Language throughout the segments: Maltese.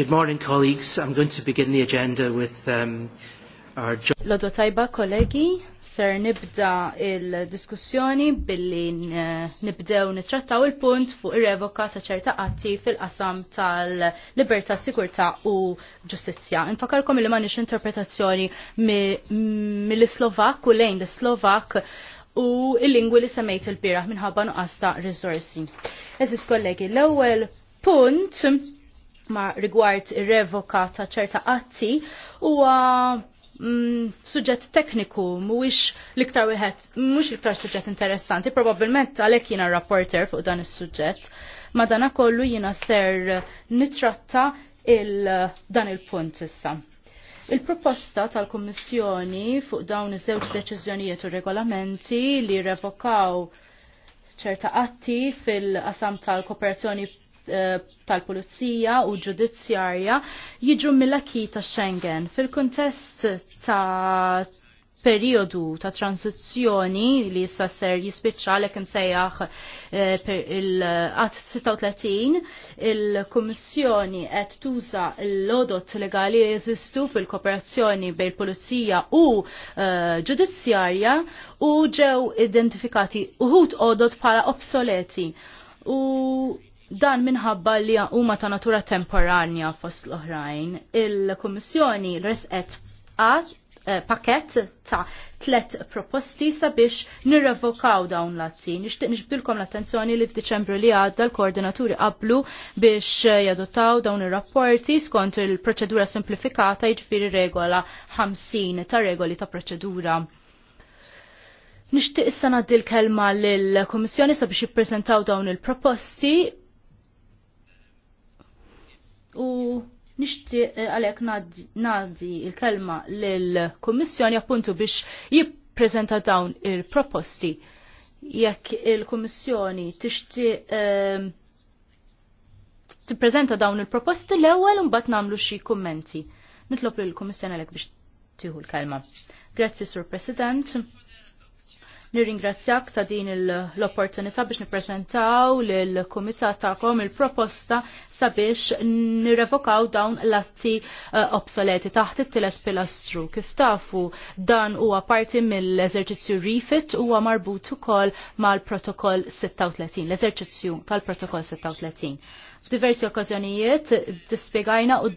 Good morning, colleagues. I'm going to begin the agenda with um, our... Lodwa tajba, kollegi, ser nibda il-diskussjoni billi nibdew nitrattaw il-punt fuq ir-revoka ta' ċerta qatti fil-qasam tal-libertà, sikurtà u ġustizzja. Infakarkom li m'għandix interpretazzjoni mill-Slovak u lejn l-Slovak u il-lingwi li semmejt il-biraħ minħabba nuqqas ta' risorsi. Eżis kollegi, l-ewwel punt ma rigward revoka ta' ċerta qatti huwa mm, suġġett tekniku mhuwiex l-iktar wieħed mhux l-iktar suġġett interessanti, probabbilment għalhekk jiena rapporter fuq dan is-suġġett. Madana kollu jiena ser nitratta il dan il-punt issa. Il-proposta tal-Kommissjoni fuq dawn iż-żewġ deċiżjonijiet u regolamenti li revokaw ċerta atti fil-qasam tal-kooperazzjoni Eh, tal-Pulizija u Ġudizzjarja jiġu mill-akki ta' Schengen. Fil-kontest ta' periodu ta' transizzjoni li issa ser jispiċċa l sejjaħ il għat 36 il-Kummissjoni qed tuża l-lodot legali li jeżistu fil-kooperazzjoni bejn pulizija u eh, ġudizzjarja u ġew identifikati uħut odot bħala obsoleti. U Dan minħabba li huma ta' natura temporanja fost l-oħrajn. Il-Kummissjoni resqet eh, pakket ta' tlet proposti sabiex nirrevokaw dawn l-azzi. Nixtieq nixbilkom l-attenzjoni li f'Diċembru li għadda l-koordinaturi qablu biex eh, jadottaw dawn ir-rapporti skont il-proċedura simplifikata jiġifieri regola 50 ta' regoli ta' proċedura. Nixtieq issa ngħaddi l-kelma lill-Kummissjoni sabiex jippreżentaw dawn il-proposti u nixtieq eh, għalhekk ngħaddi il-kelma lill-Kummissjoni appuntu biex jippreżenta dawn il-proposti. Jekk il-Kummissjoni t ehm, tippreżenta dawn il-proposti l-ewwel un mbagħad nagħmlu xi kummenti. Nitlob lill-Kummissjoni għalek biex tieħu l-kelma. Grazzi, Sur President. Nirringrazzjak ta' din l-opportunità biex nippreżentaw lil kumitat tagħkom il-proposta sabiex nirrevokaw dawn l-atti uh, obsoleti taħt it-tielet pilastru. Kif tafu dan huwa parti mill-eżerċizzju refit huwa marbut ukoll mal-protokoll 36, l-eżerċizzju tal-protokoll 36. F'diversi okkazjonijiet dispjegajna u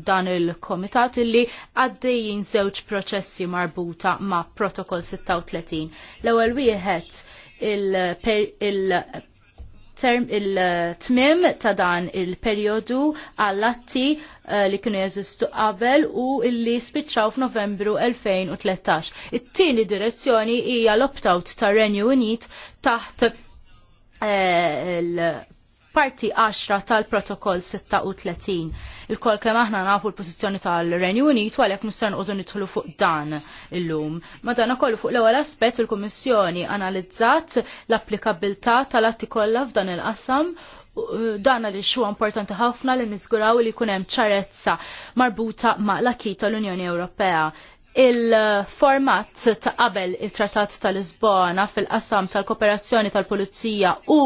dan il-komitat illi għaddejjin żewġ proċessi marbuta ma' protokoll 36. L-ewwel wieħed il- term il-tmim ta' dan il-periodu għall-atti uh, li kienu jeżistu qabel u illi spiċċaw f'Novembru 2013. It-tieni direzzjoni hija l-opt-out ta' Renju Unit taħt uh, parti 10 tal-protokoll 36. Il-kol kem aħna nafu l-pozizjoni tal-Renju Unit u għalek mustan u nitħlu fuq dan il-lum. Madana kollu fuq l-ewel aspet il-Komissjoni analizzat l-applikabilità tal-atti kollha f'dan il-qasam dan li xu importanti ħafna li nizguraw li kunem ċarezza marbuta ma' l-akita l-Unjoni Ewropea il-format ta' qabel il-Trattat tal-Lisbona fil-qasam tal-kooperazzjoni tal-Pulizija u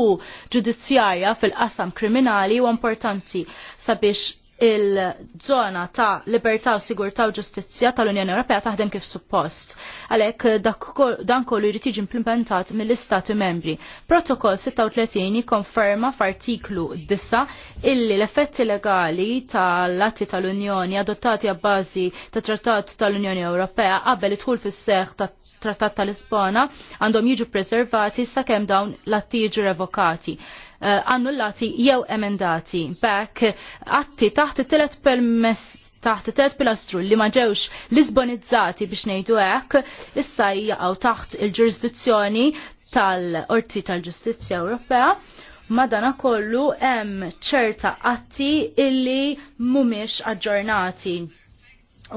ġudizzjarja fil-qasam kriminali u importanti sabiex il-żona ta' libertà u sigurtà u ġustizzja tal-Unjoni Ewropea taħdem kif suppost. Għalhekk dan kollu jrid jiġi implementat mill-Istati Membri. Protokoll 36 jikkonferma f'artiklu 9 illi l-effetti legali tal-atti tal-Unjoni adottati għabbażi ta' Trattat tal-Unjoni Ewropea qabel idħul fis-seħħ ta' Trattat tal-Lisbona għandhom jiġu preservati sakemm dawn l-atti jiġu revokati. Eh, annullati jew emendati. Bek, atti taħt it-telet permess taħt it-telet pilastru li ma ġewx lisbonizzati biex ngħidu hekk, issa jaqgħu taħt il-ġurisdizzjoni tal-Qorti tal-Ġustizzja Ewropea madana kollu hemm ċerta atti illi mhumiex aġġornati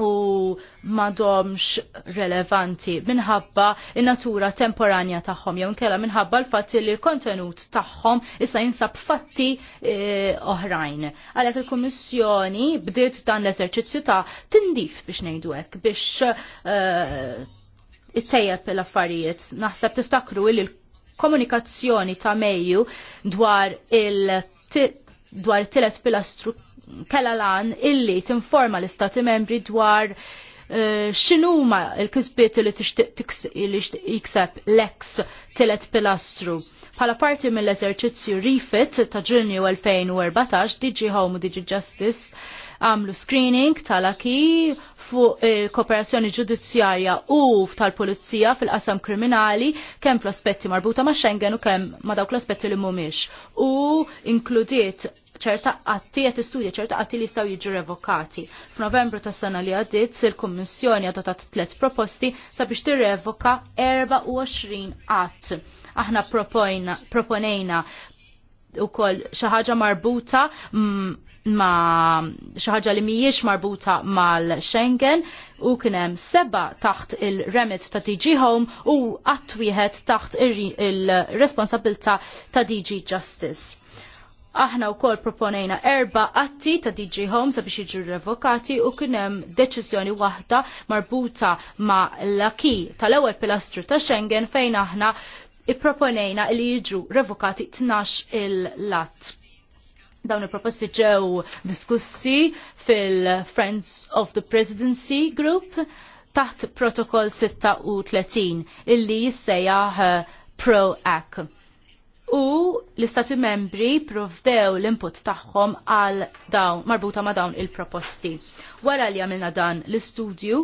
u madomx relevanti minħabba in-natura temporanja tagħhom jew inkella minħabba l-fatt li l-kontenut tagħhom issa jinsab fatti eh, oħrajn. Għalhekk il-Kummissjoni bdiet dan l-eżerċizzju ta' tindif biex ngħidu hekk biex it eh, ittejjeb l-affarijiet. Naħseb tiftakru li l-komunikazzjoni ta' Mejju dwar il dwar tilet pilastru kella lan illi tinforma l-istati membri dwar eh, xinuma l-kisbiet li jikseb l-ex tilet pilastru. Pala parti mill-eżerċizzju Refit ta' ġunju 2014, DG Home u DG Justice għamlu screening tal-aki fuq eh, kooperazzjoni ġudizzjarja u tal-pulizija fil-qasam kriminali kemm l-aspetti marbuta ma' Schengen u kemm ma' dawk l-aspetti li mhumiex. U inkludiet ċerta għatti qed istudja ċerta qatti li jistgħu jiġu revokati. F'Novembru tas-sena li għaddiet il-Kummissjoni adottat tliet proposti sabiex tirrevoka 24 qatt. Aħna proponejna u koll xaħġa marbuta ma xaħġa li mijiex marbuta mal-Schengen u kienem seba taħt il-remit ta' DG Home u għattwieħed taħt il-responsabilta ta' DG Justice. Aħna wkoll proponejna erba atti ta' DJ Homes sabiex jiġu revokati u kien hemm deċiżjoni waħda marbuta ma' l-aki tal-ewwel pilastru ta' Schengen fejn aħna ipproponejna li jiġu revokati tnax il-lat dawn il-proposti ġew diskussi fil-Friends of the Presidency Group taħt protokoll 36 illi jissejjaħ eh, Pro Act u l-istati membri provdew l-input tagħhom għal dawn marbuta ma' dawn il-proposti. Wara li għamilna dan l-istudju,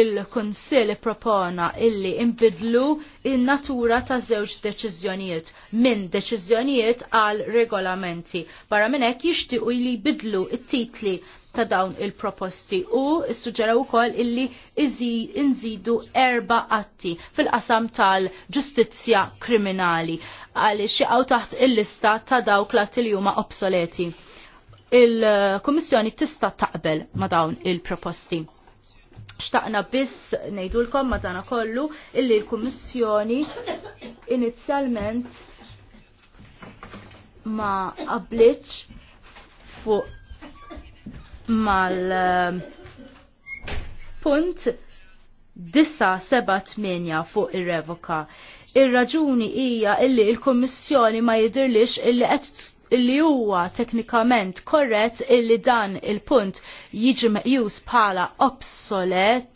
il-Konsil propona illi imbidlu il natura ta' żewġ deċiżjonijiet minn deċiżjonijiet għal regolamenti. Barra minn hekk jixtiequ li jbidlu it-titli ta' dawn il-proposti u suġġeraw ukoll illi inżidu erba atti fil-qasam tal-ġustizzja kriminali għal xieqaw taħt il-lista ta' dawk l-atti li huma obsoleti. Il-Kummissjoni tista' taqbel ma' dawn il-proposti xtaqna biss nejdulkom dana kollu illi l-Kummissjoni inizjalment ma qablitx fuq mal punt 978 fuq ir-revoka. Ir-raġuni hija illi il-Kommissjoni ma jidirlix illi qed illi huwa teknikament korrett illi dan il-punt jiġi meqjus bħala obsolet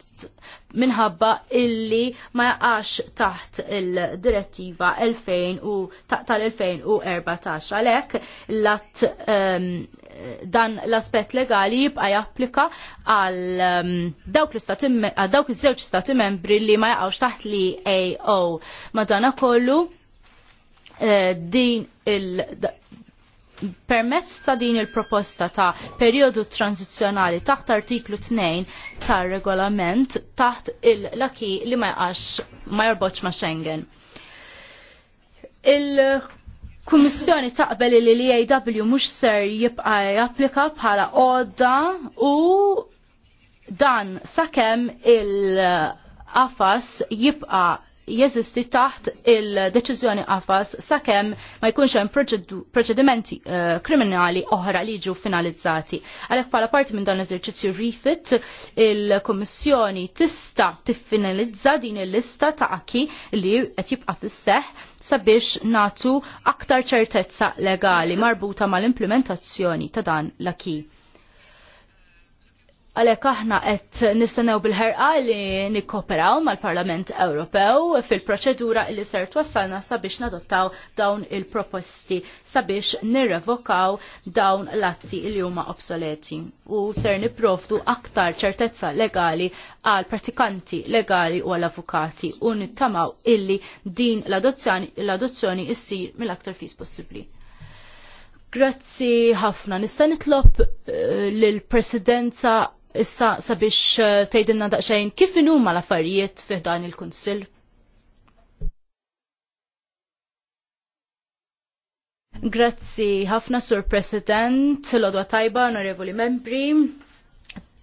minħabba illi ma jaqax taħt il-direttiva tal-2014. Għalek, lat um, ehm, dan l-aspet legali jibqa japplika għal um, dawk iż-żewġ stati membri li ma jaqax taħt li AO. Madana kollu, uh, eh, din il permezz ta' din il-proposta ta' periodu tranzizjonali taħt artiklu 2 ta' regolament taħt il-laki li ma jqax ma jorboċ ma' Schengen. Il-Kummissjoni taqbel li l-EAW mux ser jibqa japplika bħala odda u dan sakem il-qafas jibqa' jeżisti taħt il-deċiżjoni qafas sakemm ma jkunx hemm proċedimenti eh, kriminali oħra li jiġu finalizzati. Għalhekk bħala parti minn dan l-eżerċizzju refit il-Kummissjoni tista' tiffinalizza din il-lista ta' aki li qed jibqa' fis-seħ sabiex natu aktar ċertezza legali marbuta mal-implementazzjoni ta' dan l-akki għalek aħna qed nistennew bil-ħerqa li nikkoperaw mal-Parlament Ewropew fil-proċedura li ser twassalna sabiex nadottaw dawn il-proposti sabiex nirrevokaw dawn l-atti li huma obsoleti u ser niprofdu aktar ċertezza legali għal pratikanti legali u għal avukati u nittamaw illi din l-adozzjoni issir mill-aktar fis possibbli. Grazzi ħafna. Nista' nitlob uh, eh, lill-Presidenza issa sabiex eh, tgħidilna daqsxejn kif inhuma l-affarijiet fih dan il-Kunsill. Grazzi ħafna Sur President, l-odwa tajba, onorevoli membri.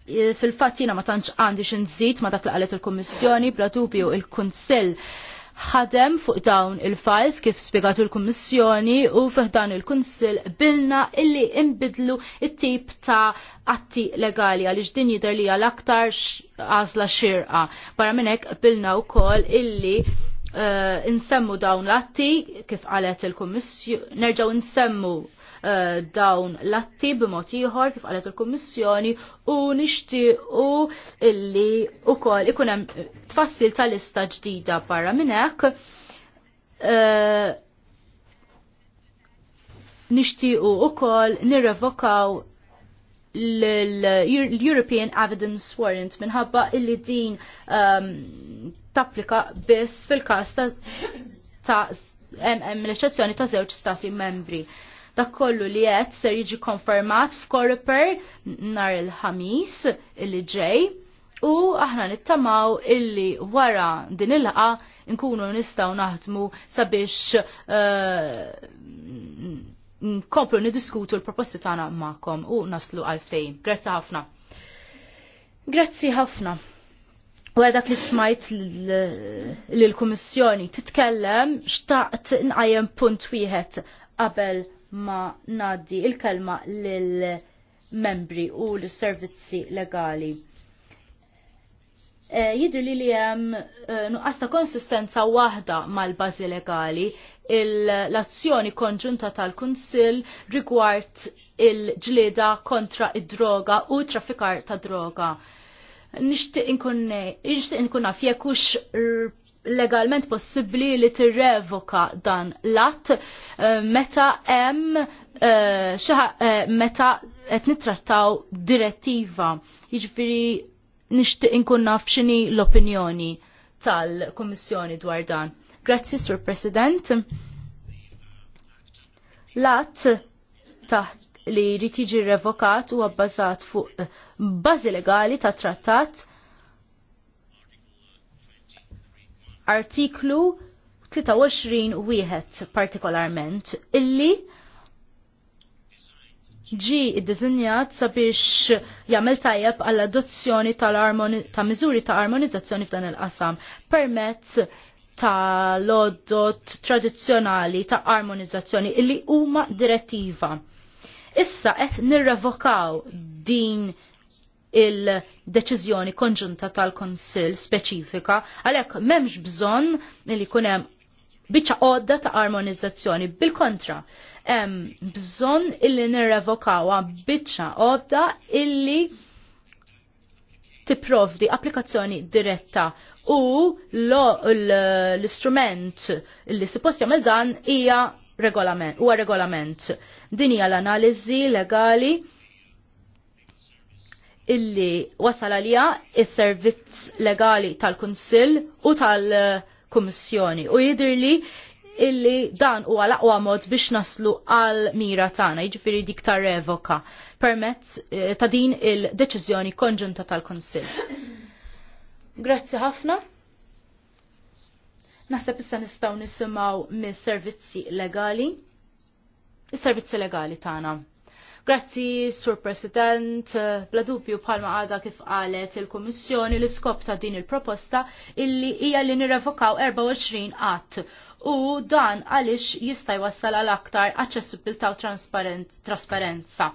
Fil-fatt jiena ma tantx għandi xi ma dak li qalet il-Kummissjoni, bla dubju il-Kunsill il il kunsill ħadem fuq dawn il-files kif spiegatu l-Kummissjoni u fiħdan il-Kunsil bilna illi imbidlu it-tip ta' atti legali għal din jidher li għal-aktar għazla xirqa. Barra minnek bilna u kol illi uh, insemmu dawn l-atti kif għalet il-Kummissjoni, nerġaw insemmu Eh, dawn l-atti b'mod ieħor kif qalet il-Kummissjoni u nixtiequ illi wkoll ikun hemm tfassil tal lista ġdida barra minn hekk eh, nixtiequ wkoll nirrevokaw l-European Evidence Warrant minħabba illi din um, tapplika biss fil-kas ta' l-eċezzjoni ta' żewġ stati membri dak kollu li qed ser jiġi konfermat f'Koreper nar il-ħamis illi ġej u aħna nittamaw illi wara din il ħa nkunu nistaw naħdmu sabiex eh, nkomplu nidiskutu l-proposti tagħna magħkom u naslu għalftejn. Grazzi ħafna. Grazzi ħafna. Wara dak li smajt l-Kummissjoni titkellem xtaqt nqajjem punt wieħed qabel ma naddi il-kelma lill-membri u l-servizzi legali. E, jidri li li jem eh, nuqasta konsistenza wahda mal-bazi legali l-azzjoni konġunta tal-Kunsil rigward il-ġlida kontra id-droga u traffikar ta' droga. Nishtiq inkunna fjekux legalment possibbli li tirrevoka dan l-att eh, meta hemm eh, eh, meta qed nittrattaw direttiva. Jiġifieri nixtieq inkun naf x'inhi l-opinjoni tal-Kummissjoni dwar dan. Grazzi, Sur President. L-att taħt li jrid jiġi revokat huwa bbażat fuq bażi legali ta' trattat artiklu 23 wieħed partikolarment illi ġi id-dizinjat sabiex jagħmel tajjeb għall adozzjoni ta' miżuri ta' armonizzazzjoni f'dan il-qasam permezz ta' loddot tradizzjonali ta' armonizzazzjoni illi huma direttiva. Issa qed nirrevokaw din il-deċiżjoni konġunta tal-Konsil speċifika, għalhekk m'hemmx bżonn li jkun hemm biċċa għodda ta' armonizzazzjoni. Bil-kontra, hemm bżonn illi nirrevokawha biċċa għodda illi tipprovdi applikazzjoni diretta u l-istrument li suppost jagħmel dan hija regolament, huwa regolament. Din hija l-analiżi legali illi wasal għalija is-servizz legali tal-Kunsill u tal-Kummissjoni u jidirli illi dan u għal aqwa mod biex naslu għal mira tagħna, jiġifieri dik ta' revoka permezz eh, ta' din il-deċiżjoni konġunta tal-Kunsill. Grazzi ħafna. Naħseb issa nistgħu nisimgħu mis-servizzi legali. Is-servizzi legali tagħna. Grazzi, Sur President, bla dubju bħalma għada kif qalet il komissjoni l-iskop ta' din il-proposta illi hija li nirrevokaw 24 att u dan għaliex jista' jwassal għal aktar aċċessibilità u trasparenza.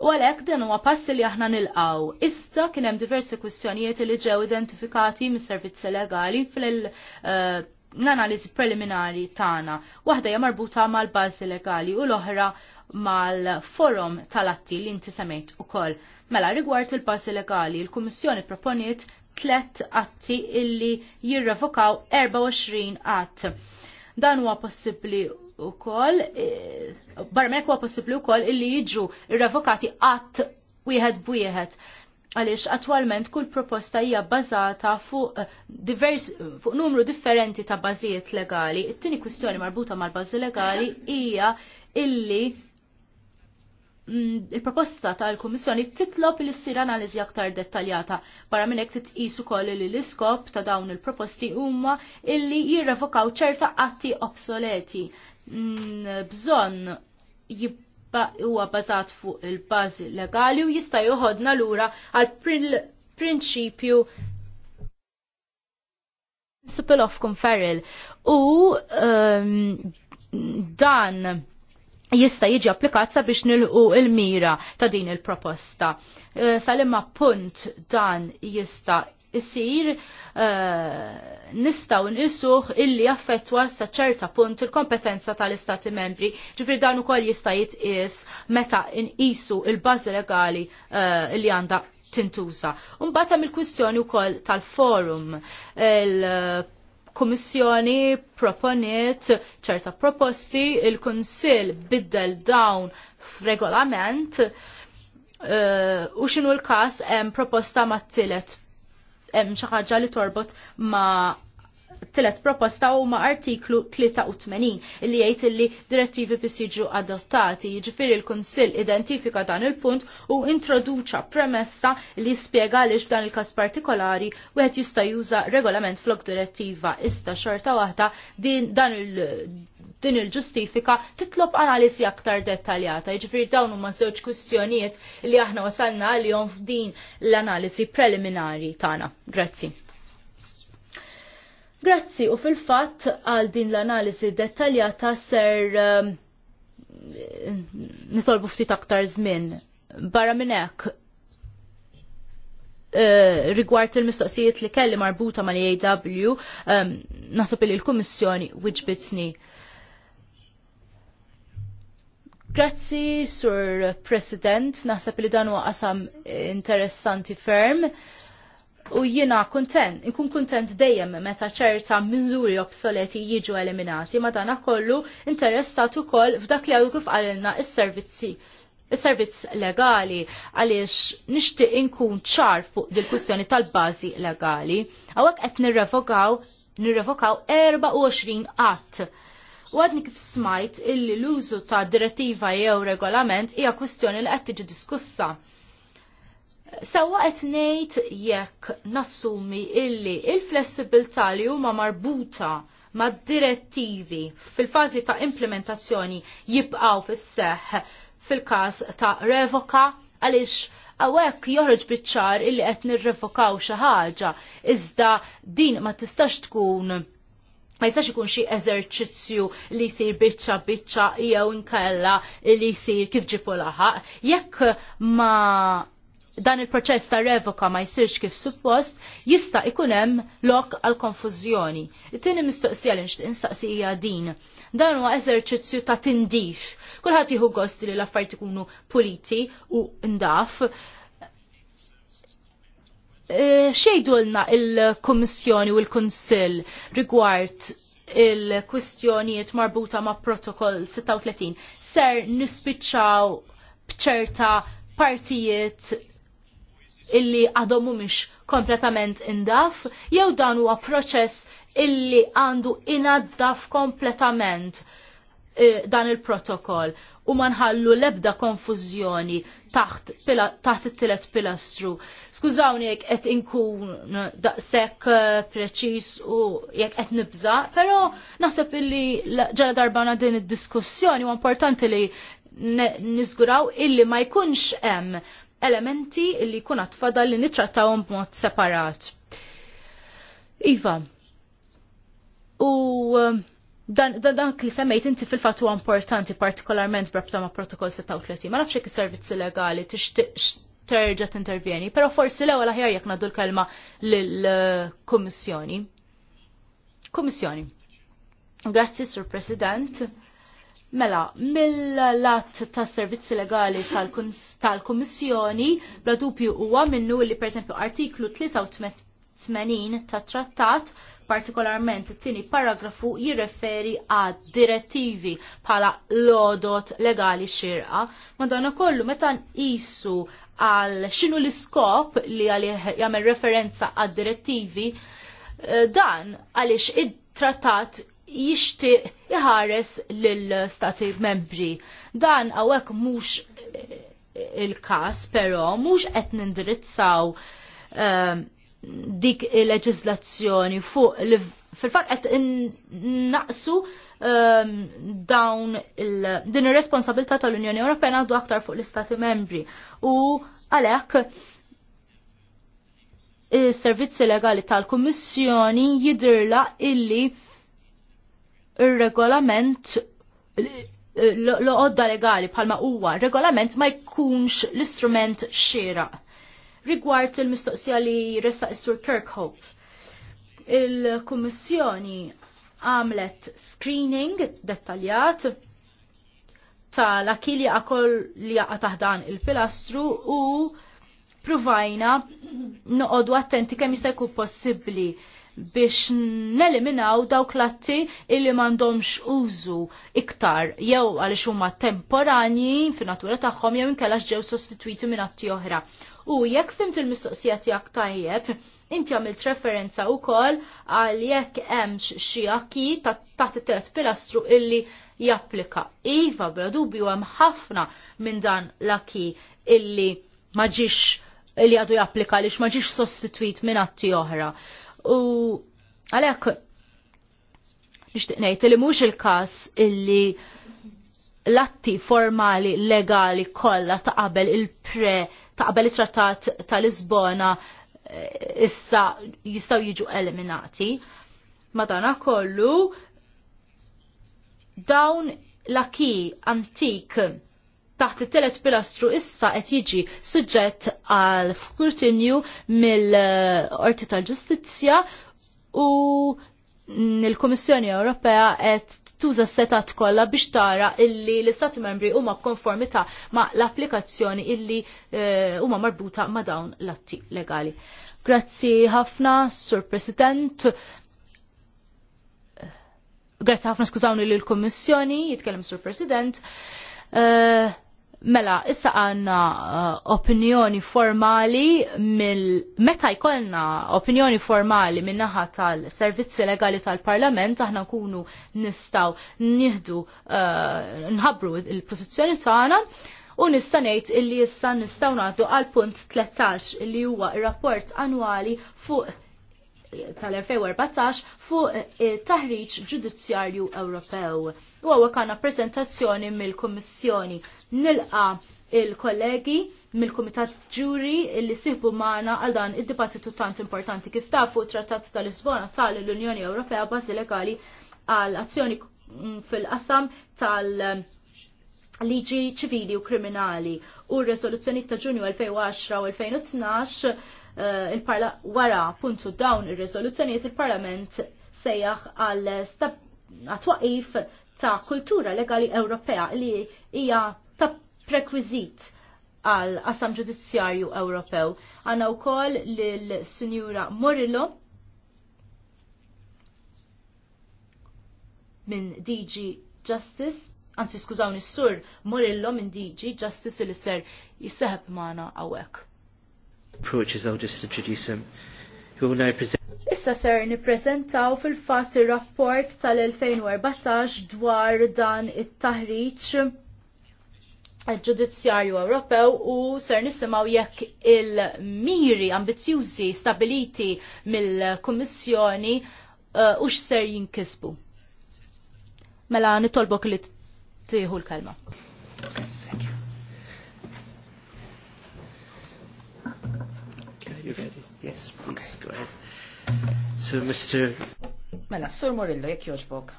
U għalek din huwa passi li aħna nilqaw. Issa kien hemm diversi kwistjonijiet li ġew identifikati mis-servizzi legali fil- eh, analiżi preliminari tagħna. Waħda hija marbuta mal-bażi legali u l-oħra mal-forum tal-atti li inti semmejt ukoll. Mela rigward il-passi legali, il-Kummissjoni proponiet tlet atti illi jirrevokaw 24 att. Dan huwa possibbli ukoll eh, barmek huwa possibbli wkoll illi jiġu irrevokati att wieħed b'wieħed għaliex attualment kull proposta hija bbażata fuq eh, divers fuq numru differenti ta' bażijiet legali. It-tieni kwistjoni marbuta mal-bażi legali hija illi Mm, il-proposta tal-Kummissjoni titlob li ssir analiżi aktar dettaljata barra minn hekk titqisu koll li l-iskop ta' dawn il-proposti huma illi jirrevokaw ċerta atti obsoleti. Mm, bżonn huwa bażat fuq il-bażi legali u jista' joħodna lura għal prinċipju Principle of Conferral u um, dan jista' jiġi applikat sabiex nilqu il-mira ta' din il-proposta. Eh, salimma punt dan jista' jisir uh, eh, nistaw nisuħ illi affettwa sa ċerta punt il-kompetenza tal-Istati membri. Ġifri dan ukoll jista' jitqies meta nqisu il-bażi legali uh, li għandha tintuża. Mbagħad hemm il-kwistjoni wkoll tal-forum il Kummissjoni proponiet ċerta proposti, il-Kunsill biddel dawn f'regolament uh, u xinu l-kas hemm proposta ma' t-tilet hemm xi ħaġa li torbot ma' tilet proposta huma artiklu 83 illi jgħid illi direttivi bisiġu adottati. Jiġifieri l-Kunsill identifika dan il-punt u introduċa premessa li spjega li f'dan il-każ partikolari wieħed jista' juża regolament flok direttiva issa xorta waħda din dan il- din il-ġustifika titlob analisi aktar dettaljata. Jiġifieri dawn huma żewġ kwistjonijiet li aħna wasalna għalihom f'din l-analisi preliminari tagħna. Grazzi. Grazzi u fil-fatt għal din l-analisi dettaljata ser um, nisolbu ftit aktar żmien. Barra minn hekk uh, rigward il-mistoqsijiet li kelli marbuta mal aw e um, nasab li l-Kummissjoni wiġbitni. Grazzi, Sur President, naħseb li dan huwa qasam interessanti ferm. Uh, u jina kontent, nkun kontent dejjem meta ċerta miżuri obsoleti jiġu eliminati, ma dana kollu interessat ukoll f'dak li għadu kif għalilna is-servizzi servizz legali għaliex nixtieq inkun ċar fuq dil kustjoni tal-bażi legali. Hawnhekk qed nirrevokaw nirrevokaw 24 qatt. U għadni kif smajt illi l-użu ta' direttiva jew regolament hija kwistjoni li qed tiġi diskussa Sawa qed ngħid jekk nassumi illi il-flessibilità li huma marbuta mad direttivi fil-fażi ta' implementazzjoni jibqgħu fis-seħħ fil-każ ta' revoka għaliex għawek joħroġ biċċar illi qed nirrevokaw xi ħaġa iżda din ma tistax tkun ma jistax ikun xi eżerċizzju li jsir biċċa biċċa jew inkella li jsir kif ġipu laħaq. Jekk ma dan il-proċess ta' revoka ma jsirx kif suppost, jista' ikun hemm lok għal konfużjoni. It-tieni mistoqsija li nixtieq instaqsija din. Dan huwa eżerċizzju ta' tindif. Kulħadd jieħu gost li l-affarijiet ikunu puliti u ndaf. E, Xejdulna il-Kommissjoni u l-Kunsill rigward il-kwistjonijiet marbuta ma' protokoll 36 ser nispiċċaw bċerta partijiet illi għadhom mhumiex kompletament indaf, jew dan huwa proċess illi għandu inaddaf kompletament eh, dan il-protokoll u ma nħallu l-ebda konfużjoni taħt, pila, taħt it-tielet pilastru. Skużawni jekk qed inkun daqshekk eh, preċis u jekk qed nibża, però naħseb illi ġara darbana din id-diskussjoni u importanti li nizguraw illi ma jkunx hemm elementi li kun għatfadal li nitrattawhom b'mod separat. Iva, u um, dan, dan, dan li semmejt inti fil-fat huwa importanti partikolarment b'rabta ma' protokoll 36, ma nafx is-servizzi legali tixtieq terġa' intervjeni però forsi l-ewwel aħjar jekk nagħdu l-kelma lill-Kummissjoni. Kummissjoni. Grazzi, Sur President. Mela, mill-lat ta' servizzi legali tal-Komissjoni, tal bla dupju huwa minnu li per esempio artiklu 83 ta' trattat, partikolarment it-tieni paragrafu jirreferi għad direttivi bħala lodot legali xirqa. Madonna kollu meta jissu għal xinu l-iskop li għal jagħmel referenza għad direttivi, eh, dan għaliex id-trattat jixtieq iħares lill-stati membri. Dan hawnhekk mhux il-każ, però mhux qed nindirizzaw ehm, dik il leġizlazzjoni fuq fil-fatt qed naqsu um, ehm, dawn din ir-responsabilità tal-Unjoni Ewropea għadu aktar fuq l-Istati Membri. U għalhekk is-servizzi legali tal-Kummissjoni jidirla illi ir-regolament l-qodda legali bħalma huwa regolament ma jkunx l-istrument xera. Rigward il-mistoqsija li ressa is-Sur Kirkhope, il-Kummissjoni għamlet screening dettaljat l akili akol li jaqa taħdan il-pilastru u provajna noqodu attenti kemm jista' jkun possibbli biex neliminaw dawk l-atti illi mandomx użu iktar jew għaliex huma temporani fi natura tagħhom jew inkella ġew sostituiti minn atti oħra. U jekk fimt il-mistoqsija tiegħek tajjeb, inti għamilt referenza wkoll għal jekk hemmx xi akki taħt it-tret pilastru illi japplika. Iva, bla dubju hemm ħafna minn dan l-akki illi ġiex illi għadu japplika li maġiġ sostituit minn atti oħra. U għalek, nishtiqnejt li mux il-kas illi l-atti formali legali kollha ta' qabel il-pre ta' qabel it-trattat ta' Lisbona eh, issa jistaw jiġu eliminati. Madana kollu dawn l-aki antik taħt it-telet pilastru issa qed jiġi suġġett għal skrutinju mill-Qorti tal-Ġustizzja u il-Komissjoni Ewropea qed tuża setat kollha biex tara illi l-Istati Membri huma konformità ma' l-applikazzjoni illi eh, huma marbuta ma' dawn l-atti legali. Grazzi ħafna, Sur President. Grazzi ħafna skużawni lill-Kummissjoni, jitkellem Sur President. Uh, Mela, issa għanna uh, opinjoni formali mill meta jkollna opinjoni formali minn naħa tal-servizzi legali tal-Parlament aħna nkunu nistaw nieħdu uh, nħabru il-pożizzjoni tagħna u nista' ngħid illi issa nistgħu nagħtu għal punt 13 li huwa r-rapport annwali fuq tal-2014 fuq taħriġ ġudizzjarju Ewropew. U għu kana prezentazzjoni mill-Kommissjoni nilqa il-kollegi mill-Kumitat Ġuri li siħbu maħna għal dan id-dibattitu tant importanti kif ta' fuq trattat tal-Lisbona tal-Unjoni Ewropea bażi legali għal azzjoni fil-qasam tal- liġi ċivili u kriminali u r-resoluzzjoni ta' ġunju 2010 u 2012 Eh, il-parla wara puntu dawn ir-riżoluzzjonijiet il-Parlament sejjaħ għal għatwaqif ta' kultura legali Ewropea li hija ta' prekwizit għal qasam ġudizzjarju Ewropew. Għanna u koll l-Sinjura Morillo minn DG Justice, anzi skużawni s-sur Morillo minn DG Justice li ser jisseħab maħna għawek. Approaches, I'll just introduce him. Who will now present Issa ser nippreżentaw fil-fatt ir-rapport tal-2014 dwar dan it-taħriġ ġudizzjarju Ewropew u ser nisimaw jekk il-miri ambizjużi stabiliti mill-Kummissjoni uh, u ser jinkisbu. Mela nitolbok li tieħu l-kelma. you're ready. Yes, please, go ahead. So, Mr. Mela, Sur Morillo, jek joġbog.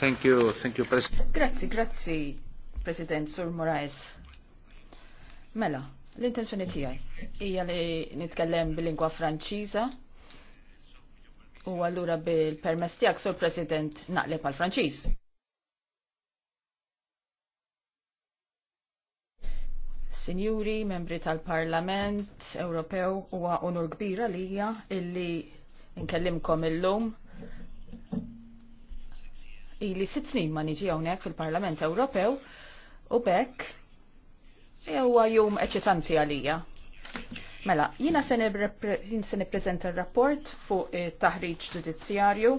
Thank you, thank you, President. Grazzi, grazie, President Sur Moraes. Mela, l-intenzjoni tiegħi hija li nitkellem bil-lingwa Franċiża u allura bil-permess tiegħek sur President naqleb għal Franċiż. Sinjuri, membri tal-Parlament Ewropew, huwa onur kbira lija illi nkellimkom illum. Ili sitt snin ma niġi hawnhekk fil-Parlament Ewropew u bekk e huwa jum eċitanti għalija. Mela, jina se nippreżenta r-rapport fuq it-taħriġ ġudizzjarju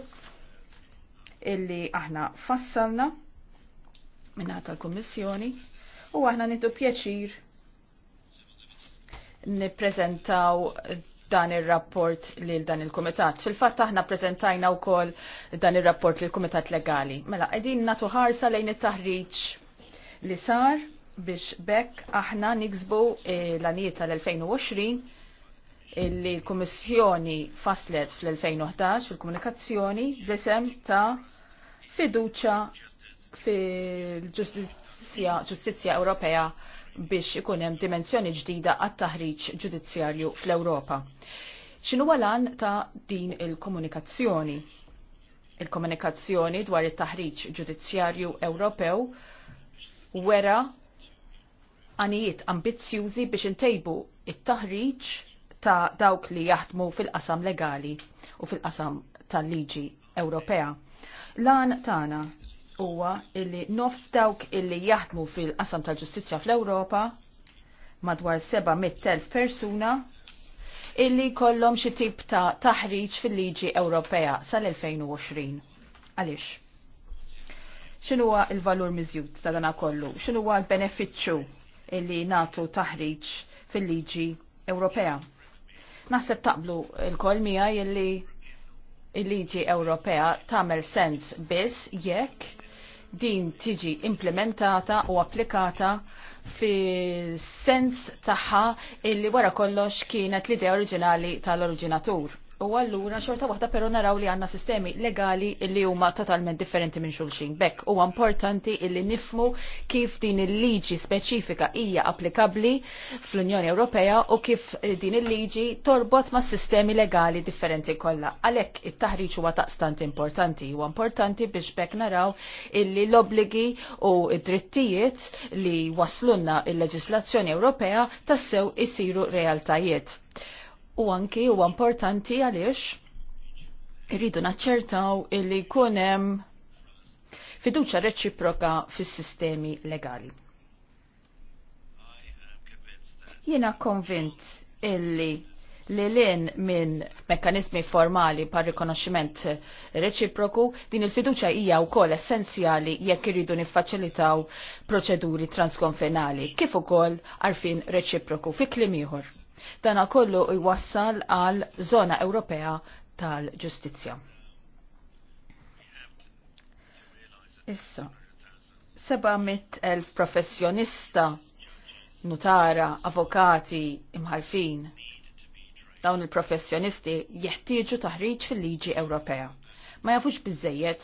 illi aħna fassalna minna tal-Kommissjoni u aħna nitu pjaċir niprezentaw dan il-rapport lil dan il-komitat. Fil-fatt aħna prezentajna wkoll dan il-rapport l komitat legali. Mela, qegħdin natu ħarsa lejn it-taħriġ li sar biex bekk aħna niksbu eh, l-anijiet tal-2020 illi l-Kummissjoni faslet fl-2011 fil-komunikazzjoni b'isem ta' fiduċa fil-ġustizzja Ewropea biex ikun hemm dimensjoni ġdida għat-taħriġ ġudizzjarju fl-Ewropa. ċinu lan ta' din il-komunikazzjoni? Il-komunikazzjoni dwar it-taħriġ ġudizzjarju Ewropew wera għanijiet ambizzjużi biex intejbu il taħriġ ta' dawk li jaħdmu fil-qasam legali u fil-qasam tal-liġi Ewropea. Lan tana huwa illi nofs dawk illi jaħdmu fil-qasam tal-ġustizzja fl-Ewropa madwar 700.000 persuna illi kollhom xi tip ta' taħriġ fil-liġi Ewropea sal-2020. Għaliex? X'inhuwa l-valur miżjud ta' dana kollu? huwa l-benefiċċju illi natu taħriġ fil-liġi Ewropea? Naħseb taqblu l-koll miegħi illi il-liġi Ewropea tagħmel sens biss jekk din tiġi implementata u applikata fi sens taħħa illi wara kollox kienet l-idea oriġinali tal-oriġinatur. U allura xorta waħda però naraw li għandna sistemi legali li huma totalment differenti minn xulxin. Bekk huwa importanti illi nifmu kif din il-liġi speċifika hija applikabbli fl-Unjoni Ewropea u kif din il-liġi torbot ma' sistemi legali differenti kollha. Għalhekk it-taħriġ huwa taqstant importanti. Huwa importanti biex bekk naraw illi l-obligi u id-drittijiet li waslunna il-leġislazzjoni Ewropea tassew isiru realtajiet u anki huwa importanti għaliex irridu naċċertaw illi jkun hemm fiduċa reċiproka fis-sistemi legali. Jiena konvint illi li lin minn mekkanizmi formali par rikonoxximent reċiproku, din il-fiduċa hija wkoll essenzjali jekk irridu niffaċilitaw proċeduri transkonfenali kif ukoll għarfin reċiproku fi klim ieħor. Dana kollu jwassal għal zona Ewropea tal-ġustizzja. Issa, 700.000 professjonista, nutara, avokati, imħalfin, dawn il-professjonisti jeħtieġu taħriġ fil-liġi Ewropea. Ma jafux bizzejiet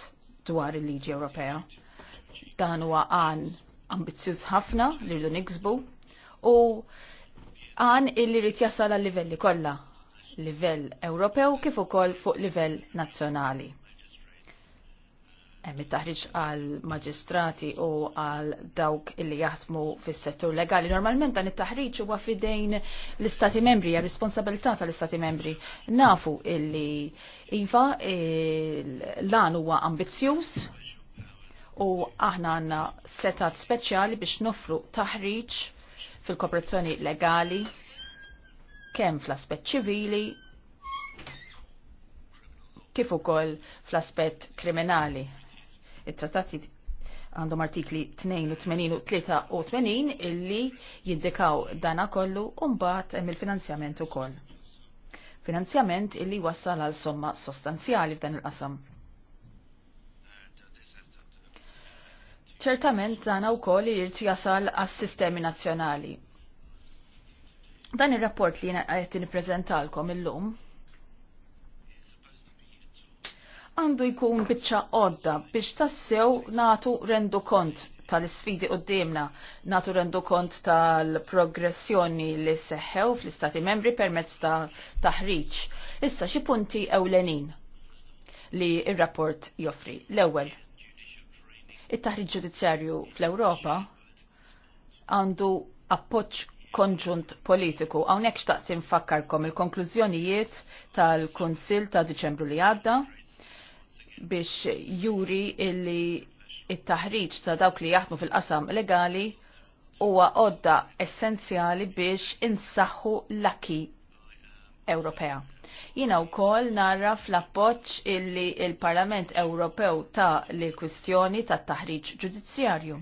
dwar il-liġi Ewropea. Dan huwa għan ambizzjuż ħafna li rridu niksbu u għan illi rrit jasal għal livelli kollha, livell Ewropew kif ukoll fuq livell nazzjonali. Hemm it-taħriġ għal maġistrati u għal dawk illi jaħdmu fis-settur legali. Normalment dan it-taħriġ huwa fidejn l-Istati Membri, hija responsabilità tal-Istati Membri. Nafu illi iva l-lan huwa ambizjuż, u aħna għandna setat speċjali biex nofru taħriġ fil-kooperazzjoni legali kemm fl-aspett ċivili kif ukoll fl-aspett kriminali. It-trattati għandhom artikli 82 u 83 illi jiddikaw dana kollu mbagħad hemm il-finanzjament ukoll. Finanzjament illi wassal għal somma sostanzjali f'dan il-qasam. ċertament dan wkoll irid jasal għas-sistemi nazzjonali. Dan ir-rapport li qed nippreżentalkom illum għandu jkun biċċa għodda biex tassew natu rendu kont tal-sfidi qoddimna, natu rendu kont tal-progressjoni li seħħew fl-istati membri permezz ta' taħriċ. Issa xi punti ewlenin li ir-rapport joffri. L-ewwel, it-taħriġ ġudizzjarju fl-Ewropa għandu appoġġ konġunt politiku. Hawnhekk xtaqt infakkarkom il-konklużjonijiet tal konsil ta' Diċembru li għadda biex juri illi it-taħriġ ta' dawk li jaħdmu fil-qasam legali huwa għodda essenzjali biex insaħħu l-akki Ewropea. Jina u kol narra fl illi il-Parlament Ewropew ta' li kwistjoni ta' taħriġ ġudizzjarju.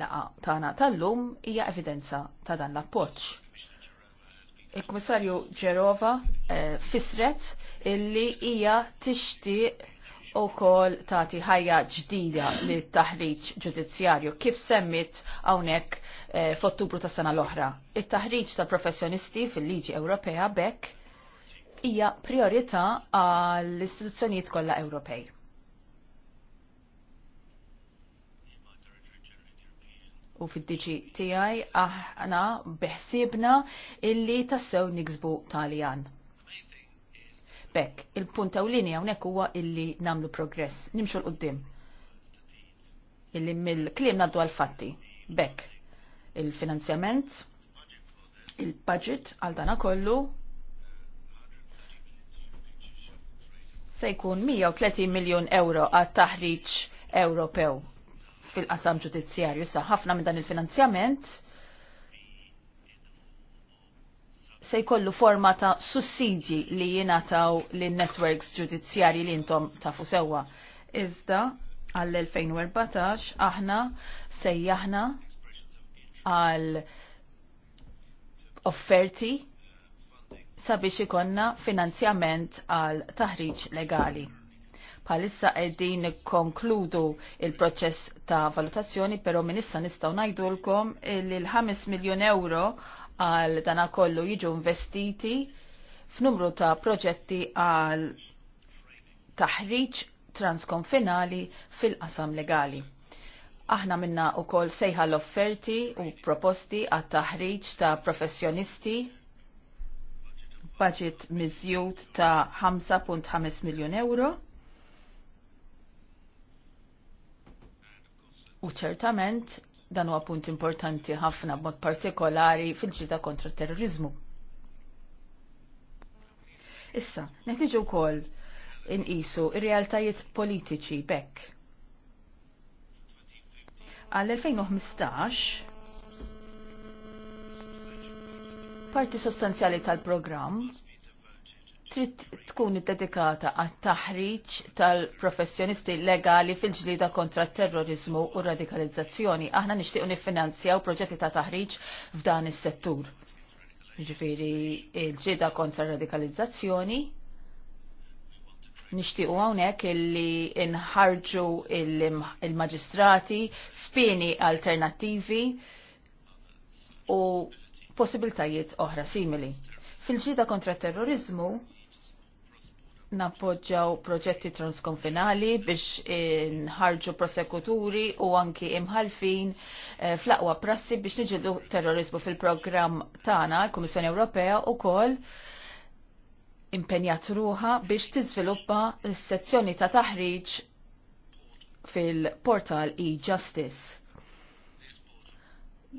Laqa tana tal-lum hija evidenza ta' dan l-appoċ. Il-Kummissarju Ġerova eh, fisret illi hija tixtieq u kol tati ħajja ġdida li taħriċ ġudizzjarju kif semmit għawnek eh, f'Ottubru ta' sena l-oħra. Il-taħriċ tal-professjonisti fil-liġi Ewropea bekk hija priorità għall-istituzzjonijiet kollha Ewropej. u fid-diġi tiegħi aħna beħsiebna illi tassew niksbu taljan. Bekk, il-punt ewlieni hawnhekk huwa illi nagħmlu progress, nimxu l qoddim Illi mill-kliem naddu għal-fatti. Bekk, il-finanzjament, il-budget għal dana kollu se jkun 130 miljon euro għat taħriġ Ewropew fil-qasam ġudizzjarju. Sa ħafna minn dan il-finanzjament se jkollu forma ta' sussidji li jinataw li networks ġudizzjarji li intom tafu sewwa. Iżda għall-2014 aħna sejjaħna għal offerti sabiex ikonna finanzjament għal taħriġ legali. Palissa qegħdin nikkonkludu il-proċess ta' valutazzjoni, pero minissa nistgħu ngħidulkom li l-5 miljun euro għal dana kollu jiġu investiti f'numru ta' proġetti għal taħriġ transkonfinali fil-qasam legali. Aħna minna u koll sejħa l-offerti u proposti għat taħriġ ta' professjonisti budget mizjut ta' 5.5 miljon euro u ċertament Dan huwa punt importanti ħafna b'mod partikolari fil-ġita kontra terrorizmu. Issa, neħtieġu wkoll inqisu ir-realtajiet politiċi bekk. għal 2015 parti sostanzjali tal-programm trid tkun iddedikata għat taħriġ tal-professjonisti legali fil-ġlida kontra terrorizmu u radikalizzazzjoni. Aħna nixtiequ niffinanzjaw proġetti ta' taħriġ f'dan is-settur. Ġifieri il-ġlida kontra radikalizzazzjoni nixtiequ hawnhekk illi inħarġu il-maġistrati f'pieni alternattivi u possibiltajiet oħra simili. Fil-ġida kontra terrorizmu, nappoġġaw proġetti transkonfinali biex eh, nħarġu prosekuturi u anki imħalfin eh, flaqwa prassi biex niġidu terrorizmu fil-programm tagħna l-Kummissjoni Ewropea wkoll impenjat ruħa biex tiżviluppa s-sezzjoni ta' taħriġ fil-portal e-justice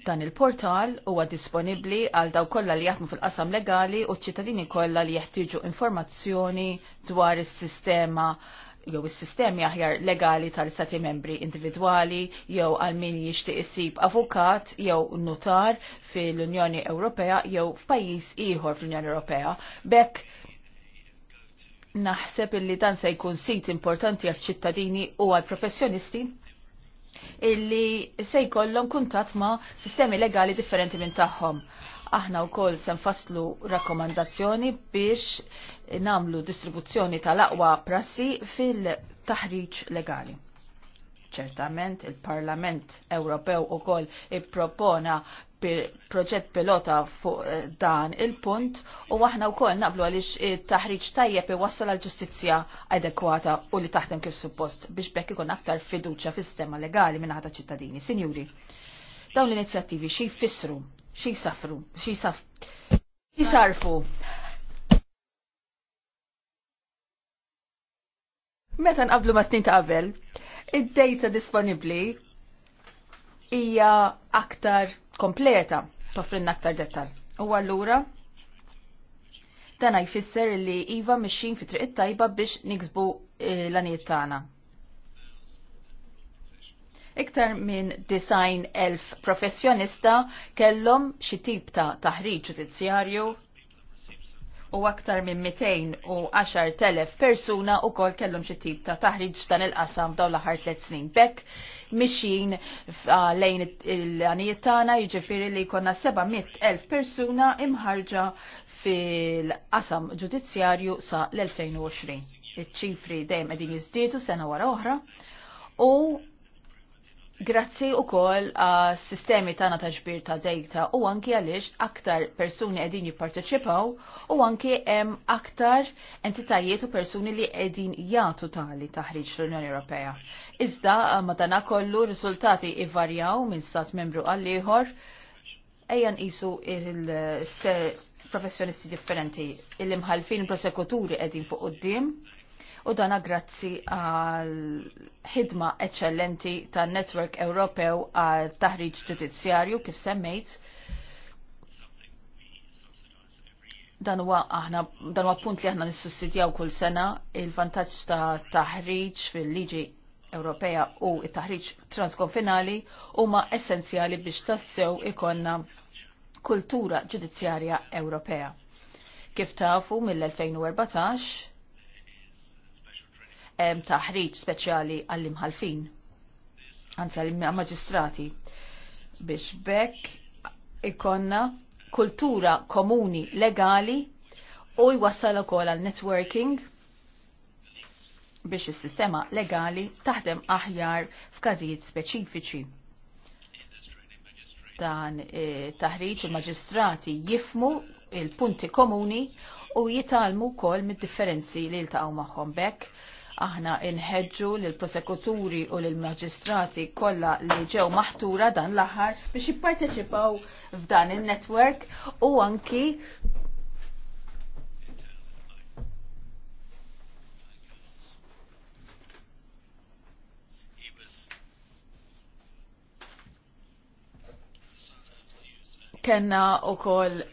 Dan il-portal huwa disponibbli għal daw kollha li jaħdmu fil-qasam legali u ċ-ċittadini kollha li jeħtieġu informazzjoni dwar is-sistema jew is-sistemi aħjar legali tal-istati membri individwali jew għal min jixtieq isib avukat jew notar fil-Unjoni Ewropea jew f'pajjiż ieħor fl-Unjoni Ewropea. Bekk naħseb illi dan se jkun sit importanti għal ċittadini u għal professjonisti illi se jkollhom kuntatt ma' sistemi legali differenti minn tagħhom. Aħna wkoll se nfasslu rakkomandazzjoni biex namlu distribuzzjoni tal-aqwa prassi fil-taħriġ legali ċertament il-Parlament Ewropew ukoll ippropona proġett pilota fuq eh, dan il-punt u aħna wkoll naqblu għaliex it-taħriġ tajjeb iwassal għal ġustizzja adekwata u li taħdem kif suppost biex bekk ikun aktar fiduċja fis-sistema legali minn ħata ċittadini. Sinjuri, dawn l-inizjattivi xi jfissru, xi jsafru, xi saf sarfu. Meta nqablu ma' snin ta' qabel, id-data disponibbli hija aktar kompleta tofrinna aktar dettal. U allura dana jfisser li Iva mixin fi triq tajba biex niksbu eh, l anijiet tagħna. Iktar minn design elf professjonista kellhom xi tip ta' taħriġ ġudizzjarju u aktar minn 210.000 persuna u kol kellhom xi tip ta' taħriġ dan il-qasam dawn l-aħħar tliet snin. Bekk mixin ah, lejn il-għanijiet tagħna, jiġifieri li jkollna 700,000 persuna imħarġa fil-qasam ġudizzjarju sa l-2020. Iċ-ċifri dejjem qegħdin jiżdiedu sena wara oħra u Grazzi u kol sistemi tana ta' ġbir ta' dejta u anki għalix aktar persuni għedin jipparteċipaw u anki hemm aktar entitajiet u persuni li għedin jgħatu tali taħriġ l-Unjoni Ewropea. Iżda madana kollu riżultati ivarjaw minn stat membru għalliħor ejjan isu il-professjonisti differenti il-imħalfin prosekuturi għedin fuq qoddim u dana grazzi għal ħidma eccellenti tan netwerk Ewropew għal taħriġ ġudizzjarju kif semmejt dan huwa aħna dan huwa punt li aħna nissussidjaw kull sena il-vantaġġ ta' taħriġ fil-liġi Ewropea u it-taħriġ transkonfinali huma essenzjali biex tassew ikonna kultura ġudizzjarja Ewropea. Kif tafu mill-2014 taħriġ speċjali għall-imħalfin, anzi għall-maġistrati, biex bekk ikonna kultura komuni legali u jwassal ukoll għal networking biex is-sistema legali taħdem aħjar f'każijiet speċifiċi. Dan e, taħriġ il-maġistrati jifmu il-punti komuni u jitalmu kol mid-differenzi li jiltaqgħu magħhom bekk Aħna inħedġu l prosekuturi u l maġistrati kollha li ġew maħtura dan l-aħħar biex jipparteċipaw f'dan il-network u anki Kenna u koll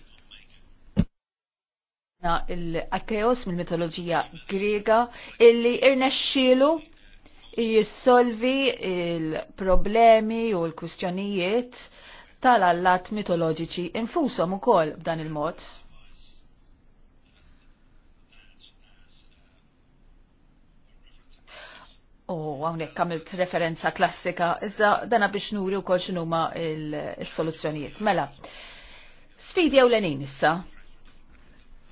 Na il-Akeos mill-mitoloġija Griega illi irnexxielu jissolvi il-problemi u l-kwistjonijiet tal-allat mitoloġiċi infushom ukoll b'dan il-mod. U għawnek għamilt referenza klassika, iżda dana biex nuri u kol xinuma il-soluzzjonijiet. Mela, sfidi għaw l-enin issa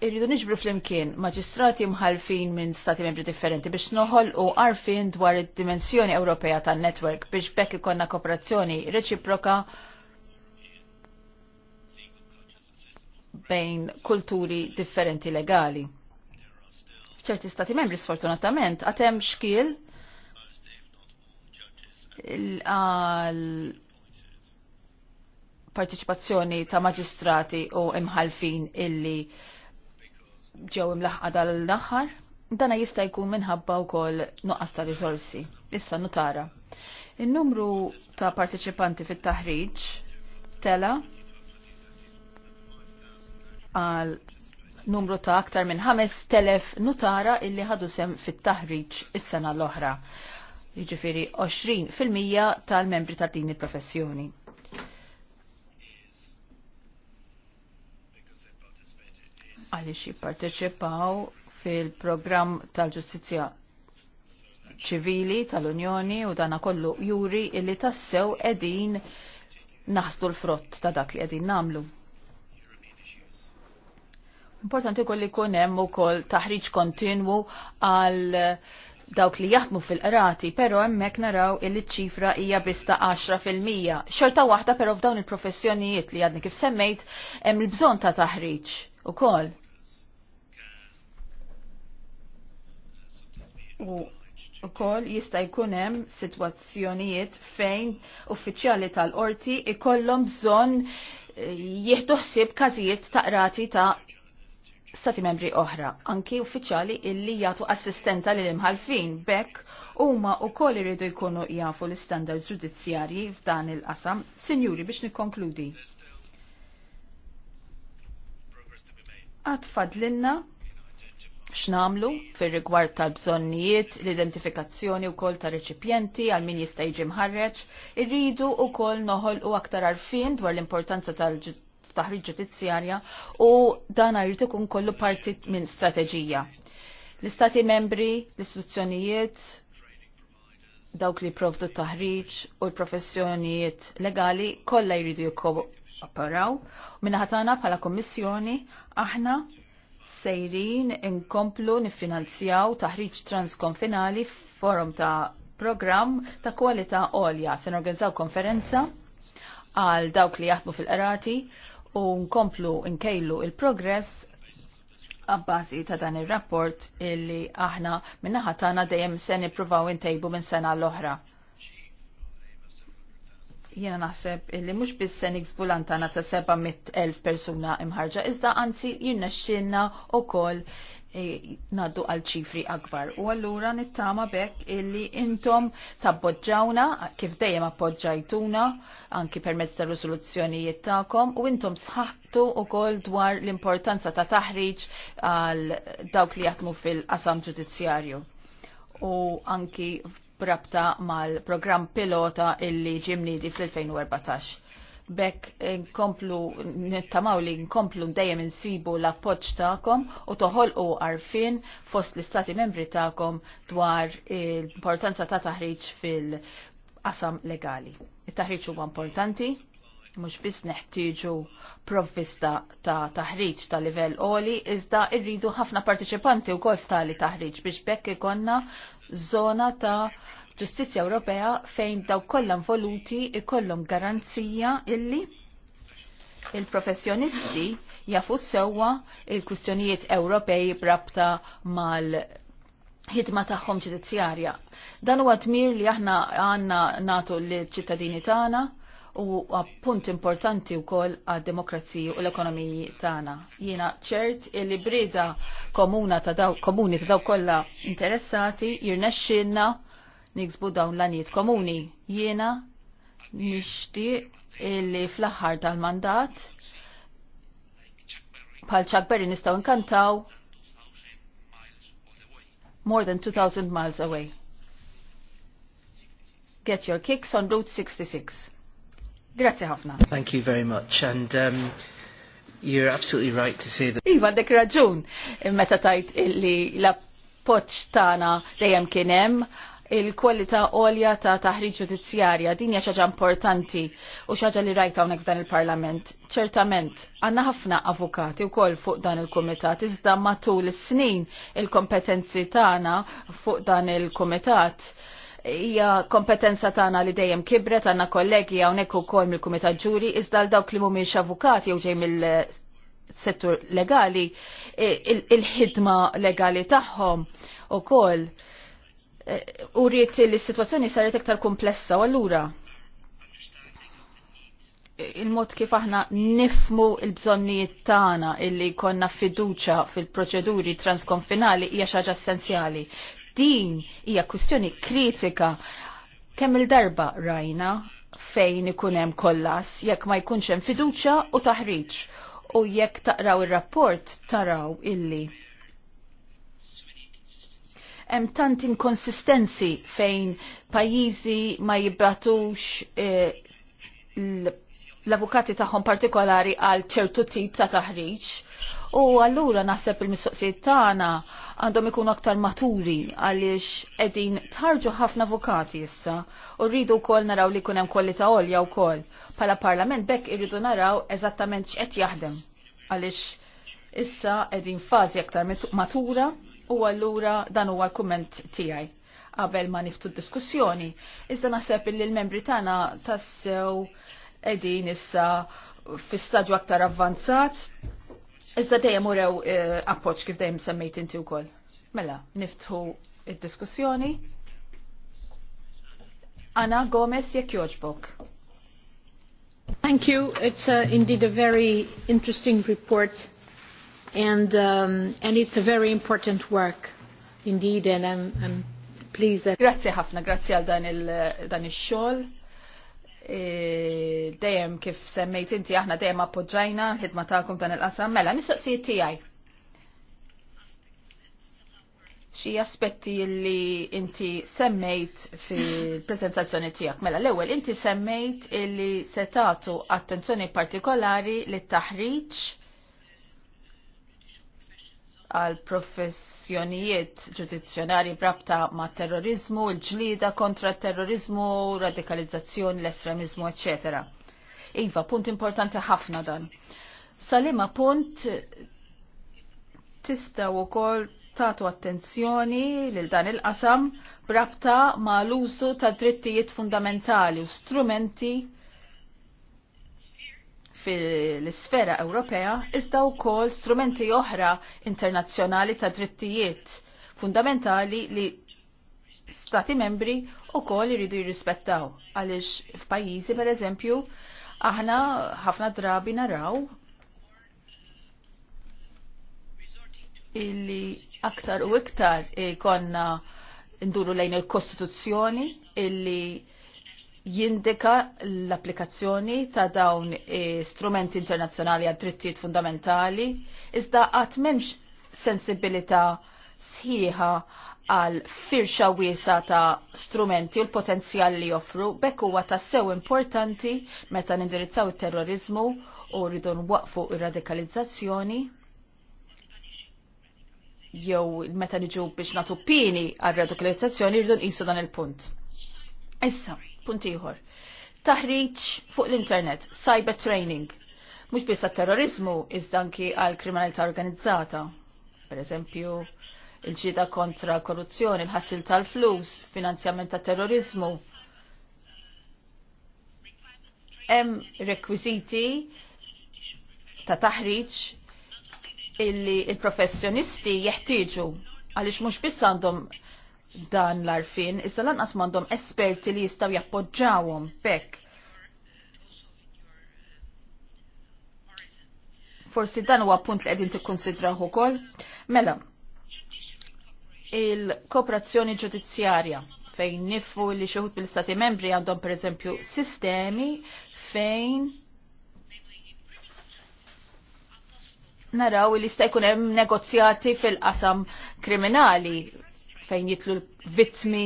irridu niġbru flimkien maġistrati mħalfin minn stati membri differenti biex noħol u arfin dwar id-dimensjoni Ewropea tan-netwerk biex bekk ikonna kooperazzjoni reċiproka bejn kulturi differenti legali. F'ċerti stati membri sfortunatament għatem xkiel għal partiċipazzjoni ta' maġistrati u imħalfin illi ġew imlaħqa dal-aħħar, dana jista' jkun minħabba wkoll nuqqas ta' riżorsi. Issa nutara. In-numru ta' partiċipanti fit-taħriġ tela għal numru ta' aktar minn 5,000 nutara illi ħadu sem fit-taħriġ is-sena l-oħra. Jiġifieri 20% tal-membri ta' din il-professjoni. għaliex jipparteċipaw fil-programm tal-ġustizja ċivili tal-Unjoni u dana kollu juri illi tassew edin naħsdu l-frott ta' dak li edin namlu. Importanti kolli kunem u ukoll taħriġ kontinwu għal dawk li jaħdmu fil-qrati, pero hemmhekk naraw illi ċifra hija biss ta' 10%. Xorta waħda però f'dawn il-professjonijiet li għadni kif semmejt hemm il-bżonn ta' taħriġ ukoll. U kol jista' jkun hemm sitwazzjonijiet fejn uffiċjali tal-qorti ikollhom bżonn eh, jieħdu ħsieb każijiet ta' rati ta' stati membri oħra, anki uffiċjali illi jagħtu assistenta lil imħalfin bekk huma wkoll iridu jkunu jafu l-istandard ġudizzjarji f'dan il-qasam. Sinjuri biex nikkonkludi. Għad fadlinna x'namlu fir-rigward tal-bżonnijiet, l-identifikazzjoni wkoll ta' reċipjenti għal min jista' jiġi mħarreġ, irridu wkoll noħolqu aktar arfin dwar l-importanza tal-taħriġ ġudizzjarja u dan jrid ikun kollu parti minn strateġija. L-istati membri, l-istituzzjonijiet, dawk li provdu taħriġ u l-professjonijiet legali kollha jridu jikkooperaw. Minna ħatana bħala kommissjoni aħna sejrin inkomplu nifinanzjaw taħriġ transkonfinali forum ta' program ta' kwalità għolja. Se organizzaw konferenza għal dawk li jaħdmu fil-qrati u nkomplu nkejlu il-progress għabbażi ta' dan il-rapport illi aħna minnaħatana tagħna dejjem se nippruvaw intejbu minn sena l-oħra. Jena naħseb illi mux biss se niksbu seba' ta' elf persuna imħarġa, iżda anzi jirna xinna u koll E, naddu għal ċifri akbar. U għallura nittama bekk illi intom tabboġġawna, kif dejjem appoġġajtuna, anki permezz ta' risoluzzjonijiet ta'kom, u intom sħaħtu u kol dwar l-importanza ta' taħriġ għal dawk li jaħdmu fil-qasam ġudizzjarju. U anki brabta mal-programm pilota illi ġimnidi fl-2014. Bekk nkomplu, nittamaw li nkomplu dejjem insibu l-appoġġ tagħkom u toħolqu għarfien fost l-istati membri tagħkom dwar l-importanza ta' taħriġ fil-qasam legali. It-taħriġ huwa importanti, mux biss neħtieġu provvista ta' taħriġ ta' livell oli, iżda irridu ħafna partiċipanti u kol f'tali taħriġ biex bekk ikonna zona ta' ġustizja Ewropea fejn daw kollha voluti ikollhom garanzija illi il-professjonisti jafu sewwa il-kwistjonijiet Ewropej brabta mal ħidma tagħhom ġudizzjarja. Dan huwa tmir li aħna għandna natu l-ċittadini tagħna u punt importanti u kol għad demokrazija u l-ekonomiji tagħna. Jiena ċert li brida komuna ta' daw, komuni ta' daw kollha interessati jirnexxinna niksbu dawn l-anijiet komuni. Jiena nixtieq li fl-aħħar tal-mandat bħal ċakberi nistgħu nkantaw more than 2000 miles away. Get your kicks on Route 66. Grazzi ħafna. Thank you very much and um, you're absolutely right to say that. Iva, dek raġun meta tajt illi la poċ tana dejjem kienem il-kwalità għolja ta' taħriġ ġudizzjarja din hija xaġa importanti u xaġa li rajta hawnhekk f'dan il-Parlament. Ċertament, għandna ħafna avukati wkoll fuq dan il-kumitat iżda matul is-snin il-kompetenzi tagħna fuq dan il-kumitat hija kompetenza tagħna li dejjem kibret għandna kollegi hawnhekk ukoll mill-Kumitat Ġuri iżda l dawk li mhumiex avukati jew ġej mill settur legali il-ħidma legali tagħhom ukoll u rrit li s-situazzjoni saret iktar komplessa u allura il-mod kif aħna nifmu il-bżonnijiet tagħna illi konna fiduċa fil-proċeduri transkonfinali hija xi ħaġa essenzjali din hija kwistjoni kritika kemm il-darba rajna fejn ikun hemm kollas jekk ma jkunx hemm fiduċja u taħriġ u jekk taqraw ir-rapport taraw illi hemm tant inkonsistenzi fejn pajjiżi ma jibbatux eh, l-avukati tagħhom partikolari għal ċertu tip ta' taħriġ U allura naħseb il-mistoqsijiet tagħna għandhom ikunu aktar maturi għaliex qegħdin tarġu ħafna avukati issa u rridu wkoll naraw li jkun hemm kwalità għolja wkoll. Pala parlament bekk irridu naraw eżattament x'qed jaħdem għaliex issa qegħdin fażi aktar matura u allura dan huwa l-kumment tiegħi qabel ma niftu diskussjoni. Iżda naħseb li l-membri tagħna tassew qegħdin issa fi stadju aktar avvanzat Iżda dejjem urew eh, appoġġ kif dejjem semmejt inti wkoll. Mela, niftħu id-diskussjoni. Anna Gomez jekk joġbok. Thank you. It's uh, indeed a very interesting report and, um, and it's a very important work indeed and I'm, I'm pleased that... Grazie ħafna, grazie għal dan il-xol. Il E, dejjem kif semmejt inti aħna dejjem appoġġajna l-ħidma tagħkom dan il-qasam. Mela, mistoqsijiet tiegħi. Xi aspetti li inti semmejt fil-preżentazzjoni tiegħek. Mela, l-ewwel inti semmejt illi se tagħtu attenzjoni partikolari lit taħriġ għal professjonijiet tradizjonali brabta ma' terrorizmu, il-ġlida kontra terrorizmu, radikalizzazzjoni, l-estremizmu, ecc. Iva, punt importanti ħafna dan. Salima punt tista' u kol tatu attenzjoni lil dan il-qasam brabta ma l-użu ta' drittijiet fundamentali u strumenti fil-sfera Ewropea iżda wkoll strumenti oħra internazzjonali ta' drittijiet fundamentali li stati membri u kol jridu jirrispettaw. Għalix f'pajjiżi per eżempju, aħna ħafna drabi naraw illi aktar u iktar konna nduru lejn il-Kostituzzjoni illi jindika l-applikazzjoni ta' dawn strumenti internazzjonali għad drittijiet fundamentali, iżda għat memx sensibilita sħiħa għal firxa wiesa ta' strumenti u l-potenzjal li joffru, bekk huwa ta' sew importanti meta nindirizzaw il-terrorizmu u rridu nwaqfu ir-radikalizzazzjoni jew meta niġu biex natu pini għal radikalizzazzjoni rridu nqisu dan il-punt. Issa, puntiħor. Taħriċ fuq l-internet, cyber training, mux biss terrorizmu izdanki għal kriminalità organizzata. Per eżempju, il-ġida kontra korruzzjoni, il-ħassil tal-flus, finanzjament ta' terrorizmu. Hemm rekwiziti ta' taħriġ illi il-professjonisti jeħtieġu għaliex mhux biss għandhom dan l-arfin, issa lanqas mandom esperti li jistaw jappoġġawhom pek. Forsi dan huwa punt li qegħdin tikkunsidraw ukoll. Mela, il-kooperazzjoni ġudizzjarja fejn nifu li xuħut bil-stati membri għandhom pereżempju sistemi fejn naraw li jista' jkun hemm negozjati fil-qasam kriminali fejn jitlu l-vittmi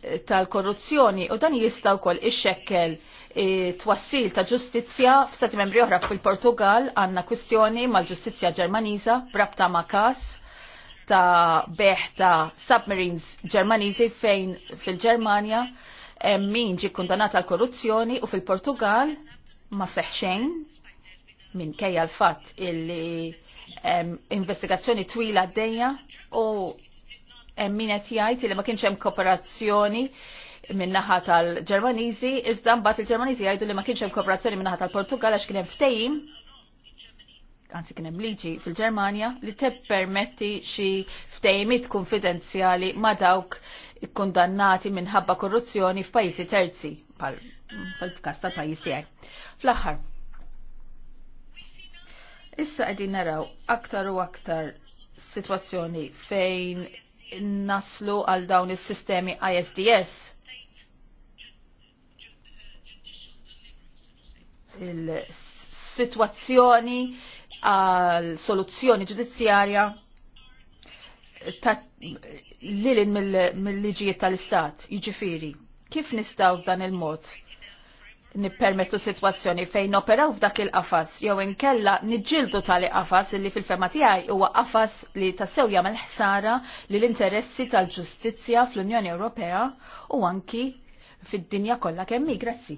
eh, tal-korruzzjoni u dan jista' wkoll ixxekkel eh, twassil ta' ġustizzja f'stati membri oħra fil-Portugal għandna kwistjoni mal-ġustizzja Ġermaniża brabta ma' każ ta' beħ ta' submarines Ġermaniżi fejn fil-Ġermanja min ġi kundanat għal korruzzjoni u fil-Portugal ma seħxejn minn kejja l-fatt il investigazzjoni twila d-dejja u hemm min qed li ma kienx hemm kooperazzjoni min-naħa tal-Ġermaniżi, iżda mbagħad il-Ġermaniżi jgħidu li ma kienx hemm kooperazzjoni naħa tal-Portugal għax kien hemm ftehim anzi kien hemm liġi fil-Ġermanja li teppermetti xi ftehimiet konfidenzjali ma dawk ikkundannati minħabba korruzzjoni f'pajjiżi terzi bħal-kas tal-pajjiż tiegħi. Fl-aħħar. Issa qegħdin naraw aktar u aktar situazzjoni fejn naslu għal dawn is-sistemi ISDS. Il-situazzjoni għal soluzzjoni ġudizzjarja lilin mill-liġijiet tal-istat, jiġifieri. Kif nistaw f'dan il-mod? nippermettu situazzjoni fejn operaw f'dak il-qafas jew inkella niġġieldu tali qafas li fil-fema tiegħi huwa qafas li tassew jagħmel ħsara lil interessi tal-ġustizzja fl-Unjoni Ewropea u anki fid-dinja kollha kemm grazzi.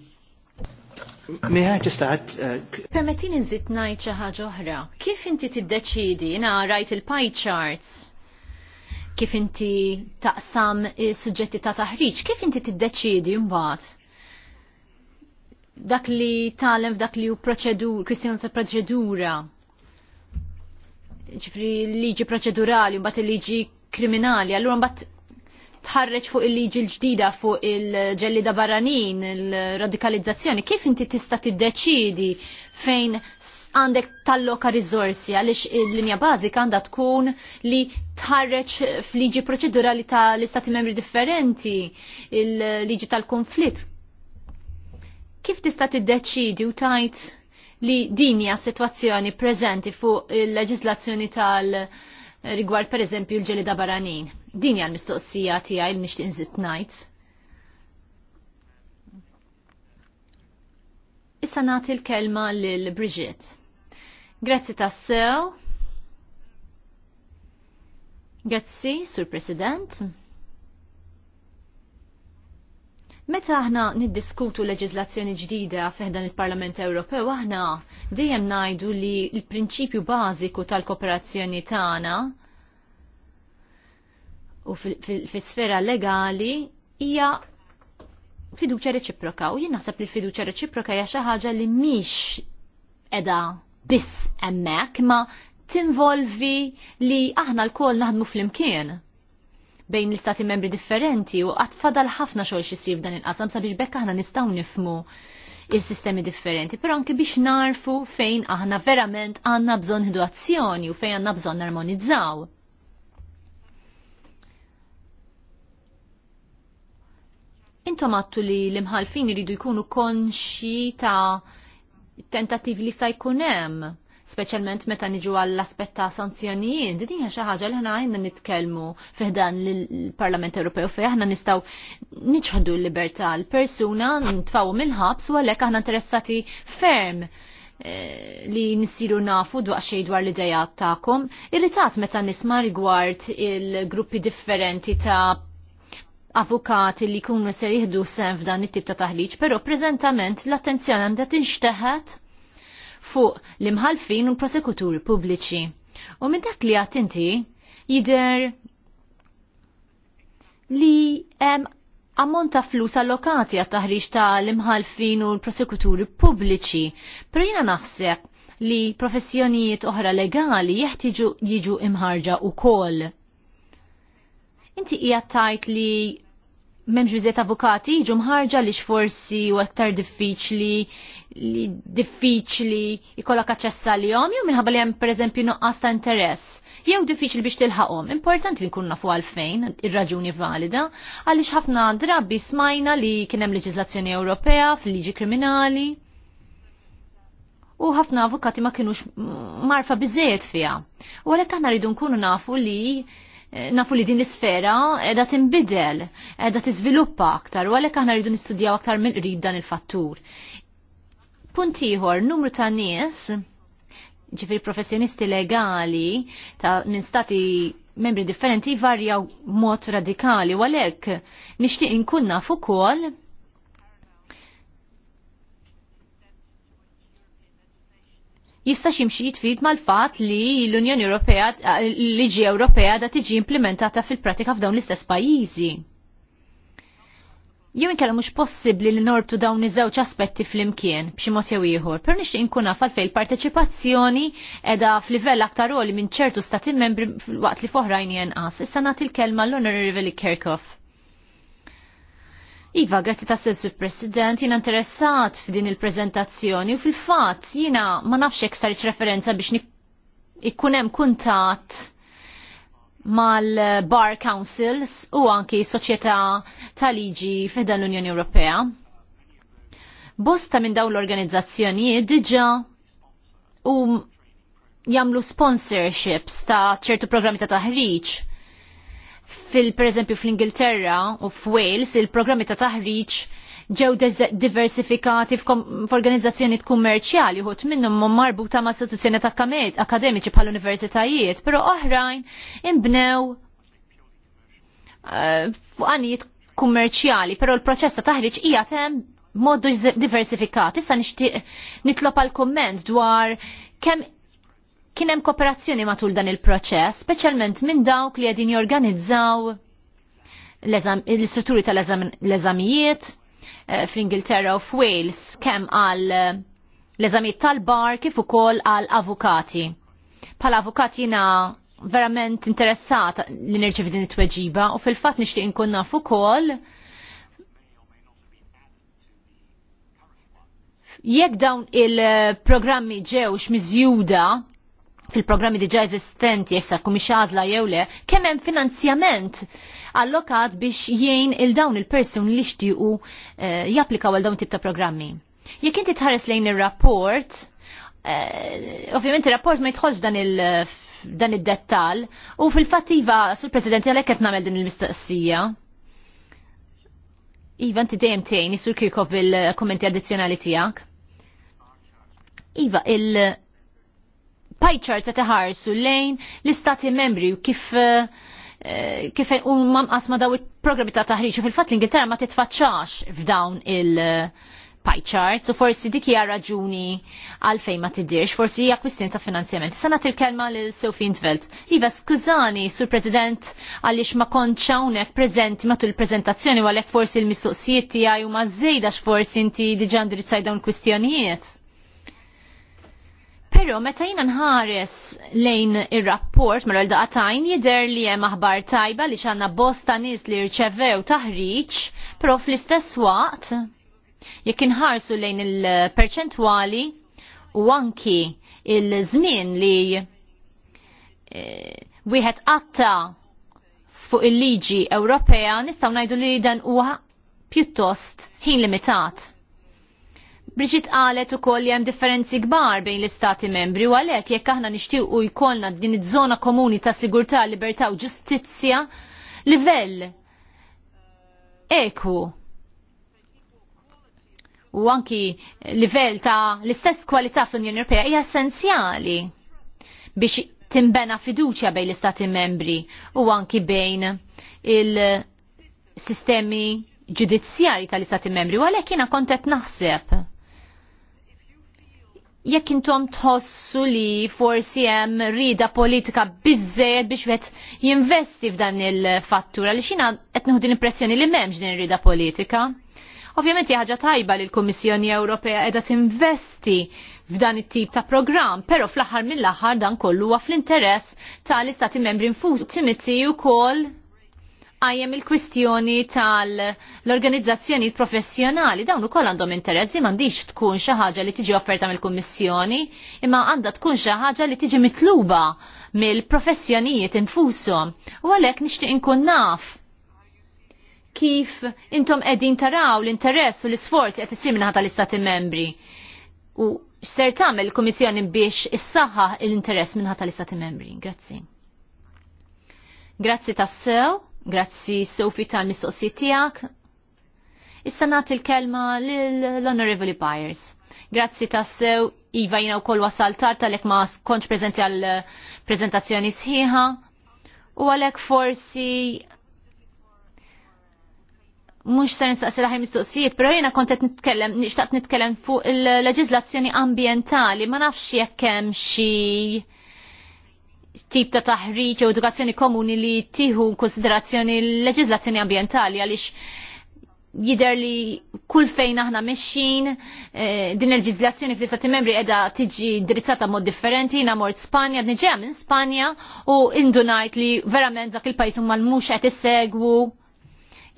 Miħa ġistaħat. Uh, Permettini nżid ngħid xi ħaġa oħra. Kif inti tiddeċidi rajt il-pie charts kif inti taqsam is-suġġetti ta' taħriġ, kif inti tiddeċidi mbagħad? dak li talem f'dak li hu proċedur, kwistjoni ta' proċedura. Ġifri liġi proċedurali, mbagħad il-liġi kriminali, allura mbagħad tħarreġ fuq il-liġi l-ġdida fuq il-ġelli da barranin, il-radikalizzazzjoni, kif inti tista' tiddeċidi fejn għandek talloka rizorsi għalix il-linja bażika għandha tkun li tħarreġ f'liġi proċedurali ta' l-istati membri differenti, il-liġi tal-konflitt kif tista' tiddeċidi u tajt li din hija situazzjoni preżenti fuq il-leġislazzjoni tal- rigward per eżempju l-ġelida baranin. Din hija l-mistoqsija tiegħi li nixtieq inżid ngħid. Issa nagħti l-kelma lil Brigitte. Grazzi tassew. Grazzi, Sur President. Meta aħna niddiskutu leġislazzjoni ġdida feħdan il-Parlament Ewropew, aħna dejjem najdu li l-prinċipju bażiku tal-kooperazzjoni tagħna u fis sfera legali hija fiduċa reċiproka u jien naħseb li l-fiduċa reċiproka hija xi ħaġa li mhix qiegħda biss hemmhekk ma tinvolvi li aħna l-kol naħdmu fl-imkien bejn l-istati membri differenti u għat fadal ħafna xogħol xisir f'dan il-qasam sabiex bekk aħna nistgħu nifmu il-sistemi differenti, pero anki biex narfu fejn aħna verament għanna bżon hidu azzjoni u fejn għanna bżon narmonizzaw. Intom għattu li l-imħalfin iridu jkunu konxi ta' tentativ li sa' jkunem speċjalment meta niġu għall aspett ta' sanzjonijiet, din hija xi ħaġa li ħna għajna nitkellmu fiħdan l-Parlament Ewropew fejn aħna nistgħu niċħdu l-libertà l-persuna ntfawu mill-ħabs u għalhekk aħna interessati ferm eh, li nisiru nafu dwaq xej dwar l-idejat ta'kom. Irritat meta nisma rigward il-gruppi differenti ta' avukati li kunu ser jihdu sen f'dan it-tip ta' taħliġ, pero prezentament l-attenzjoni għandha tinxteħet fuq l-imħalfin u l-prosekuturi pubbliċi. U minn dak li għattinti jider li hemm ammont ta' flus allokati għat taħriġ ta' l-imħalfin u l-prosekuturi pubbliċi, pero jina naħseb li professjonijiet oħra legali jeħtiġu jiġu imħarġa u kol. Inti hija tajt li memx biżiet avukati jiġu mħarġa li xforsi u aktar diffiċli li diffiċli jkollok li jom, jew minħabba li hemm pereżempju nuqqas ta' interess. Jew diffiċli biex tilħaqhom. Importanti li nkun nafu għalfejn ir-raġuni valida għaliex ħafna drabi smajna li kien hemm leġislazzjoni Ewropea fil-liġi kriminali. U ħafna avukati ma kienux marfa biżejjed fiha. U għalhekk aħna rridu nkunu nafu li eh, nafu li din l-isfera edha timbidel, edha tiżviluppa aktar, u għalek aħna rridu nistudjaw aktar minn qrib dan il-fattur. Punt ieħor, numru ta' nies ġifir professjonisti legali ta' minn stati membri differenti varja mod radikali u għalhekk nixtieq inkun naf ukoll jista' ximxi jitfid mal-fatt li l-Unjoni Ewropea, l-liġi Ewropea da tiġi implementata fil-pratika f'dawn l-istess pajjiżi jew inkella mhux possibbli li nortu dawn iż-żewġ aspetti fl-imkien b'xi mod jew ieħor, per nixtieq inkun naf għalfejn il-parteċipazzjoni qiegħda f'livell aktar għoli minn ċertu stati membri waqt li foħrajn jenqas. Issa nagħti l-kelma l-Honorable Kirchhoff. Iva, grazzi ta' sessu president, jina interessat f'din il-prezentazzjoni u fil-fat jina ma nafx sariċ referenza biex ikkunem kuntat mal-Bar Councils u anki soċjetà tal-liġi fidan l-Unjoni Ewropea. Bosta minn dawn l-organizzazzjonijiet diġa u jamlu sponsorships ta' ċertu programmi ta' taħriġ. Fil, per fl-Ingilterra u f'Wales, il-programmi ta' taħriġ ġew diversifikati f'organizzazzjoni kummerċjali uħut marbu marbuta ma' istituzzjoni akademiċi bħal universitajiet, però oħrajn imbnew eh, fuqanijiet kummerċjali, però l-proċess ta' taħriġ hija tem moddu diversifikat. Issa nixtieq nitlob għal komment dwar kemm kien hemm kooperazzjoni matul dan il-proċess, speċjalment minn dawk li qegħdin jorganizzaw l-istrutturi tal-eżamijiet, Eh, fl-Ingilterra u f'Wales kemm għal eh, l-eżamiet tal-bar kif ukoll għal avukati. Pal avukati na verament interessat li nirċevi din it-tweġiba u fil-fatt nixtieq inkun naf ukoll jekk dawn il-programmi ġewx miżjuda fil-programmi diġa eżistenti jessa kumi xazla jew le, kemm hemm finanzjament allokat biex jien il-dawn il-person li xtiju eh, japplikaw għal dawn tip ta' programmi. Jek inti tħares lejn ir-rapport, eh, ovvjament ir-rapport ma jitħolx dan il- dan id-dettal u fil-fattiva sur president għalek qed nagħmel din il-mistaqsija. Iva, inti dejjem tgħin, Sur Kirkov il-kommenti addizzjonali tiegħek. Iva, il- pajċar se teħarsu lejn l-istati membri u kif eh, kif u mam asma daw il-programmi ta' taħriġ u fil-fat l-Ingilterra ma titfaċċax f'dawn il- eh, pie charts u forsi dik hija raġuni għalfejn ma tidirx, forsi hija kwistjoni ta' finanzjament. Sa nagħti l-kelma lil Sophie Intveld. Iva, skużani, Sur President, għaliex ma kontx hawnhekk preżenti matul il-preżentazzjoni u għalhekk forsi l-mistoqsijiet tiegħi huma żejdax forsi inti diġà ndirizzaj dawn kwistjonijiet. Pero meta jina nħares lejn ir-rapport mal mela daqatajn jider li hemm aħbar tajba li xanna bosta nies li rċevew taħriġ, però fl-istess waqt jekk inħarsu lejn il-perċentwali u anki il-żmien li eh, wieħed qatta fuq il-liġi Ewropea nistgħu ngħidu li dan huwa pjuttost ħin limitat Briġit qalet ukoll li hemm differenzi kbar bejn l-istati membri u għalhekk jekk aħna nixtiequ jkollna din iż-żona komuni ta' sigurtà, libertà u ġustizzja livell eku u anki livell ta' l-istess kwalità fl-Unjoni Ewropea hija essenzjali biex timbena fiduċja bejn l-istati membri u anki bejn il-sistemi ġudizzjari tal-istati membri u għalhekk jiena kontet naħseb jekk intom tħossu li forsi hemm rida politika biżżejjed biex wet jinvesti f'dan il-fattura li xina qed nieħu din l-impressjoni li m'hemmx din rida politika. Ovvjament hija ħaġa tajba li l-Kummissjoni Ewropea qiegħda tinvesti f'dan it-tip ta' programm, però fl-aħħar mill-aħħar dan kollu huwa fl-interess tal-istati membri nfus timizzi wkoll għajem il-kwistjoni tal-organizzazzjoni professjonali, dawn ukoll għandhom interess li m'għandix tkun xi ħaġa li tiġi offerta mill-Kummissjoni, imma għandha tkun xi ħaġa li tiġi mitluba mill-professjonijiet infushom. U għalhekk nixtieq inkun naf kif intom qegħdin taraw l-interess u l-isforzi qed t minħata l-Istati membri. U x'ser tagħmel il-Kummissjoni biex issaħħaħ l-interess minħata l-Istati membri. Grazzi. Grazzi tassew. Grazzi Sofi tal-mistoqsijiet tiegħek. Issa nagħti l-kelma lill-Honorable Byers. Grazzi tassew, Iva jina u koll wasal tarta tal-ek ma konċ prezenti għal eh, prezentazzjoni sħiħa. U għalek forsi mux ser nistaqsi laħi mistoqsijiet, pero jina kontet nitkellem, nishtaqt nitkellem fuq il-leġizlazzjoni ambientali, ma nafx jekk hemm xi tip ta' taħriġ u edukazzjoni komuni li tiħu konsiderazzjoni l-leġizlazzjoni ambientali għaliex jider li kull fejn aħna meċin eh, din l ġizlazzjoni fl-istati membri edha tiġi drizzata mod differenti, na mort Spanja, bniġeja minn Spanja u indunajt li verament dak il-pajis umma l-mux qed segwu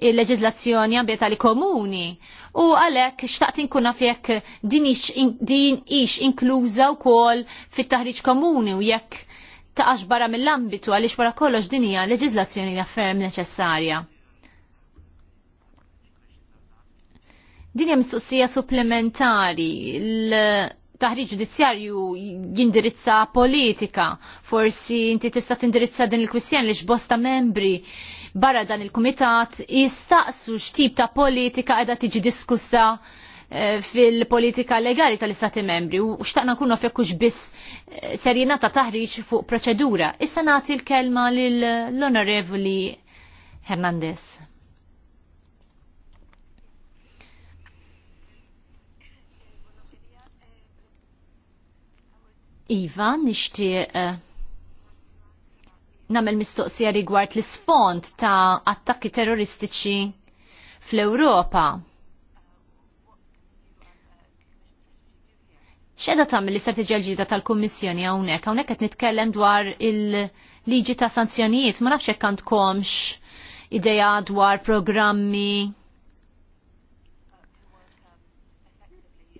il-leġizlazzjoni ambientali komuni. U għalek xtaqt inkuna fjekk din ix, din u inkluża wkoll fit-taħriġ komuni u jekk taqax barra mill-ambitu għaliex wara kollox din hija leġiżlazzjoni affermi neċessarja. Din hemm mistoqsija supplementari taħriġ ġudizzjarju jindirizza politika. Forsi inti tista' tindirizza din il-kwissjoni li x bosta membri barra dan il-kumitat jistaqsu tip ta' politika qiegħda tiġi diskussa Eh, fil-politika legali tal-istati membri u xtaqna kunna fekkux biss eh, serjina ta' taħriġ fuq proċedura. Issa nagħti l-kelma l-Onorevoli Hernandez. Iva, nixtieq uh, eh, namel mistoqsija rigward l isfond ta' attakki terroristiċi fl-Ewropa X'edha tagħmel l-istrateġija l-ġdida tal-Kummissjoni hawnhekk, hawnhekk qed nitkellem dwar il-liġi ta' sanzjonijiet, ma nafx hekk għandkomx idea dwar programmi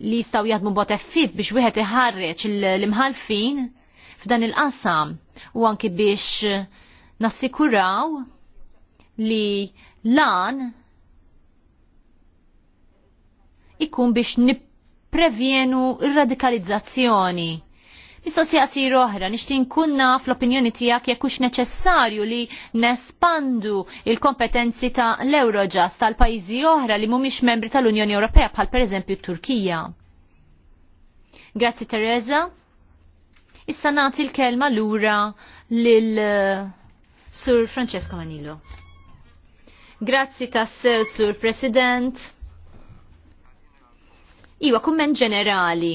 li jistgħu jaħdmu bot effib biex wieħed iħarreġ l-imħalfin f'dan il-qasam u anki biex nassikuraw li lan ikun biex nip prevjenu ir-radikalizzazzjoni. Mistoqsija sir oħra, nixtieq inkunna fl-opinjoni tiegħek jekk hux neċessarju li nespandu il-kompetenzi ta' l-Eurojust tal-pajzi oħra li mhumiex membri tal-Unjoni Ewropea bħal pereżempju t Turkija. Grazzi Teresa. Issa nagħti l-kelma lura lil eh, Sur Francesco Manillo. Grazzi tassew Sur President. Iwa, kummen ġenerali.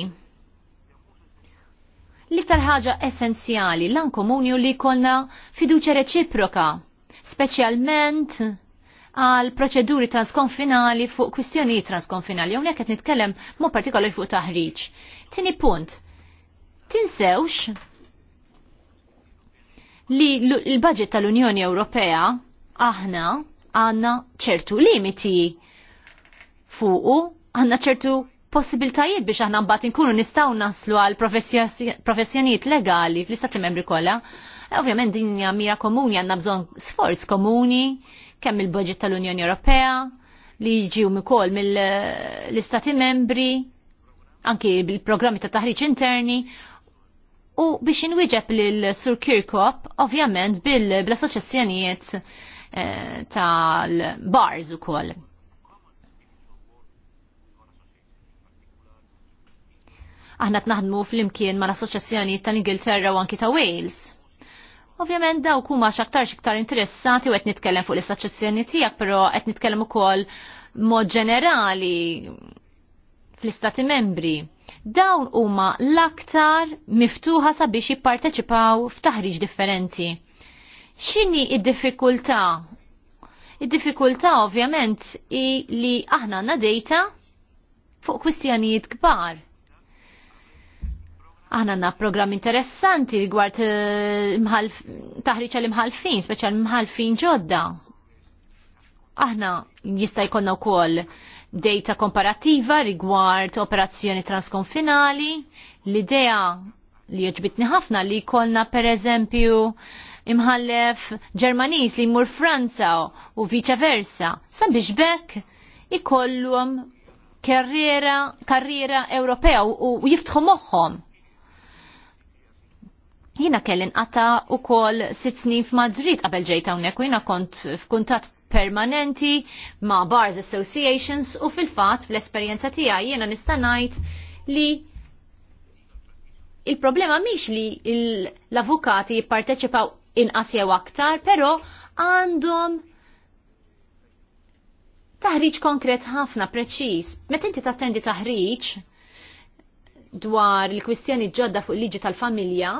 L-iktar ħaġa essenzjali lan komuni u li kolna fiduċa reċiproka, speċjalment għal proċeduri transkonfinali fuq kwistjonijiet transkonfinali. Unek qed nitkellem mo partikolari fuq taħriġ. Tini punt. Tinsewx li l-budget tal-Unjoni Ewropea aħna għanna ċertu limiti fuqu għanna ċertu possibiltajiet biex aħna mbagħad inkunu nistgħu naslu għal professjonijiet legali fl-istati membri kollha. E, ovvjament din hija mira komuni għandna bżonn sforz komuni kemm il-budget tal-Unjoni Ewropea li jiġu um ukoll mill-istati membri anki bil-programmi ta' taħriġ interni u biex inwieġeb lil Sur Kirkop ovvjament bil-assoċjazzjonijiet eh, tal-bars ukoll Aħna tnaħdmu fl-imkien mal assoċjazzjoni tal-Ingilterra u anki ta' Wales. Ovvjament daw kuma xaktar xiktar interessati u qed nitkellem fuq l-istaċċezzjoni tiegħek, però qed nitkellem ukoll mod ġenerali fl-istati membri. Dawn huma l-aktar miftuħa sabiex jipparteċipaw f'taħriġ differenti. X'inhi id-diffikultà? Id-diffikultà ovvjament i li aħna għandna dejta fuq kwistjonijiet kbar Aħna għanna program interessanti rigward eh, taħriċ għal-imħalfin, speċjal imħalfin ġodda. Aħna jista' jkollna wkoll data komparativa rigward operazzjoni transkonfinali, l-idea li joġbitni ħafna li jkollna pereżempju imħallef Ġermaniż li jmur Franza u viċa versa, sabiex bekk ikollhom karriera, karriera Ewropew u jiftħu moħħom Jina kellin qata u kol sitt snin f'Madrid qabel ġejta hawnhekk u jina kont f'kuntat permanenti ma' bars associations u fil-fatt fl-esperjenza tiegħi jiena nista' ngħid li il-problema mhix li l-avukati jipparteċipaw inqas jew aktar, però għandhom taħriġ konkret ħafna preċiż. Meta inti tattendi taħriġ dwar il-kwistjoni ġodda fuq il-liġi tal-familja,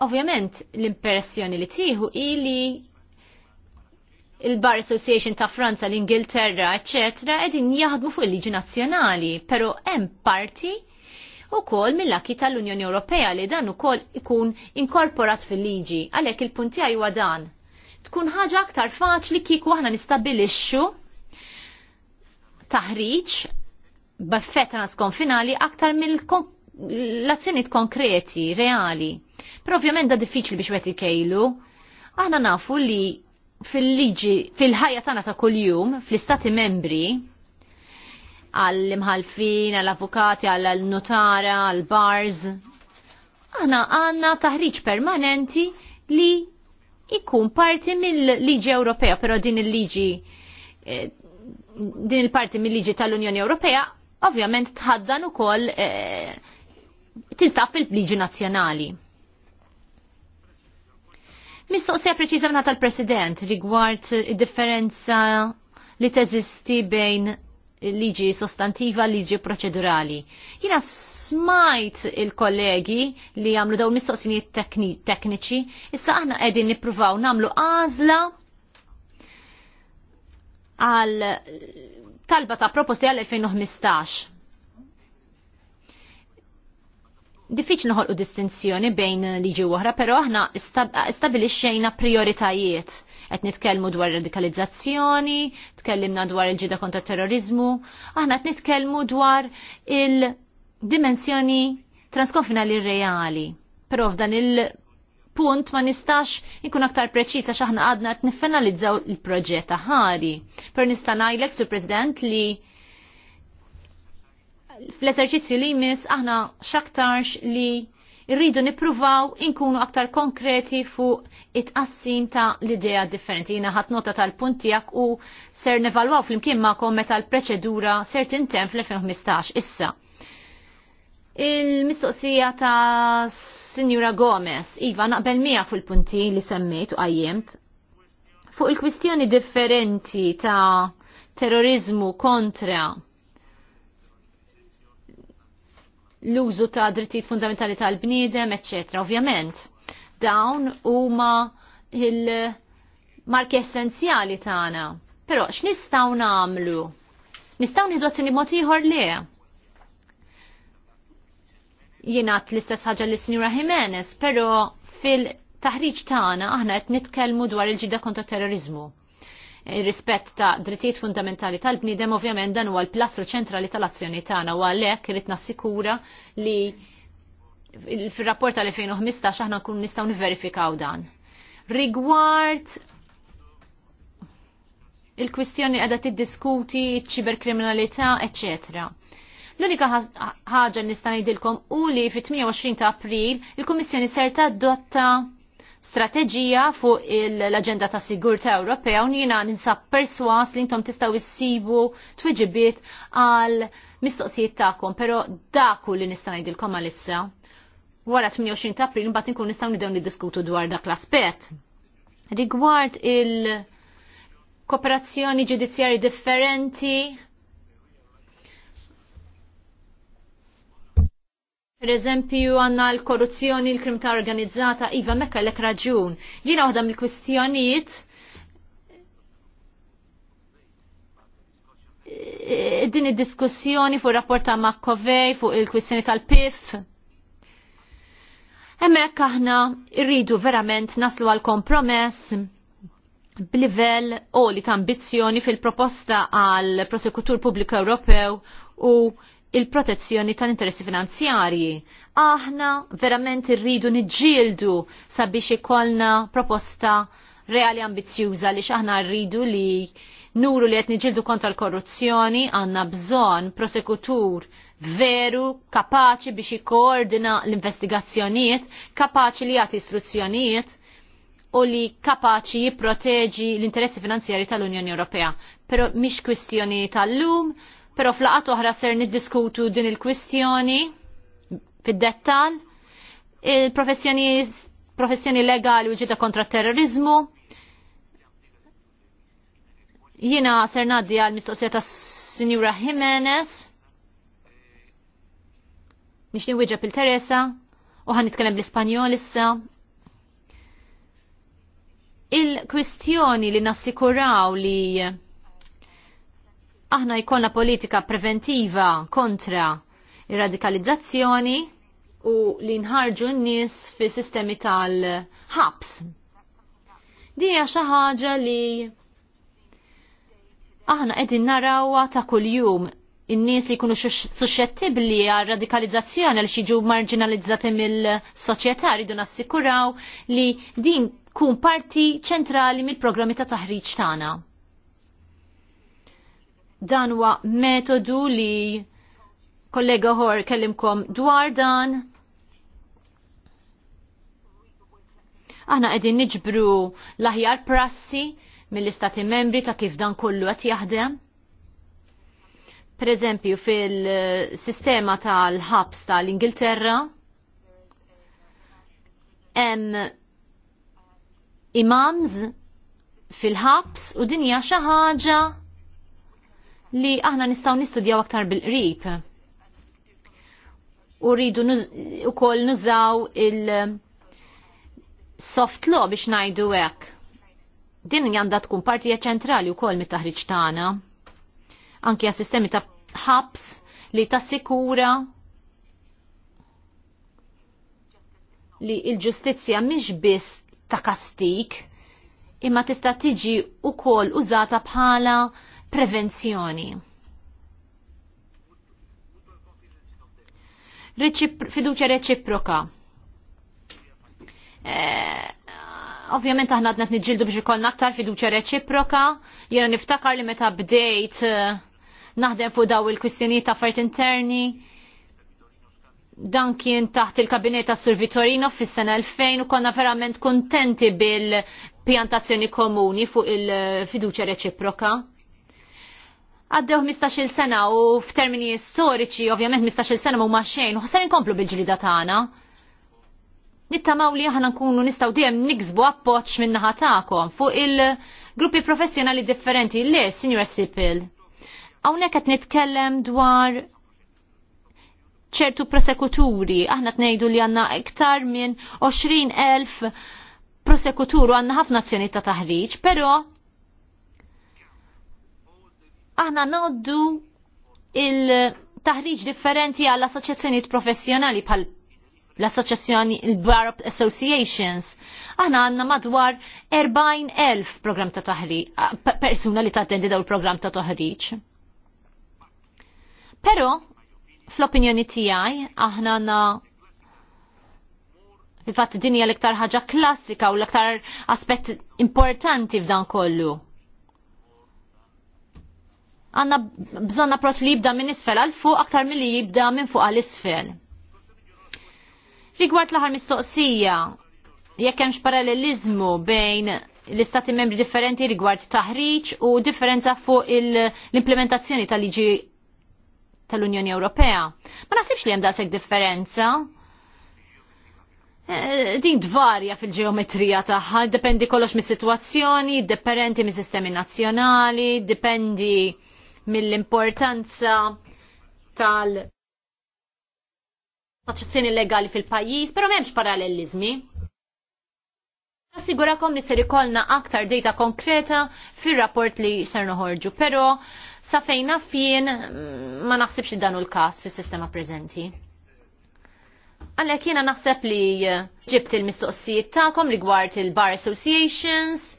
Ovvjament l-impressjoni li tieħu ili il-Bar Association ta' Franza, l-Ingilterra, ecc. edin jaħdmu fuq il-liġi nazzjonali, pero hemm parti u kol mill-laki tal-Unjoni Ewropea li dan u kol ikun inkorporat fil-liġi, għalek il-punti għaj dan. Tkun ħaġa aktar faċli kiku aħna nistabilixxu taħriċ b'effett transkonfinali aktar mill-azzjoniet konkreti, reali. Però ovvjament da diffiċli biex wet ikejlu. Aħna nafu li fil-liġi, fil-ħajja tagħna ta' kuljum, fl-istati membri, għall-imħalfin, għall-avukati, għall-notara, għall-bars, aħna għanna taħriġ permanenti li ikun parti mill-liġi Ewropea, però din il-liġi eh, din il-parti mill-liġi tal-Unjoni Ewropea ovvjament tħaddan ukoll e, eh, tinstaf fil-liġi nazzjonali. Mistoqsija preċiża tal-President rigward id-differenza li teżisti bejn liġi sostantiva, liġi proċedurali. Jina smajt il-kollegi li għamlu daw mistoqsinijiet tekniċi, issa aħna qegħdin nippruvaw namlu għażla għal talba ta' proposti għal 2015. diffiċ noħolqu distinzjoni bejn liġi oħra, pero aħna stabilixxejna prioritajiet. Qed nitkellmu dwar radikalizzazzjoni, tkellimna dwar il-ġida kontra terrorizmu, aħna qed nitkellmu dwar il-dimensjoni transkonfinali reali. Però f'dan il-punt ma nistax ikun aktar preċisa x'aħna għadna qed niffinalizzaw il-proġett ħari. Per nista' ngħidlek, Sur President, li fl-eżerċizzju li jmiss aħna xaktarx li rridu nipruvaw inkunu aktar konkreti fuq it-qassim ta' l-idea differenti. Jina ħat nota tal-puntijak u ser nevalwaw fl-imkien ma'kom meta l-preċedura ser tintem fl-2015 issa. Il-mistoqsija ta' Sinjura Gomez, Iva, naqbel miegħek fil-punti li semmejt u għajjemt. Fuq il-kwistjoni differenti ta' terrorizmu kontra l-użu ta' drittijiet fundamentali tal-bniedem, etc. Ovvjament, dawn huma il-marki essenzjali tagħna. Però x'nistgħu nagħmlu? Nistgħu nieħdu azzjoni mod ieħor le? Jingħad l-istess ħaġa lis sinjura Jimenez, però fil-taħriġ tagħna aħna qed nitkellmu dwar il-ġida kontra terrorizmu rispett ta' drittijiet fundamentali tal-bniedem ovvjament dan huwa l-plastru ċentrali tal-azzjoni tagħna u għalhekk irid nassikura li fir rapport tal-2015 aħna nkun nistgħu niverifikaw dan. Rigward il-kwistjoni qiegħda tiddiskuti ċiberkriminalità, eċċetera. L-unika ħaġa nista' ngħidilkom u li fit-28 ta' April il-Kummissjoni ser tadotta strateġija fuq l-agenda ta' sigurta Ewropea u jiena ninsab perswas li intom tistaw issibu twiġibiet għal mistoqsijiet tagħkom, però daku li nista' ngħidilkom għalissa. Wara 28 ta' April mbagħad inkun nistgħu nibdew niddiskutu dwar dak l-aspett. Rigward il-kooperazzjoni ġudizzjari differenti Per eżempju għanna l-korruzzjoni, l-krim ta' organizzata, iva mekka l-ek raġun. Jina waħda mill-kwistjonijiet eh, din id-diskussjoni fuq rapport ta' Makkovej fuq il-kwissjoni tal-PIF. Hemmhekk aħna rridu verament naslu għal kompromess b'livell oli ta' ambizzjoni fil-proposta għal prosekutur pubbliku Ewropew u il-protezzjoni tal-interessi finanzjarji. Aħna verament irridu niġġieldu sabiex ikollna proposta reali ambizjuża li xaħna rridu li nuru li qed niġildu kontra l-korruzzjoni għandna bżonn prosekutur veru kapaċi biex jikkoordina l-investigazzjonijiet, kapaċi li jagħti istruzzjonijiet u li kapaċi jipproteġi l-interessi finanzjari tal-Unjoni Ewropea. Però mhix kwistjoni tal-lum, pero flaqat oħra ser niddiskutu din il-kwistjoni fid-dettal, il-professjoni professjoni legali u ġita kontra terrorizmu. Jina ser naddi għal mistoqsija ta' Sinjura Jimenez. Nix niwieġeb il-Teresa u ħan nitkellem l-Ispanjol issa. Il-kwistjoni li nassikuraw li aħna jkollna politika preventiva kontra ir-radikalizzazzjoni u li nħarġu n-nies fi sistemi tal-ħabs. Dija xi ħaġa li aħna qegħdin narawha ta' kuljum in-nies li jkunu suscettibbli għal radikalizzazzjoni għal xiġu marginalizzati mill-soċjetà rridu nassikuraw li din tkun parti ċentrali mill-programmi ta' taħriġ tagħna. Dan huwa metodu li kollega ħor kellimkom dwar dan. Aħna qegħdin niġbru l-aħjar prassi mill-istati membri ta' kif dan kollu qed jaħdem Pereżempju fil-sistema tal-ħabs tal-Ingilterra, hemm imams fil-ħabs u dinja xi ħaġa li aħna nistaw nistudjaw aktar bil-qrib. U rridu u koll nużaw il-soft um, law biex najdu hekk. Din għandha tkun partija ċentrali u koll mit-taħriġ tagħna. Anki għas sistemi ta' ħabs li ta' sikura li il-ġustizzja mhix biss ta' kastik imma tista' tiġi koll użata bħala prevenzjoni. Recipro fiduċa reċiproka. E, Ovvjament aħna għadna t-nġildu biex ikon aktar fiduċa reċiproka, jena niftakar li meta bdejt eh, naħdem fuq daw il-kwistjonijiet ta' affarijiet interni, dan kien taħt il-kabinet ta' Sur Vitorino fis-sena 2000 u konna verament kontenti bil-pjantazzjoni komuni fuq il-fiduċa reċiproka għaddew 15-il sena u f'termini storiċi ovvjament 15 sena ma' xejn u ħasar inkomplu bil-ġlida tagħna. Nittamaw li aħna nkunu nistgħu dejjem niksbu appoġġ min-naħa tagħkom fuq il-gruppi professjonali differenti li Sinjura Sipil. Hawnhekk qed nitkellem dwar ċertu prosekuturi, aħna t-nejdu li għanna iktar minn 20.000 prosekutur għanna ħafna azzjoni ta' taħriġ, pero aħna noddu il-taħriġ differenti għall assoċjazzjonijiet professjonali pal l-assoċjazzjoni il-Bar Associations. Aħna għanna madwar 40.000 program ta' taħriġ, persuna li tattendi daw il-program ta' taħriġ. Pero, fl-opinjoni tijaj, aħna għanna fil-fat dinja l-iktar ħaġa klassika u l-iktar aspett importanti f'dan kollu għanna bżonna proċ li jibda minn isfel għal fuq aktar mill li jibda minn fuq għal isfel. Rigward l-ħar mistoqsija, jekk hemmx parallelizmu bejn l-istati membri differenti rigward taħriġ u differenza fuq l-implementazzjoni tal-liġi tal-Unjoni Ewropea. Ma nasibx li hemm daqshekk differenza. Eh, din dvarja fil-ġeometrija tagħha, dependi kollox mis-sitwazzjoni, dippendi mis-sistemi nazzjonali, dipendi mill-importanza tal- aċċazzjoni legali fil-pajjiż, però m'hemmx parallelizmi. Assigurakom li ser ikollna aktar data konkreta fir-rapport li ser noħorġu, però sa fejna fien mm, ma naħsibx dan l-każ fis-sistema preżenti. Għalhekk jiena naħseb li eh, ġibt il-mistoqsijiet tagħkom rigward il-Bar Associations.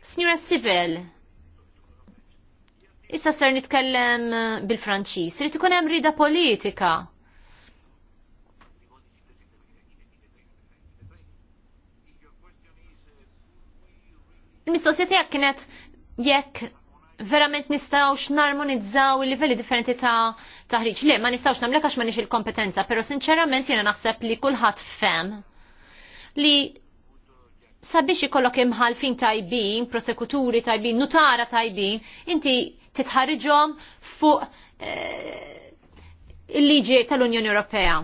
Signora Sibel, Issa ser nitkellem eh, bil-Franċiż, irid ikun hemm rida politika. Il-mistoqsija tiegħek kienet jekk verament nistgħux narmonizzaw il-livelli differenti ta' taħriġ. Le, ma nistgħux nagħmlek għax m'għandix il-kompetenza, però sinċerament jiena naħseb li kulħadd fem li sabiex ikollok imħalfin tajbin, prosekuturi tajbin, nutara tajbin, inti titħarġhom fuq eh, il-liġi tal-Unjoni Ewropea.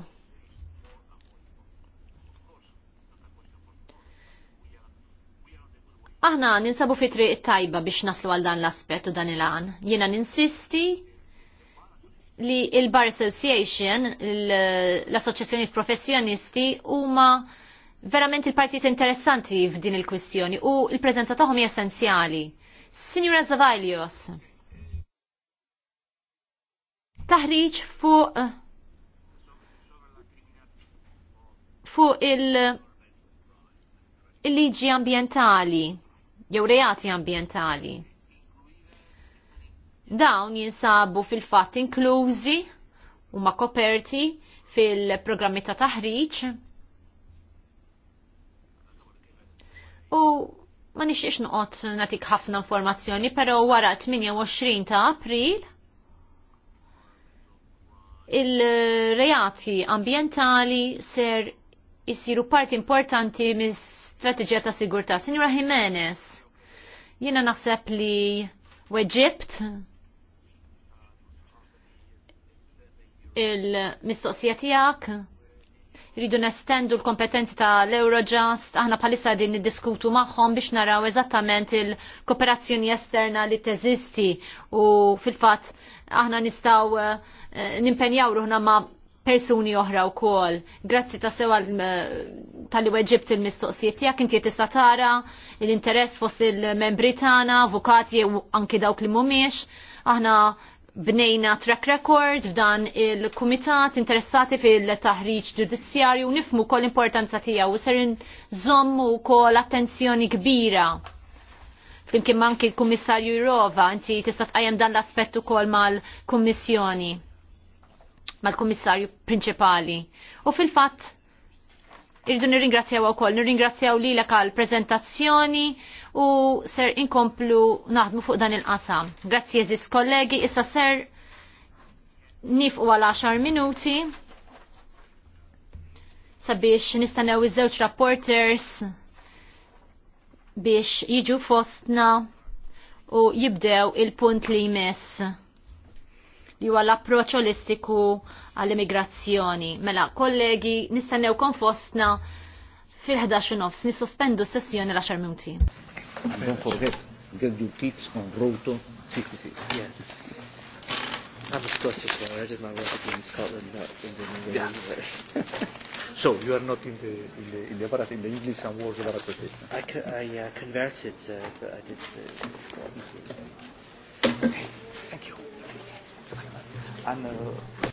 Aħna ninsabu fi it tajba biex naslu għal dan l-aspett u dan il-għan. Jiena ninsisti li il-Bar Association, l-Assoċjazzjoni Professjonisti, huma verament il-partijiet interessanti f'din il-kwistjoni u il-preżenza tagħhom hija essenzjali. Signora Zavalios, taħriġ fuq fuq il- il-liġi ambientali jew reati ambientali. Dawn jinsabu fil-fatt inklużi u ma koperti fil-programmi ta' taħriġ. U ma nixiex nuqot natik ħafna informazzjoni, pero wara 28 ta' april il reati ambientali ser jisiru parti importanti mis strategija ta' sigurta. Signora Jimenez, jena naħseb li weġibt il-mistoqsija tijak rridu nestendu l-kompetenzi ta' l-Eurojust, aħna palissa din niddiskutu magħhom biex naraw eżattament il-kooperazzjoni esterna li teżisti u fil-fatt aħna nistaw eh, nimpenjaw ruħna ma' persuni oħra u kol. Grazzi ta' sewa eh, tal-li weġibt il-mistoqsijiet tijak, inti tista' tara l-interess fost il-membri tana, avukati u anki dawk li mumiex. Aħna bnejna track record f'dan il-kumitat interessati fil-taħriġ ġudizzjarju nifmu kol importanza tiegħu u ser nżommu kol attenzjoni kbira. Flimkien manki l-Kummissarju Jirova, inti tista' tqajjem dan l-aspett ukoll mal-Kummissjoni mal-Kummissarju Prinċipali. U fil-fatt Irridu nirringrazzjaw ukoll, nirringrazzjaw lilek għal prezentazzjoni u ser inkomplu naħdmu fuq dan il-qasam. Grazzi eżis kollegi, issa ser u għal 10 minuti sabiex nistanew iż-żewġ rapporters biex jiġu fostna u jibdew il-punt li jmiss li huwa l-approċċ olistiku għall-immigrazzjoni. Mela, kollegi, nistennewkom fostna fil-11 nofs, nissospendu s-sessjoni l-10 minuti. I'm a Scottish lawyer. I did my work in Scotland, not in the Netherlands. Yeah. so you are not in the in the in the, in the, in the English and words of Barat I, co I uh, converted, uh, but I did the Scotland. Okay għanna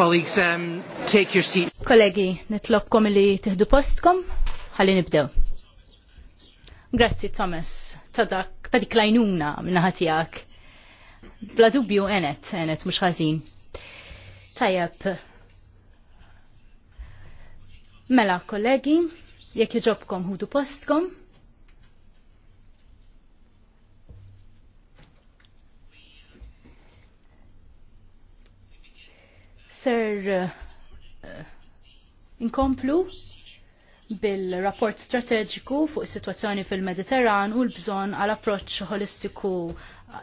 Colleagues, um, take your seat. Kollegi, nitlobkom li tiħdu postkom, ħalli nibdew. Grazzi Thomas, ta' dak, ta' dik lajnuna minna Bla dubju enet, enet mux ħazin. Tajab. Mela, kollegi, jekk jġobkom ħudu postkom, ser eh, eh, inkomplu bil-rapport strateġiku fuq is-sitwazzjoni fil-Mediterran u l-bżonn għal approċċ holistiku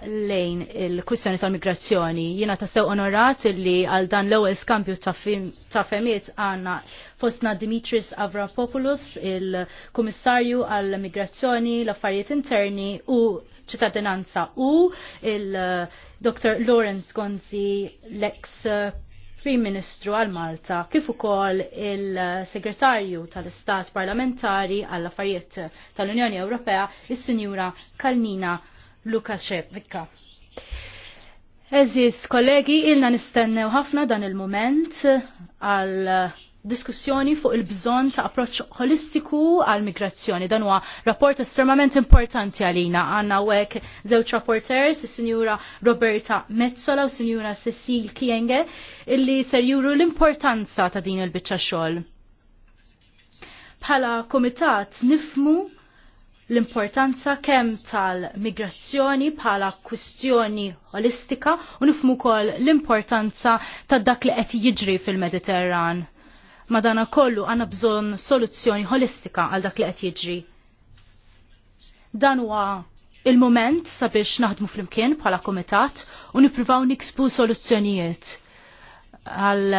lejn il-kwistjoni tal-migrazzjoni. Jiena ta' sew onorat li għal dan l-ewwel skambju ta' femiet għandna fostna Dimitris Avrapopoulos, il-Kummissarju għall-Migrazzjoni, l-Affarijiet Interni u ċittadinanza u il-Dr. Eh, Lawrence Gonzi, l-ex prim Ministru għal Malta kif ukoll il-Segretarju tal-Istat Parlamentari għall affarijiet tal-Unjoni Ewropea is-Sinjura Kalnina Lukashevika. Eżis kollegi, ilna nistennew ħafna dan il-moment għal diskussjoni fuq il-bżon ta' approċċ holistiku għal migrazzjoni. Dan huwa rapport estremament importanti għalina. Għanna għek żewġ rapporters, is-Sinjura Roberta Mezzola u Sinjura Cecil Kienge, illi ser juru l-importanza ta' din il-biċċa xogħol. Bħala komitat nifmu l-importanza kemm tal-migrazzjoni bħala kwistjoni holistika u nifmu kol l-importanza ta' dak li qed jiġri fil-Mediterran Madana kollu għanna bżon soluzzjoni holistika għal dak li qed jiġri. Dan huwa il-moment sabiex naħdmu fl-imkien bħala komitat u nippruvaw nikspu soluzzjonijiet għal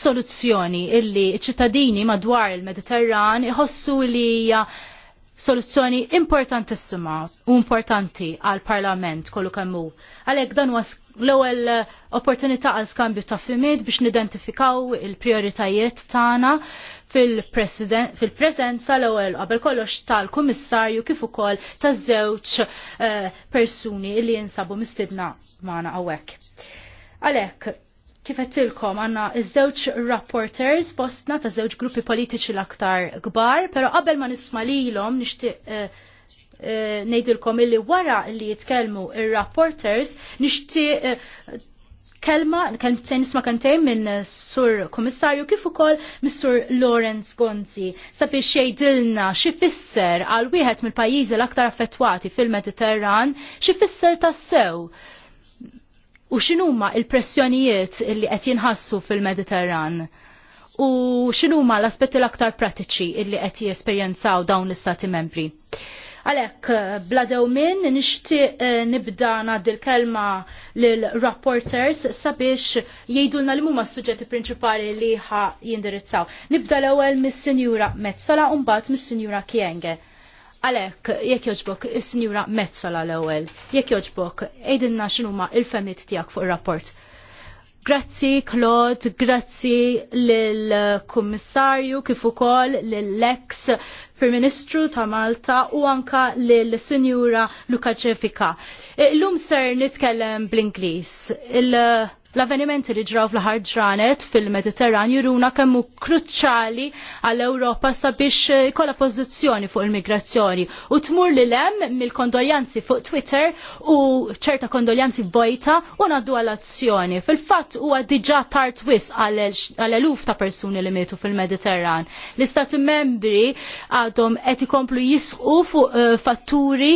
soluzzjoni illi ċittadini madwar il-Mediterran iħossu li hija soluzzjoni importantissima u importanti għal parlament kollu kemmu. Għalhekk dan huwa l-ewwel eh, opportunità għal skambju ta' fimid biex nidentifikaw il-prioritajiet tagħna fil-preżenza l-ewwel qabel kollox tal-Kummissarju kif ukoll taż-żewġ eh, persuni li jinsabu mistidna magħna hawnhekk. Għalhekk, kif għettilkom għandna iż-żewġ rapporters postna ta' żewġ gruppi politiċi l-aktar kbar, pero qabel ma nisma' lilhom nixtieq eh, Eh, nejdilkom illi wara li jitkelmu il-rapporters nixti eh, kelma, kelmtejn nisma kantejn minn eh, sur komissarju kif ukoll minn sur Lawrence Gonzi sabiex jgħidilna x'ifisser fisser għal wieħed mill-pajjiżi l-aktar affettwati fil-Mediterran xi fisser tassew u x'inhuma il-pressjonijiet li qed jinħassu fil-Mediterran u x'inhuma l-aspetti l-aktar pratiċi illi qed jesperjenzaw dawn l-istati membri. Għalek, eh, bla minn, nishtiq eh, nibda nad il-kelma l-rapporters sabiex jgħidulna li mumma s-sujġeti prinċipali li ħa jindirizzaw. Nibda l-ewel mis-senjura Metzola, un-bat mis-senjura Kienge. Għalek, jekk joġbok, il-sinjura Metzola l-ewel, jekk joġbok, ejdinna xinuma il-femit tijak fuq il-rapport. Grazzi Claude, grazzi lill-Kummissarju kif ukoll lill-ex Prim Ministru ta' Malta u anka lill-Sinjura Lukaċevika. Illum e, ser nitkellem bl-Ingliż. Il- L-avvenimenti li ġraw fl-ħar ġranet fil-Mediterran juruna kemmu kruċali għall-Ewropa sabiex eh, kolla pozizjoni fuq il-migrazzjoni u tmur li lem mill-kondoljanzi fuq Twitter u ċerta kondoljanzi bojta u naddu għall-azzjoni. Fil-fatt huwa diġà tard wis għall-eluf ta' persuni li metu fil-Mediterran. L-Istati membri għadhom qed ikomplu jisqu fuq eh, fatturi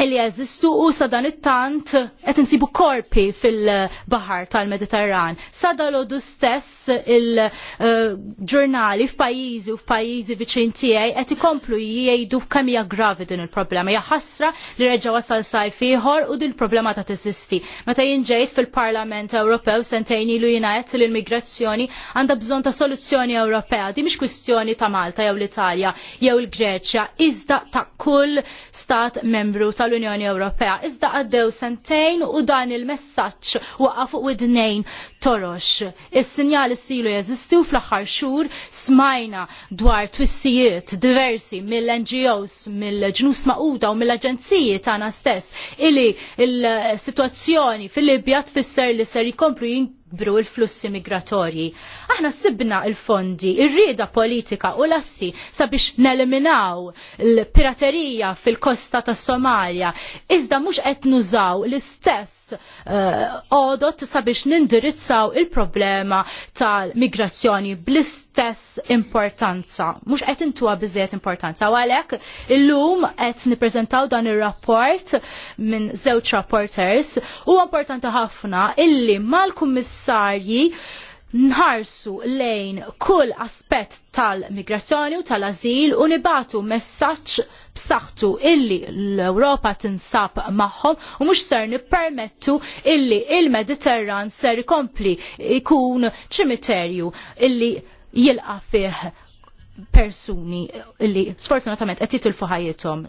Illi jeżistu u sadan it-tant qed insibu korpi fil-baħar tal-Mediterran. Sada l-odu stess il-ġurnali f'pajjiżi u f'pajjiżi viċin tiegħi qed ikomplu jgħidu kemm hija gravi din il-problema. Hija ħasra li reġa' wasal sajf ieħor u din il-problema ta' teżisti. Meta jinġejt fil-Parlament Ewropew sentejn ilu jingħed li l immigrazzjoni għandha bżonn ta' soluzzjoni Ewropea. Di mhix kwistjoni ta' Malta jew l-Italja jew il-Greċja, iżda ta' kull stat membru ta' tal-Unjoni Ewropea. Iżda għaddew sentejn u dan il-messaġġ waqa' fuq nejn torox. Is-sinjali silu jeżistu fl-aħħar xhur smajna dwar twissijiet diversi mill-NGOs, mill-ġnus maquda u mill-aġenziji tagħna stess illi il-sitwazzjoni fil-Libja tfisser li ser jkomplu nikbru il-flussi migratorji. Aħna sibna il-fondi, ir-rieda politika u lassi sabiex neliminaw l-piraterija fil-kosta ta' Somalia, iżda mhux qed nużaw l-istess Eh, għodot sabiex nindirizzaw il-problema tal-migrazzjoni bl-istess importanza. Mux qed intuwa biżiet importanza. Għalek, illum qed niprezentaw dan il-rapport minn zewċ rapporters u importanti ħafna illi mal-kummissarji nħarsu lejn kull aspett tal-migrazzjoni u tal-azil u nibatu messaċ b'saħħtu illi l-Ewropa tinsab magħhom u mhux ser nippermettu illi il-Mediterran ser ikompli ikun ċimiterju illi jilqa' fih persuni li sfortunatament qed jitilfu ħajjithom.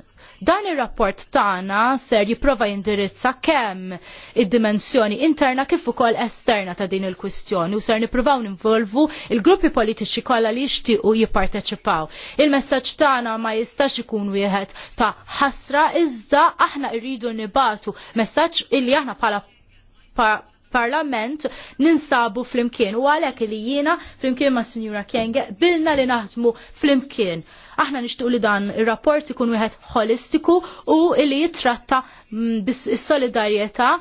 Dan ir-rapport tagħna ser jipprova jindirizza kemm id-dimensjoni interna kif ukoll esterna ta' din il-kwistjoni u ser nippruvaw ninvolvu il-gruppi politiċi kollha li jixtiequ jipparteċipaw. Il-messaġġ tagħna ma jistax ikun wieħed ta' ħasra iżda aħna rridu nibatu messaġġ illi aħna bħala parlament ninsabu flimkien u għalek li jiena flimkien ma' Sinjura Kenge bilna li naħdmu flimkien. Aħna nishtuq li dan il-rapport ikun wieħed holistiku u li jitratta mm, bis-solidarjetà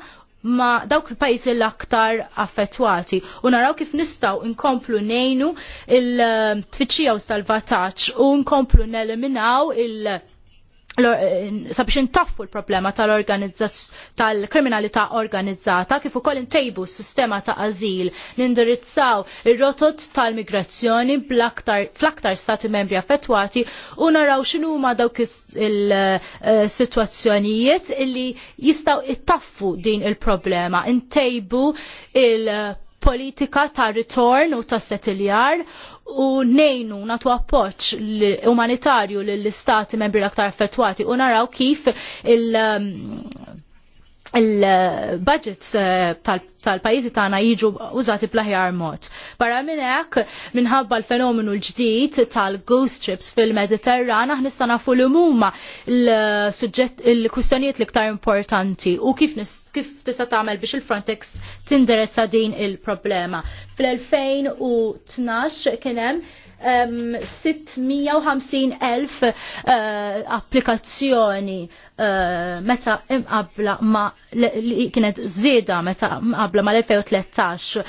ma dawk il-pajjiżi l-aktar affettwati u naraw kif nistgħu nkomplu nejnu il-tfittxija eh, u salvataġġ u nkomplu neliminaw il- Eh, sabiex intaffu l-problema tal-kriminalità organizzata kif ukoll intejbu s-sistema ta' azil nindirizzaw ir-rotot tal-migrazzjoni fl-aktar stati membri affettwati u naraw xinu ma dawk il-sitwazzjonijiet eh, illi jistgħu ittaffu din il-problema intejbu il-politika ta' ritorn u ta' settiljar u nejnu natu appoċ umanitarju l-istati membri l-aktar affettwati u naraw kif il- um, il-budgets eh, tal tal-pajjiżi tagħna jiġu użati bl-aħjar mod. Barra minn hekk minħabba l-fenomenu l-ġdid tal-ghost trips fil-Mediterran aħna nista' nafu li huma l-suġġett il-kwistjonijiet l-iktar importanti u kif kif tista' tagħmel biex il-Frontex tindirezza din il-problema. Fl-2012 kien hemm um, 650 elf uh, applikazzjoni uh, meta imqabla ma li kienet zieda meta imqabla qabla mal-2013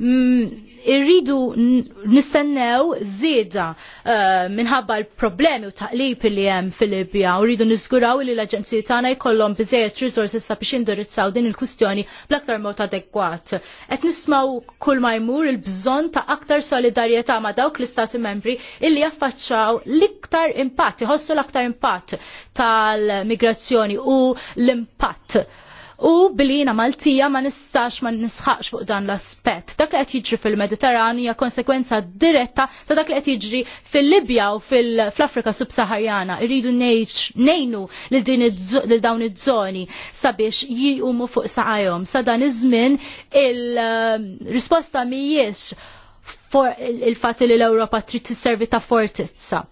mm, irridu nistennew zieda eh, minħabba l-problemi u taqlib li hemm fil-Libja u rridu niżguraw li l-aġenziji tagħna jkollhom biżejjed resources sabiex indirizzaw din il-kwistjoni bl-aktar mod adekwat. Qed nismaw kull ma jmur il-bżonn ta' aktar solidarjetà ma' dawk l-istati membri illi jaffaċċaw l-iktar impatt, iħossu l-aktar impatt tal-migrazzjoni u l-impatt u bilina Maltija ma nistax ma nisħax fuq dan l-aspett. Dak li qed jiġri fil-Mediterran hija konsekwenza diretta ta' dak li qed jiġri fil-Libja u fil-Afrika subsaharjana. Iridu nejnu lil din lil dawn iż-żoni sabiex jiqumu fuq saqajhom. Sa dan iż-żmien il-risposta eh, mhijiex il-fat li l-Europa trid tisservi ta' fortizza.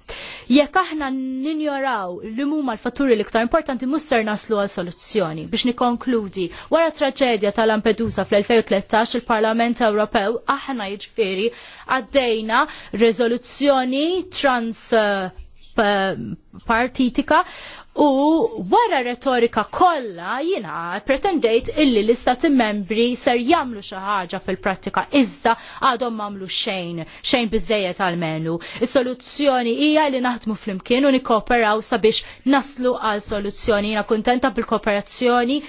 Jekk aħna ninjoraw li huma l-fatturi l-iktar importanti mhux ser naslu għal soluzzjoni. Biex nikonkludi, wara traġedja ta' Lampedusa fl-2013 il-Parlament Ewropew aħna jiġifieri għaddejna rezoluzzjoni trans eh, partitika U wara retorika kollha jiena pretendejt illi l-istati membri ser jagħmlu xi ħaġa fil-prattika iżda għadhom m'għamlu xejn, xejn biżejjed għal-menu. Is-soluzzjoni hija li naħdmu flimkien u nikkooperaw sabiex naslu għal soluzzjoni. Jina kuntenta bil-kooperazzjoni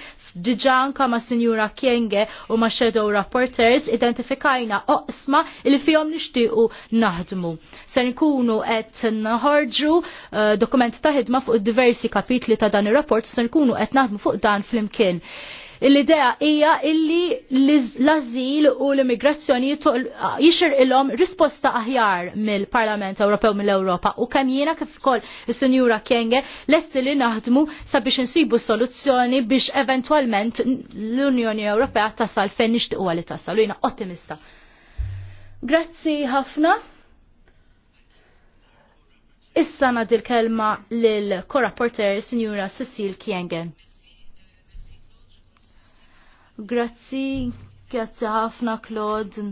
Diġa anka ma' Sinjura Kienge u ma' Shadow Rapporters identifikajna oqsma li fihom nixtiequ naħdmu. Se nkunu qed naħorġu dokumenti eh, dokument ta' ħidma fuq diversi kapitli ta' dan ir-rapport se nkunu qed naħdmu fuq dan flimkien. L-idea hija illi l-azil u l-immigrazzjoni jixir il-om risposta aħjar mill-Parlament Ewropew mill-Ewropa u kemm jiena kif ukoll is-Sinjura Kenge lesti li naħdmu sabiex insibu soluzzjoni biex eventwalment l-Unjoni Ewropea tasal fejn nixtiequ li tasal u jiena ottimista. Grazzi ħafna. Issa nadil kelma lil korrapporter Sinjura Cecil Kienge. Grazzi, grazzi ħafna Claude.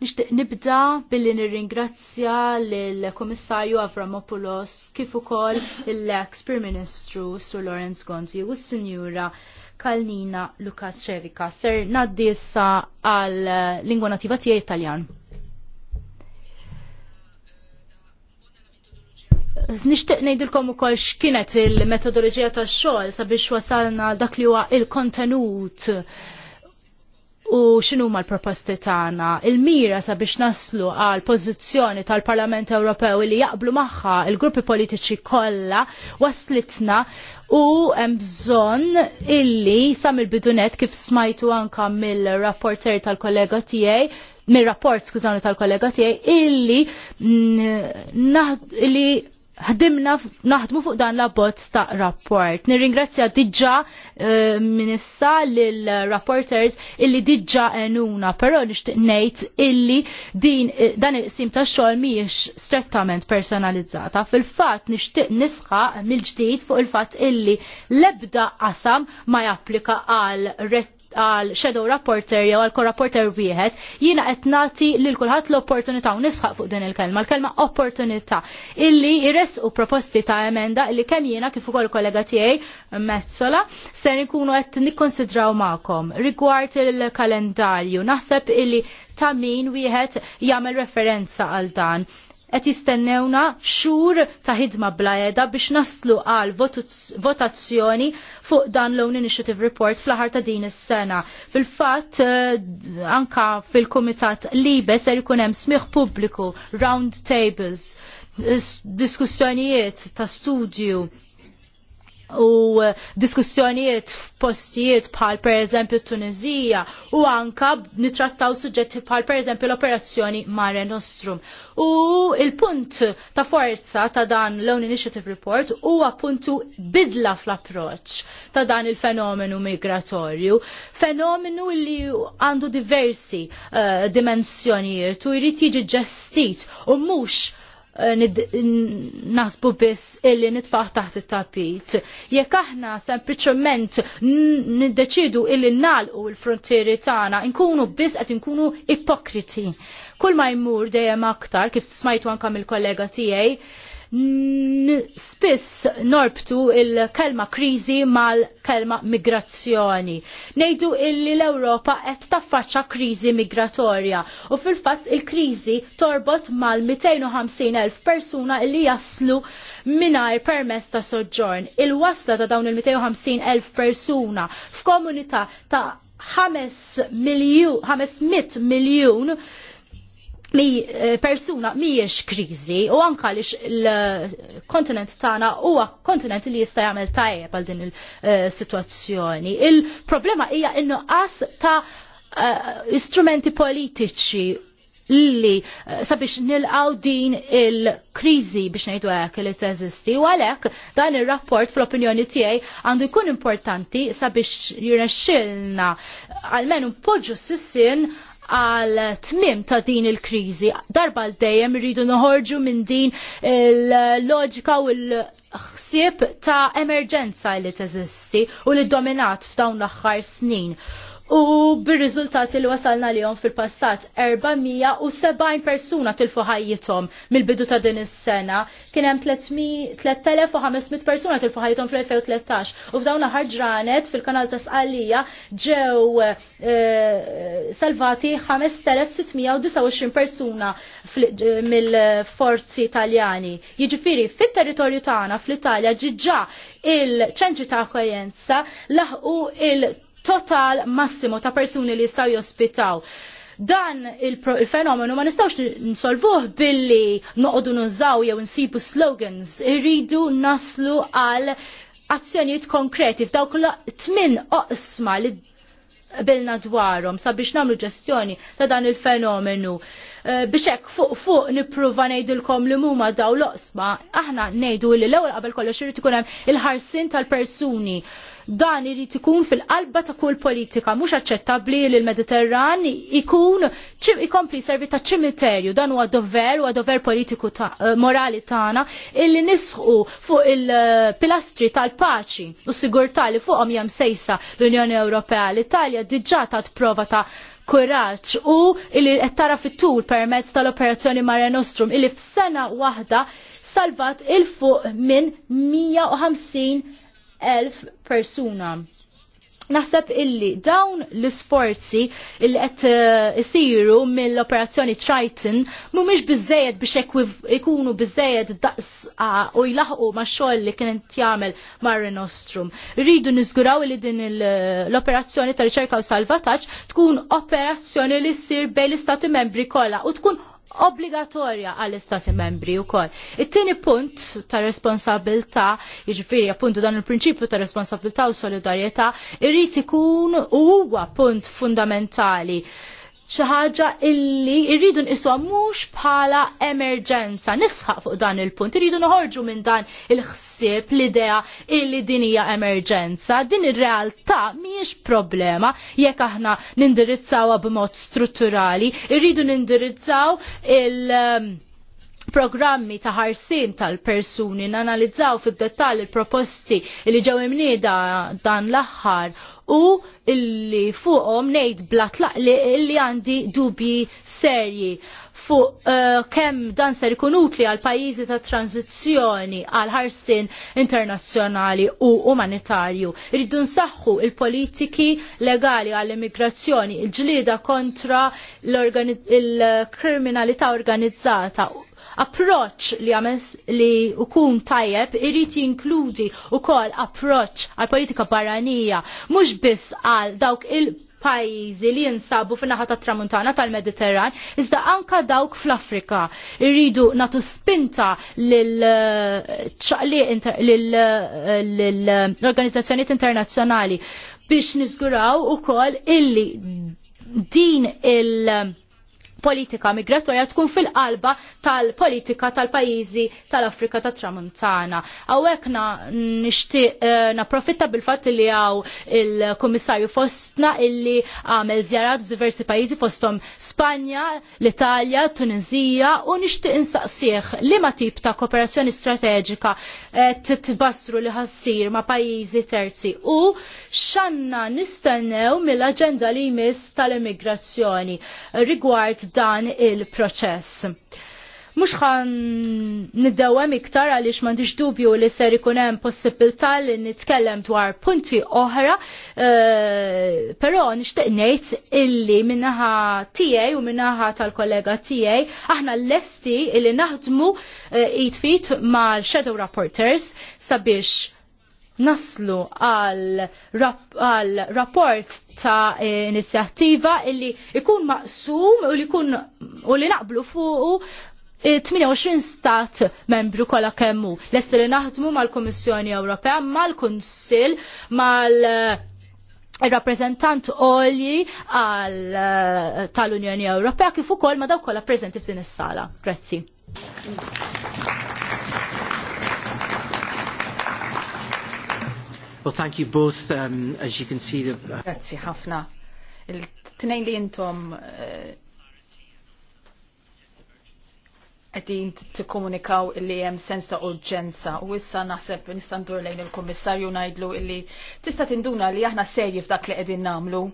Nixtieq nibda billi nirringrazzja lill-Komissarju Avramopoulos kif ukoll l-ex Prim Ministru Sur Lawrence Gonzi u s-Sinjura Kalnina Lukas Ċevika. Ser naddi issa għal lingwa nativa tiegħi Italjan. Nishtiq nejdilkom u kol xkienet il-metodologija ta' xoħl sabiex wasalna dak li huwa il-kontenut u xinu ma l-proposti tagħna. Il-mira sabiex naslu għal pożizzjoni tal-Parlament Ewropew li jaqblu magħha il-gruppi politiċi kollha waslitna u hemm bżonn illi sam il-bidunet kif smajtu anka mill-rapporter tal-kollega tiegħi mir-rapport skużani tal-kollega tiegħi illi illi ħdimna naħdmu fuq dan l-abbozz ta' rapport. Nirringrazzja diġà eh, minissa lil rapporters illi diġà enuna, però nixtieq ngħid illi din eh, dan il-qsim ta' xogħol mhijiex strettament personalizzata. Fil-fatt nixtieq nisħaq mill-ġdid fuq il-fatt illi l-ebda qasam ma japplika għal rett għal shadow rapporter jew għal korrapporter wieħed, jiena qed nagħti lil kulħadd l-opportunità u nisħaq fuq din il-kelma, l-kelma opportunità illi jresqu proposti ta' emenda illi kemm jiena kif ukoll kollega tiegħi Mezzola se nkunu qed nikkonsidraw magħkom rigward il-kalendarju. Naħseb illi ta' min wieħed jagħmel referenza għal dan qed jistennewna xhur ta' ħidma bla eda biex naslu għal votazzjoni fuq dan l-own initiative report fl ħar ta' din is-sena. Fil-fatt eh, anka fil-Kumitat Libe ser jkunem hemm smigħ pubbliku, round tables, diskussjonijiet ta' studju u eh, diskussjonijiet f'postijiet bħal per eżempju Tunizija u anka nitrattaw suġġetti bħal per eżempju l-operazzjoni Mare Nostrum. U il-punt ta' forza ta' dan l-Own Initiative Report huwa puntu bidla fl-approċ ta' dan il-fenomenu migratorju, fenomenu li għandu diversi uh, dimensjonijiet u jrid jiġi ġestit u mhux Eh, naħsbu biss illi nitfaħ taħt it-tapit. Jekk aħna sempliċement niddeċidu illi nalqu l-frontieri tagħna, nkunu biss qed inkunu ipokriti. Kull ma jmur dejjem aktar kif smajtu anke mill-kollega tiegħi, spiss norbtu il-kelma krizi mal-kelma migrazzjoni. Nejdu illi l-Europa qed taffaċċa krizi migratorja u fil-fatt il-krizi torbot mal-250.000 persuna illi jaslu minar permess ta' soġġorn. Il-wasla ta' dawn il-250.000 persuna f'komunità ta' 5 500 miljon mi eh, persuna miex krizi u anka li l-kontinent tana huwa kontinent li jista' jagħmel tajjeb għal din il-sitwazzjoni. Eh, Il-problema hija innuqas ta' eh, istrumenti politiċi li sabiex nilqaw din il-krizi biex ngħidu hekk li teżisti u għalhekk dan ir-rapport fl-opinjoni tiegħi għandu jkun importanti sabiex jirnexxilna għalmenu poġġu sissin għal tmim ta' din il-krizi. Darba l dejjem rridu noħorġu minn din il-loġika u l-ħsieb ta' emerġenza li teżisti u li dominat f'dawn l-aħħar snin. U bir-riżultati li wasalna li fil-passat, 470 persuna tilfu ħajjithom mill-bidu ta' din is-sena, kien hemm 3500 persuna tilfu ħajjithom fl-2013. U f'dawn ħarġranet ġranet fil-kanal ta' Sqalija ġew eh, salvati 5629 persuna mill-forzi Italjani. Jiġifieri fit-territorju tagħna fl-Italja ġiġa il-ċentri ta' akkojenza laħqu il- total massimo ta' persuni li jistaw jospitaw dan il-fenomenu ma nistawx nsolvuh billi noqdu nużaw jew nsibu slogans, irridu naslu għal azzjonijiet konkreti f'dawk tmin oqsma li bilna dwarhom sabiex nagħmlu ġestjoni ta' dan il-fenomenu. Eh, biex hekk fuq fuq nippruva ngħidilkom li huma daw l-oqsma, aħna ngħidu li l-ewwel qabel kollox irid ikun hemm il-ħarsin tal-persuni. Dan irid ikun fil-qalba ta' kull politika, mhux aċċettabbli li l-Mediterran ikun ikompli servi ta' ċimiterju, dan huwa dover, huwa dover politiku ta, eh, morali tagħna illi nisħu fuq il-pilastri tal-paċi u sigurtà li fuqhom hemm sejsa l-Unjoni Ewropea. L-Italja diġà tat prova ta' kuraċ u illi qed tara fit-tul permezz tal-operazzjoni Mare Nostrum illi f'sena waħda salvat il-fuq minn 150 elf persuna. Naħseb illi dawn l-sforzi illi qed eh, isiru mill-operazzjoni Triton mhumiex biżejjed biex ikunu biżejjed daqsqa u jlaħqu ma' xogħol li kien jagħmel Mare Nostrum. Rridu niżguraw li din eh, l-operazzjoni ta' riċerka u salvataġġ tkun operazzjoni li ssir bejn l-istati membri kollha u tkun obbligatorja għall-Istati membri u koll. It-tieni punt ta' responsabilta, jiġifieri appuntu dan il-prinċipju ta' responsabilta u solidarjetà, irrid ikun huwa punt fundamentali xi ħaġa illi rridu nqisuha mhux bħala emerġenza. Nisħaq fuq dan il-punt, irridu noħorġu minn dan il-ħsieb l-idea illi din hija emerġenza. Din ir-realtà mhijiex problema jekk aħna nindirizzawha b'mod strutturali, irridu nindirizzaw il- programmi ta' ħarsin tal-persuni nanalizzaw fid-dettall il-proposti li ġew imnieda dan l-aħħar u illi fuqhom ngħid blatlaq li illi għandi dubji serji fuq uh, kemm dan ser ikun utli għal pajjiżi ta' tranzizzjoni għal ħarsin internazzjonali u umanitarju. Irridu nsaħħu il-politiki legali għall immigrazzjoni il-ġlida kontra l-kriminalità organizzata approach li għamens li kun tajjeb irrit jinkludi u kol approach għal politika barranija, mux biss għal dawk il-pajizi li jinsabu fin-naħa ta' tramuntana tal-Mediterran, iżda anka dawk fl-Afrika. Irridu natu spinta l-organizzazzjoniet eh, eh, eh, internazzjonali biex nizguraw u kol illi din il- politika migratorja tkun fil-qalba tal-politika tal-pajizi tal-Afrika ta' Tramuntana. Għawek na nishtiq eh, profitta bil-fat li għaw il-komissarju fostna illi għamel zjarat f'diversi pajizi fostom Spanja, l-Italja, Tunizija u nishtiq insaqsieħ li ma tip ta' kooperazzjoni strategika titbastru li ħassir ma' pajizi terzi u xanna nistennew mill-agenda li jmiss tal-immigrazzjoni rigward dan il-proċess. Mux xan niddawem iktar għaliex mandiġ dubju li ser ikun hemm possibilità li nitkellem dwar punti oħra, uh, però nixtieq ngħid illi minnaħa tiegħi u minnaħa tal-kollega tiegħi aħna lesti illi naħdmu uh, eh, it fit mal-Shadow Rapporters sabiex naslu għal, rap rapport ta' eh, inizjattiva illi ikun maqsum u li kun u li naqblu fuqu 28 eh, stat membru kolla kemmu. Lest li naħdmu mal-Komissjoni Ewropea, mal-Kunsil, mal-, -Kunsil, eh, mal il-rappresentant olji tal-Unjoni Ewropea kif ukoll ma dawk kollha preżenti f'din is-sala. Grazzi. Well, thank you both. Um, as you can see, the... Uh, Grazie, ħafna. Il-tnejn li jintom uh, għedin t-komunikaw illi jem sens ta' urġenza u issa naħseb nistandur lejn il-komissarju najdlu illi tista tinduna li aħna serji f'dak li għedin namlu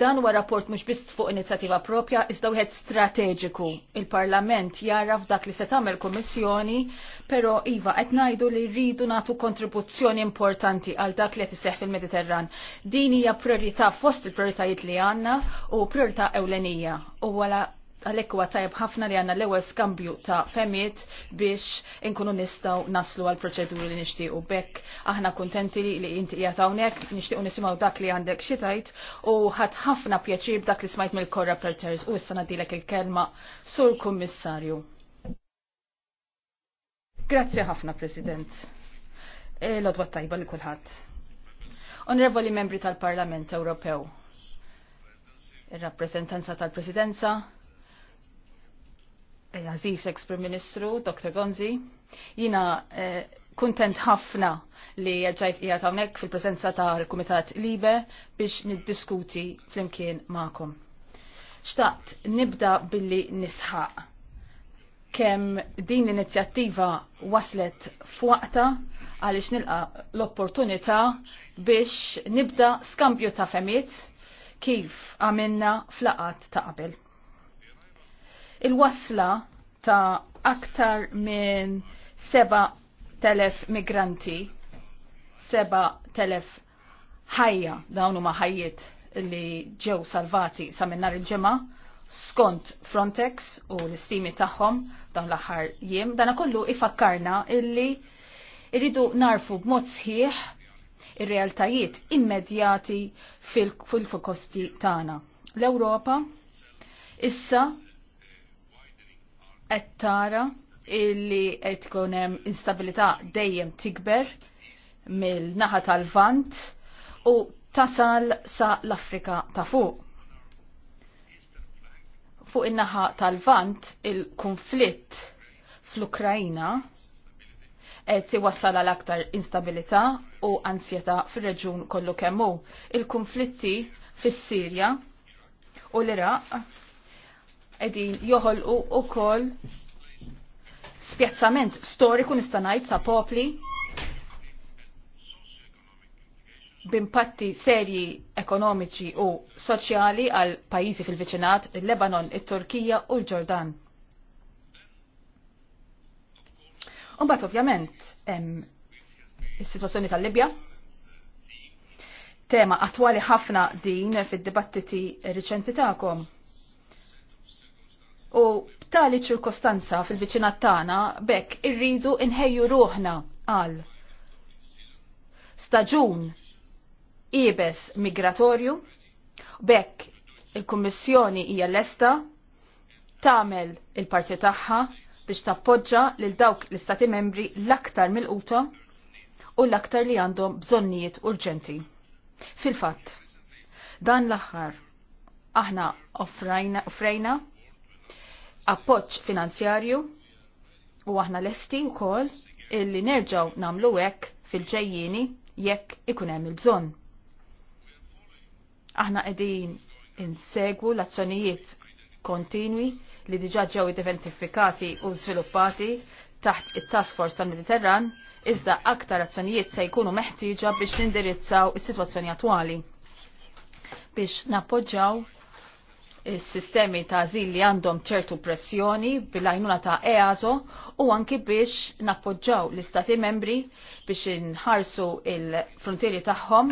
Dan huwa rapport mhux biss fuq inizjattiva propja iżda wieħed strateġiku. Il-Parlament jara f'dak li se tagħmel Kummissjoni, però iva qed ngħidu li rridu nagħtu kontribuzzjoni importanti għal dak li qed iseħħ fil-Mediterran. Din hija priorità fost il-prioritajiet li għandna u priorità ewlenija. U wala għalhekk huwa tajb ħafna li għandna l-ewwel skambju ta' femiet biex inkunu nistgħu naslu għal proċeduri li nixtiequ bekk. Aħna kuntenti li inti qiegħed hawnhekk nixtiequ nisimgħu dak li għandek xi tajt u ħat ħafna pjaċib b'dak li smajt mill-Korra Reporters u issa dilek il-kelma sur Kummissarju. Grazzi ħafna, President. Eh, l-odwa tajba li kulħadd. Onorevoli membri tal-Parlament Ewropew, ir-rappresentanza tal-Presidenza, Eh, Aziz ex Prim Ministru, Dr. Gonzi, jina eh, kontent ħafna li ġajt ija hawnhekk fil-prezenza tal-Kumitat Libe biex niddiskuti flimkien magħkom. Xtaqt nibda billi nisħaq kemm din l-inizjattiva waslet fuqta għaliex nilqa l-opportunità biex nibda skambju ta' femiet kif għamilna flaqat ta' qabel il-wasla ta' aktar minn 7,000 migranti, 7,000 ħajja dawn huma ħajjiet li ġew salvati sa minn nhar il-ġimgħa skont Frontex u l-istimi tagħhom dawn l-aħħar jiem, dana kollu ifakkarna illi irridu narfu b'mod sħiħ ir-realtajiet immedjati fil-kosti tagħna. L-Ewropa issa qed illi qed tkun hemm instabilità dejjem tikber mill-naħa tal-vant u tasal sa l-Afrika ta' fuq. Fuq in-naħa tal-vant il-konflitt fl-Ukrajna qed iwassal għal aktar instabilità u ansjeta fir-reġjun kollu kemm hu. Il-konflitti fis-Sirja u l-Iraq edin joħolqu ukoll spjazzament storiku nistanajt ta' popli b'impatti serji ekonomiċi u soċjali għal pajjiżi fil-viċinat, il-Lebanon, it-Turkija u l-Ġordan. Umbat ovvjament il is-sitwazzjoni tal-Libja, tema attwali ħafna din fid-dibattiti riċenti tagħkom. U b'tali ċirkostanza fil-viċinat tagħna bekk irridu inħejju ruħna għal staġun ibes migratorju, bekk il-Kummissjoni hija lesta tagħmel il-parti tagħha biex tappoġġa lil dawk l-istati membri l-aktar mill-quta u l-aktar li għandhom bżonnijiet urġenti. Fil-fatt, dan l-aħħar aħna offrajna appoċ finanzjarju u aħna lesti wkoll illi nerġgħu nagħmlu hekk fil ġejjini jekk ikun hemm il-bżonn. Aħna qegħdin insegwu l-azzjonijiet kontinwi li diġà ġew identifikati u sviluppati taħt it-Task Force tal-Mediterran, iżda aktar azzjonijiet se jkunu meħtieġa biex nindirizzaw is-sitwazzjoni attwali biex nappoġġaw sistemi ta' azil li għandhom ċertu pressjoni bil-għajnuna ta' EASO u anki biex nappoġġaw l-istati membri biex inħarsu il-frontieri tagħhom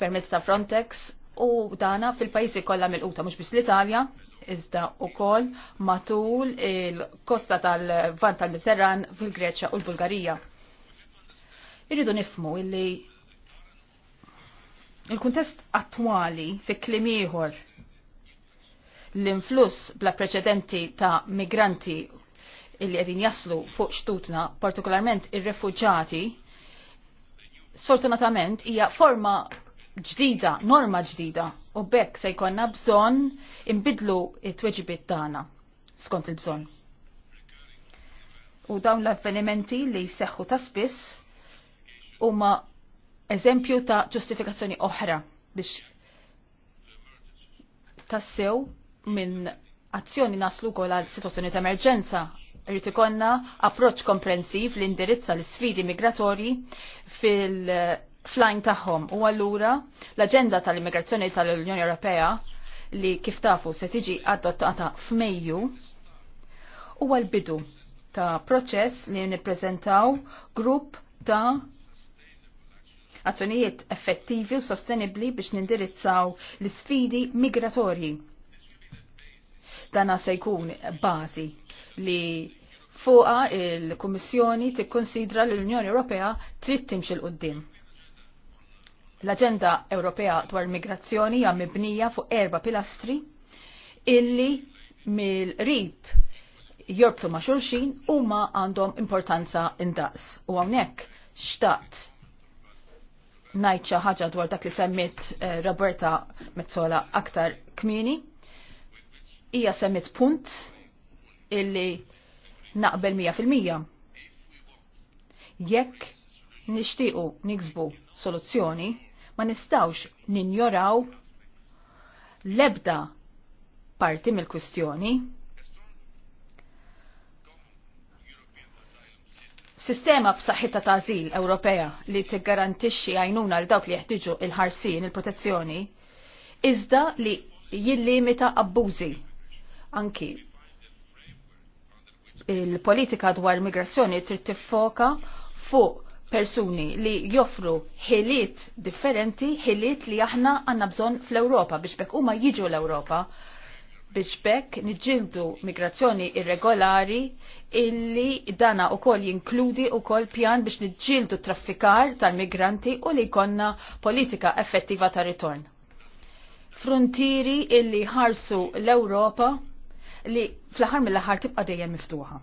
permezz ta' Frontex u dana fil-pajjiżi kollha mill-quta mhux biss l-Italja iżda wkoll matul il-kosta tal-Vant tal-Mediterran fil-Greċja u l-Bulgarija. Irridu nifmu illi il-kuntest attwali fi klimiħor ieħor l-influss bla preċedenti ta' migranti illi għedin jaslu fuq xtutna, partikolarment ir-refugġati, sfortunatament hija forma ġdida, norma ġdida, u bekk se jkonna bżon imbidlu it-tweġibiet tagħna skont il-bżon. U dawn l-avvenimenti li jseħħu ta' spiss huma eżempju ta' ġustifikazzjoni oħra biex tassew minn azzjoni naslu kol għal situazzjoni ta' emerġenza. Rrit ikonna approċ komprensiv li indirizza l sfidi migratorji fil flajn tagħhom. U allura l-aġenda tal-immigrazzjoni tal-Unjoni Ewropea li kif tafu se tiġi adottata f'Mejju huwa l-bidu ta' proċess li nippreżentaw grupp ta' azzjonijiet effettivi u sostenibli biex nindirizzaw l-sfidi migratorji Dana se jkun bażi li fuqa il-Kummissjoni tikkonsidra l-Unjoni Ewropea trid timxi l qudiem L-Aġenda Ewropea dwar migrazzjoni hija mibnija fuq erba' pilastri illi mill-rib jorbtu ma' xulxin huma għandhom importanza indaqs. U hawnhekk xtaqt ngħid xi ħaġa dwar dak li semmit eh, Roberta Mezzola aktar kmini hija semmit punt illi naqbel 100%. Jekk nixtiequ niksbu soluzzjoni, ma nistawx ninjoraw lebda parti mill-kwistjoni. Sistema b'saħħitha ta' tażil Ewropea li tiggarantixxi għajnuna l dawk li jeħtieġu il ħarsin il-protezzjoni iżda li jillimita abbużi Anki il-politika dwar migrazzjoni trid tiffoka fuq persuni li joffru ħiliet differenti, ħiliet li aħna għandna bżonn fl-Ewropa biex bekk huma jiġu l-Ewropa biex bekk niġġildu migrazzjoni irregolari illi dana u koll jinkludi u koll pjan biex niġġildu traffikar tal-migranti u li konna politika effettiva ta' ritorn. Frontieri illi ħarsu l-Europa li fl-aħħar mill-aħħar tibqa' dejjem miftuħa.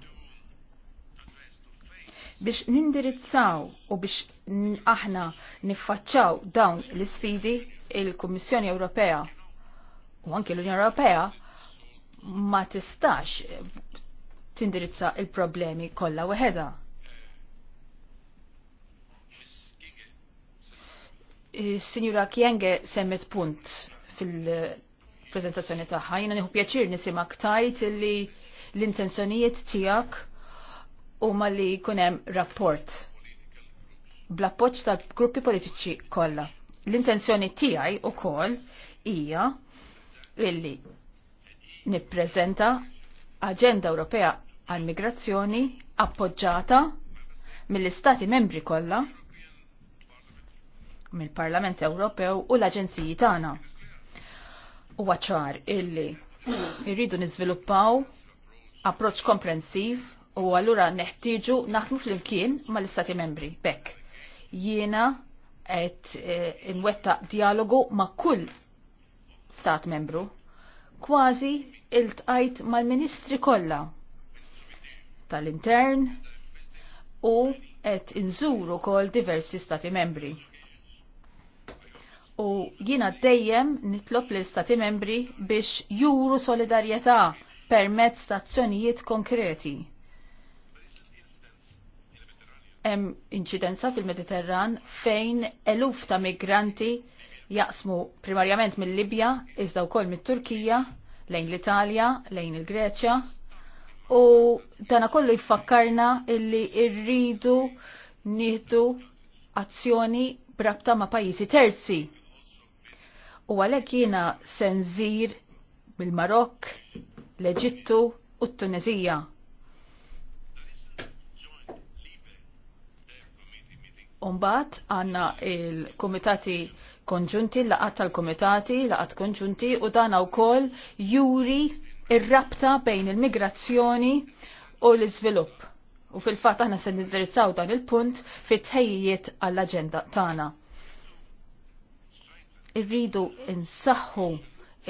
Biex nindirizzaw u biex aħna niffaċċaw dawn l-isfidi il-Kummissjoni Ewropea u anke l-Unjoni Ewropea ma tistax tindirizza il-problemi kollha weħeda. Signora Kienge semmet punt fil- prezentazzjoni tagħha. Jiena nieħu pjaċir nisimak tajt li l-intenzjonijiet tiegħek huma li jkun hemm rapport bl-appoġġ tal-gruppi politiċi kollha. L-intenzjoni tiegħi kol hija illi nippreżenta Aġenda Ewropea għal migrazzjoni appoġġata mill-Istati membri kollha mill-Parlament Ewropew u l-Aġenziji tagħna huwa ċar illi irridu niżviluppaw approċ komprensiv u allura neħtieġu naħdmu fl-imkien mal-istati membri. Bekk, jiena qed eh, inwetta dialogu ma' kull stat membru. Kważi ma mal-ministri kollha tal-intern u għet inżuru kol diversi stati membri u jina dejjem nitlob l istati membri biex juru solidarjetà permezz ta' stazzjonijiet konkreti. Hemm inċidenza fil-Mediterran fejn eluf ta' migranti jaqsmu primarjament mill-Libja, iżda wkoll mit-Turkija, lejn l-Italja, lejn il-Greċja. U dana kollu jfakkarna illi irridu nieħdu azzjoni brabta ma' pajjiżi terzi u għalhekk jiena senzir mill-Marokk, l-Eġittu u t-Tunezija. Umbat għanna il-komitati konġunti, laqat tal-komitati, laqat konġunti u dana u kol juri il rabta bejn il-migrazzjoni u l-izvilupp. U fil-fat aħna se nindirizzaw dan il-punt fit-tejjiet għall-aġenda tagħna. Irridu insaħħu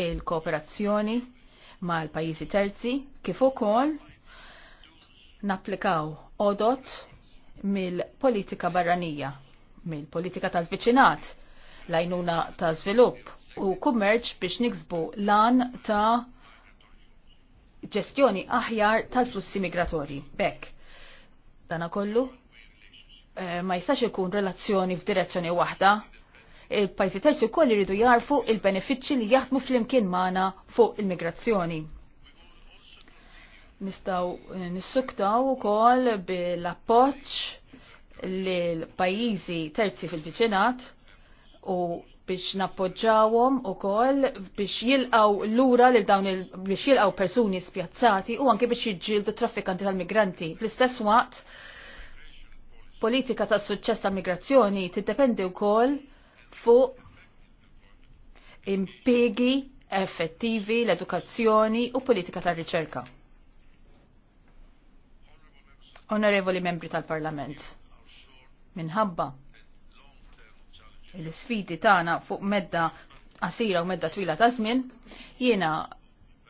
il-kooperazzjoni mal pajjiżi terzi kif ukoll napplikaw odot mill-politika barranija, mill-politika tal-viċinat, lajnuna ta' żvilupp u kummerċ biex niksbu lan ta' ġestjoni aħjar tal-flussi migratorji. Bekk, dana kollu eh, ma jistax ikun relazzjoni f'direzzjoni waħda il pajzi terzi wkoll jridu jarfu il-benefiċċji li jaħdmu flimkien magħna fuq il-migrazzjoni. Nistgħu eh, nissuktaw ukoll bil-appoġġ lil pajjiżi terzi fil-viċinat u biex nappoġġawhom ukoll biex jilqaw lura lil dawn il biex jilqaw persuni spjazzati u anke biex jiġġieldu traffikanti tal-migranti. Fl-istess waqt politika ta' suċċess tal migrazzjoni tiddependi wkoll fuq impiegi effettivi l-edukazzjoni u politika tal-riċerka. Onorevoli membri tal-Parlament, minħabba l-sfidi tagħna fuq medda qasira u medda twila ta' żmien, jiena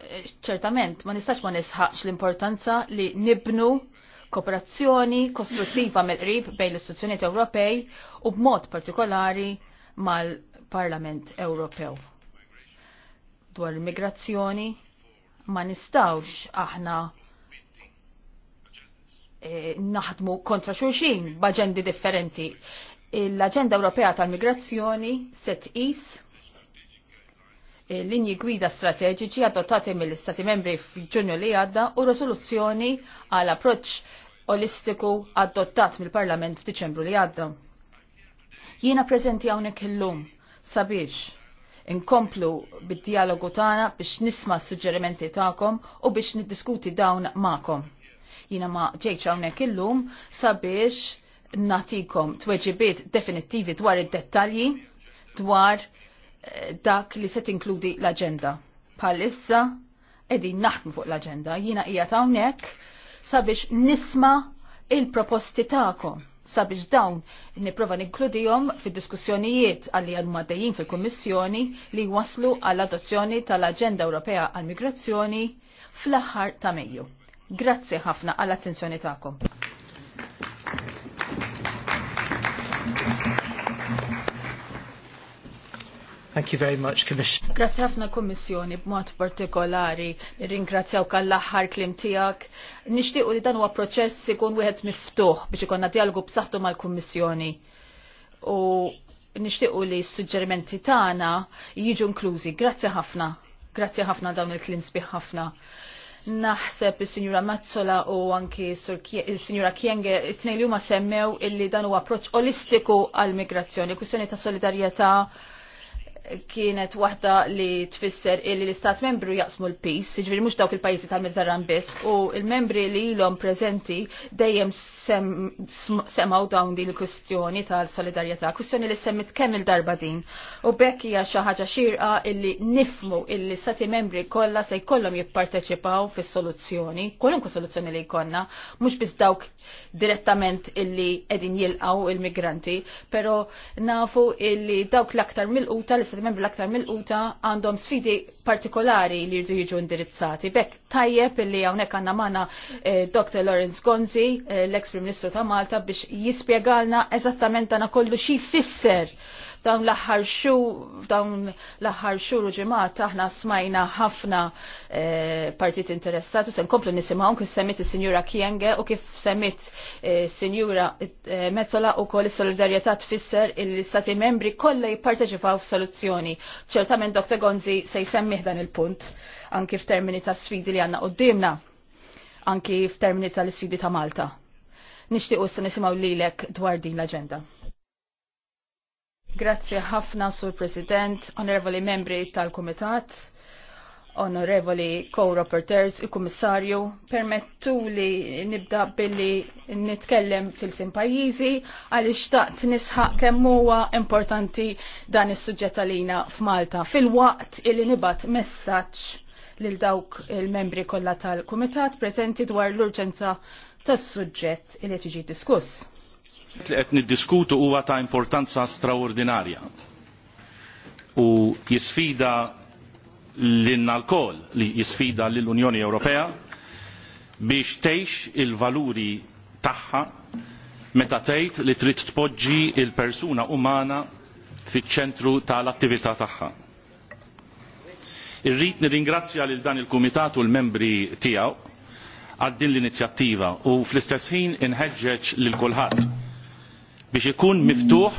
eh, ċertament ma nistax ma nisħaqx l-importanza li nibnu kooperazzjoni kostruttiva mill-qrib bejn l-istituzzjonijiet Ewropej u b'mod partikolari mal-Parlament Ewropew. Dwar l-immigrazzjoni ma nistawx aħna eh, naħdmu kontra xulxin b'aġendi differenti. L-Aġenda Ewropea tal-Migrazzjoni se tqis eh, linji gwida strateġiċi adottati mill-Istati membri f'Ġunju li għadda u resoluzzjoni għal approċċ olistiku adottat mill-Parlament f'Diċembru li għadda. Jiena preżenti hawnhekk illum sabiex inkomplu bid-dialogu tagħna biex nisma' s-suġġerimenti tagħkom u biex niddiskuti dawn magħkom. Jiena ma ġejċ hawnhekk illum sabiex natikom tweġibiet definittivi dwar id-dettalji dwar eh, dak li se tinkludi l-aġenda. Palissa qegħdin naħdmu fuq l-aġenda. Jiena qiegħed hawnhekk sabiex nisma' il-proposti tagħkom sabiex dawn niprofa ninkludijom fid-diskussjonijiet għalli għal maddejjin fil-Kummissjoni li waslu għall adozzjoni tal-Aġenda Ewropea għal Migrazzjoni fl-aħħar ta' Mejju. Grazzi ħafna għall attenzjoni tagħkom. Thank you very much, Commissioner. Grazie ħafna Kommissjoni b'mod partikolari ringrazzjaw kall-aħħar klim tiegħek. Nixtiequ li dan huwa proċess ikun wieħed miftuħ biex ikonna dialogu b'saħħtu mal-Kummissjoni. U nixtiequ li s-suġġerimenti tagħna jiġu inklużi. Grazzi ħafna. Grazzi ħafna dawn il-klim sbieħ ħafna naħseb il-Sinjura Mazzola u anki il-Sinjura Kienge, it-tnejn li huma semmew illi dan huwa approċċ olistiku għall-migrazzjoni, kwistjoni ta' solidarjetà kienet waħda li tfisser illi l-istat membru jaqsmu l-pis, ġviri mux dawk il-pajizi tal-Mediterran bis, u il-membri li l-om prezenti dejjem semaw dawn din il-kustjoni tal-solidarieta, kustjoni li semmit kemm il-darba din. U bekk hija xi ħaġa xirqa illi nifmu illi stati membri kollha se jkollhom jipparteċipaw fis-soluzzjoni, kwalunkwe soluzzjoni li jkollna, mhux biss dawk direttament illi qegħdin jilqgħu il-migranti, pero nafu illi dawk l-aktar mill-quta l aktar mil-u tal l-istati membri l-aktar mill-quta għandhom sfidi partikolari li jridu jiġu indirizzati. Bekk tajjeb li hawnhekk għandna magħna eh, Dr. Lawrence Gonzi, eh, l-ex Prim Ministru ta' Malta biex jispjegalna eżattament għana kollu xi fisser Dawn l-aħħar xhur dawn l-aħħar xhur u ġimgħat aħna smajna ħafna eh, partit interessati u se nkomplu nisimgħu kif semmit is-Sinjura Kienge u kif semmit eh, Sinjura eh, u wkoll is-solidarjetà tfisser il-Stati membri kollha jipparteċipaw f'soluzzjoni. Ċertament Dr. Gonzi se jisemmih dan il-punt anki f'termini ta' sfidi li għanna qoddimna, anki f'termini ta' l-sfidi ta' Malta. Nishtiq u nisimaw lilek dwar din l-agenda. Grazie ħafna, Sur President, onorevoli membri tal-Kumitat, onorevoli co-rapporteurs, il-Kummissarju, permettu li nibda billi nitkellem fil-sim pajjiżi għaliex taqt nisħaq kemm huwa importanti dan is-suġġett għalina f'Malta fil-waqt illi nibat messaġġ lil dawk il-membri kollha tal-Kumitat preżenti dwar l-urġenza tas-suġġett li tiġi diskuss. Li qed niddiskutu huwa ta' importanza straordinarja u jisfida l lkoll li jisfida l-Unjoni Ewropea biex tgħix il-valuri tagħha meta tgħid li trid tpoġġi l persuna umana fiċ-ċentru tal-attività tagħha. Irrid nirringrazzja lil dan il-Kumitat u l-membri tiegħu għal din l-inizjattiva u fl-istess ħin inħeġġeġ lil kulħadd biex ikun miftuħ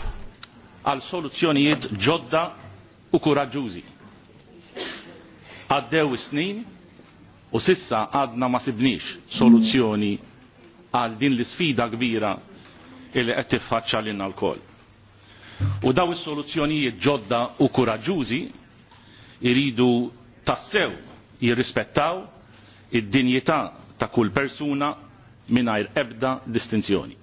għal soluzzjonijiet ġodda u kuraġġużi. Għaddew is-snin u sissa għadna ma sibniex soluzzjoni għal din l-isfida kbira illi qed tiffaċċa lilna l U daw is-soluzzjonijiet ġodda u kuraġġużi iridu tassew jirrispettaw id-dinjità ta' kull persuna mingħajr ebda distinzjoni.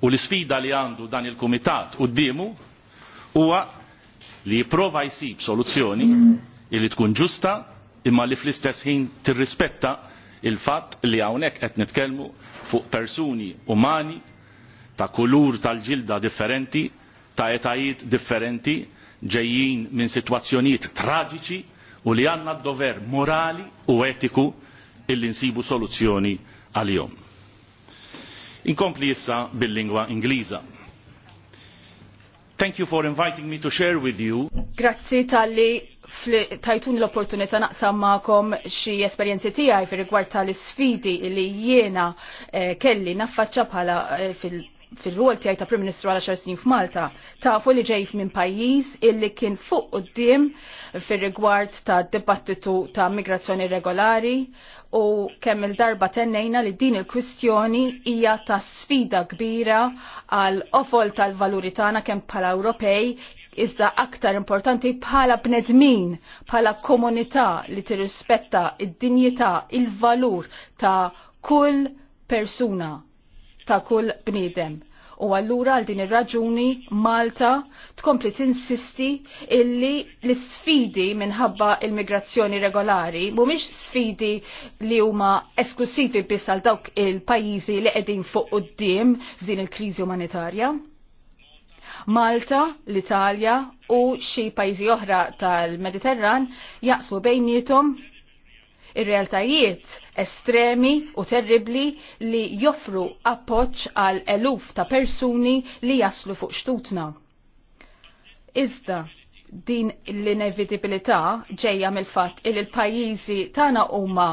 U l-sfida li għandu dan il-Kumitat qudiemu huwa li jipprova jsib soluzzjoni li tkun ġusta imma li fl-istess ħin tirrispetta il-fatt li hawnhekk qed nitkellmu fuq persuni umani ta' kulur tal-ġilda differenti, ta' etajiet differenti, ġejjin minn sitwazzjonijiet traġiċi u li għandna d-dover morali u etiku illi nsibu soluzzjoni għalihom. Inkompli issa bil-lingwa Ingliża. Thank you for inviting me to share with you. Grazzi tal-li tajtun l-opportunità naqsam ma'kom xi esperjenzi tiegħi fir rigward tal-isfidi li jiena eh, kelli naffaċċa bħala eh, fil- fil-rol tiegħi ta' Prim Ministru għal 10 snin f'Malta, tafu li ġej minn pajjiż illi kien fuq quddiem fir-rigward ta' dibattitu ta' migrazzjoni regolari u kemm il-darba tennejna li din il-kwistjoni hija ta' sfida kbira għal ofol tal-valuri tagħna kemm bħala Ewropej iżda aktar importanti bħala bnedmin, bħala komunità li tirrispetta id-dinjità, il-valur ta' kull persuna ta' kull bniedem. U allura għal din ir-raġuni Malta tkompli tinsisti illi l-sfidi minħabba il-migrazzjoni regolari mhumiex sfidi li huma esklusivi biss għal dawk il-pajjiżi li qegħdin fuq quddiem f'din il-kriżi umanitarja. Malta, l-Italja u xi pajjiżi oħra tal-Mediterran jaqsmu bejnietom ir-realtajiet estremi u terribli li joffru appoġġ għal eluf ta' persuni li jaslu fuq xtutna. Iżda, din l-inevitabilità ġejja mill-fatt il il pajjiżi tagħna huma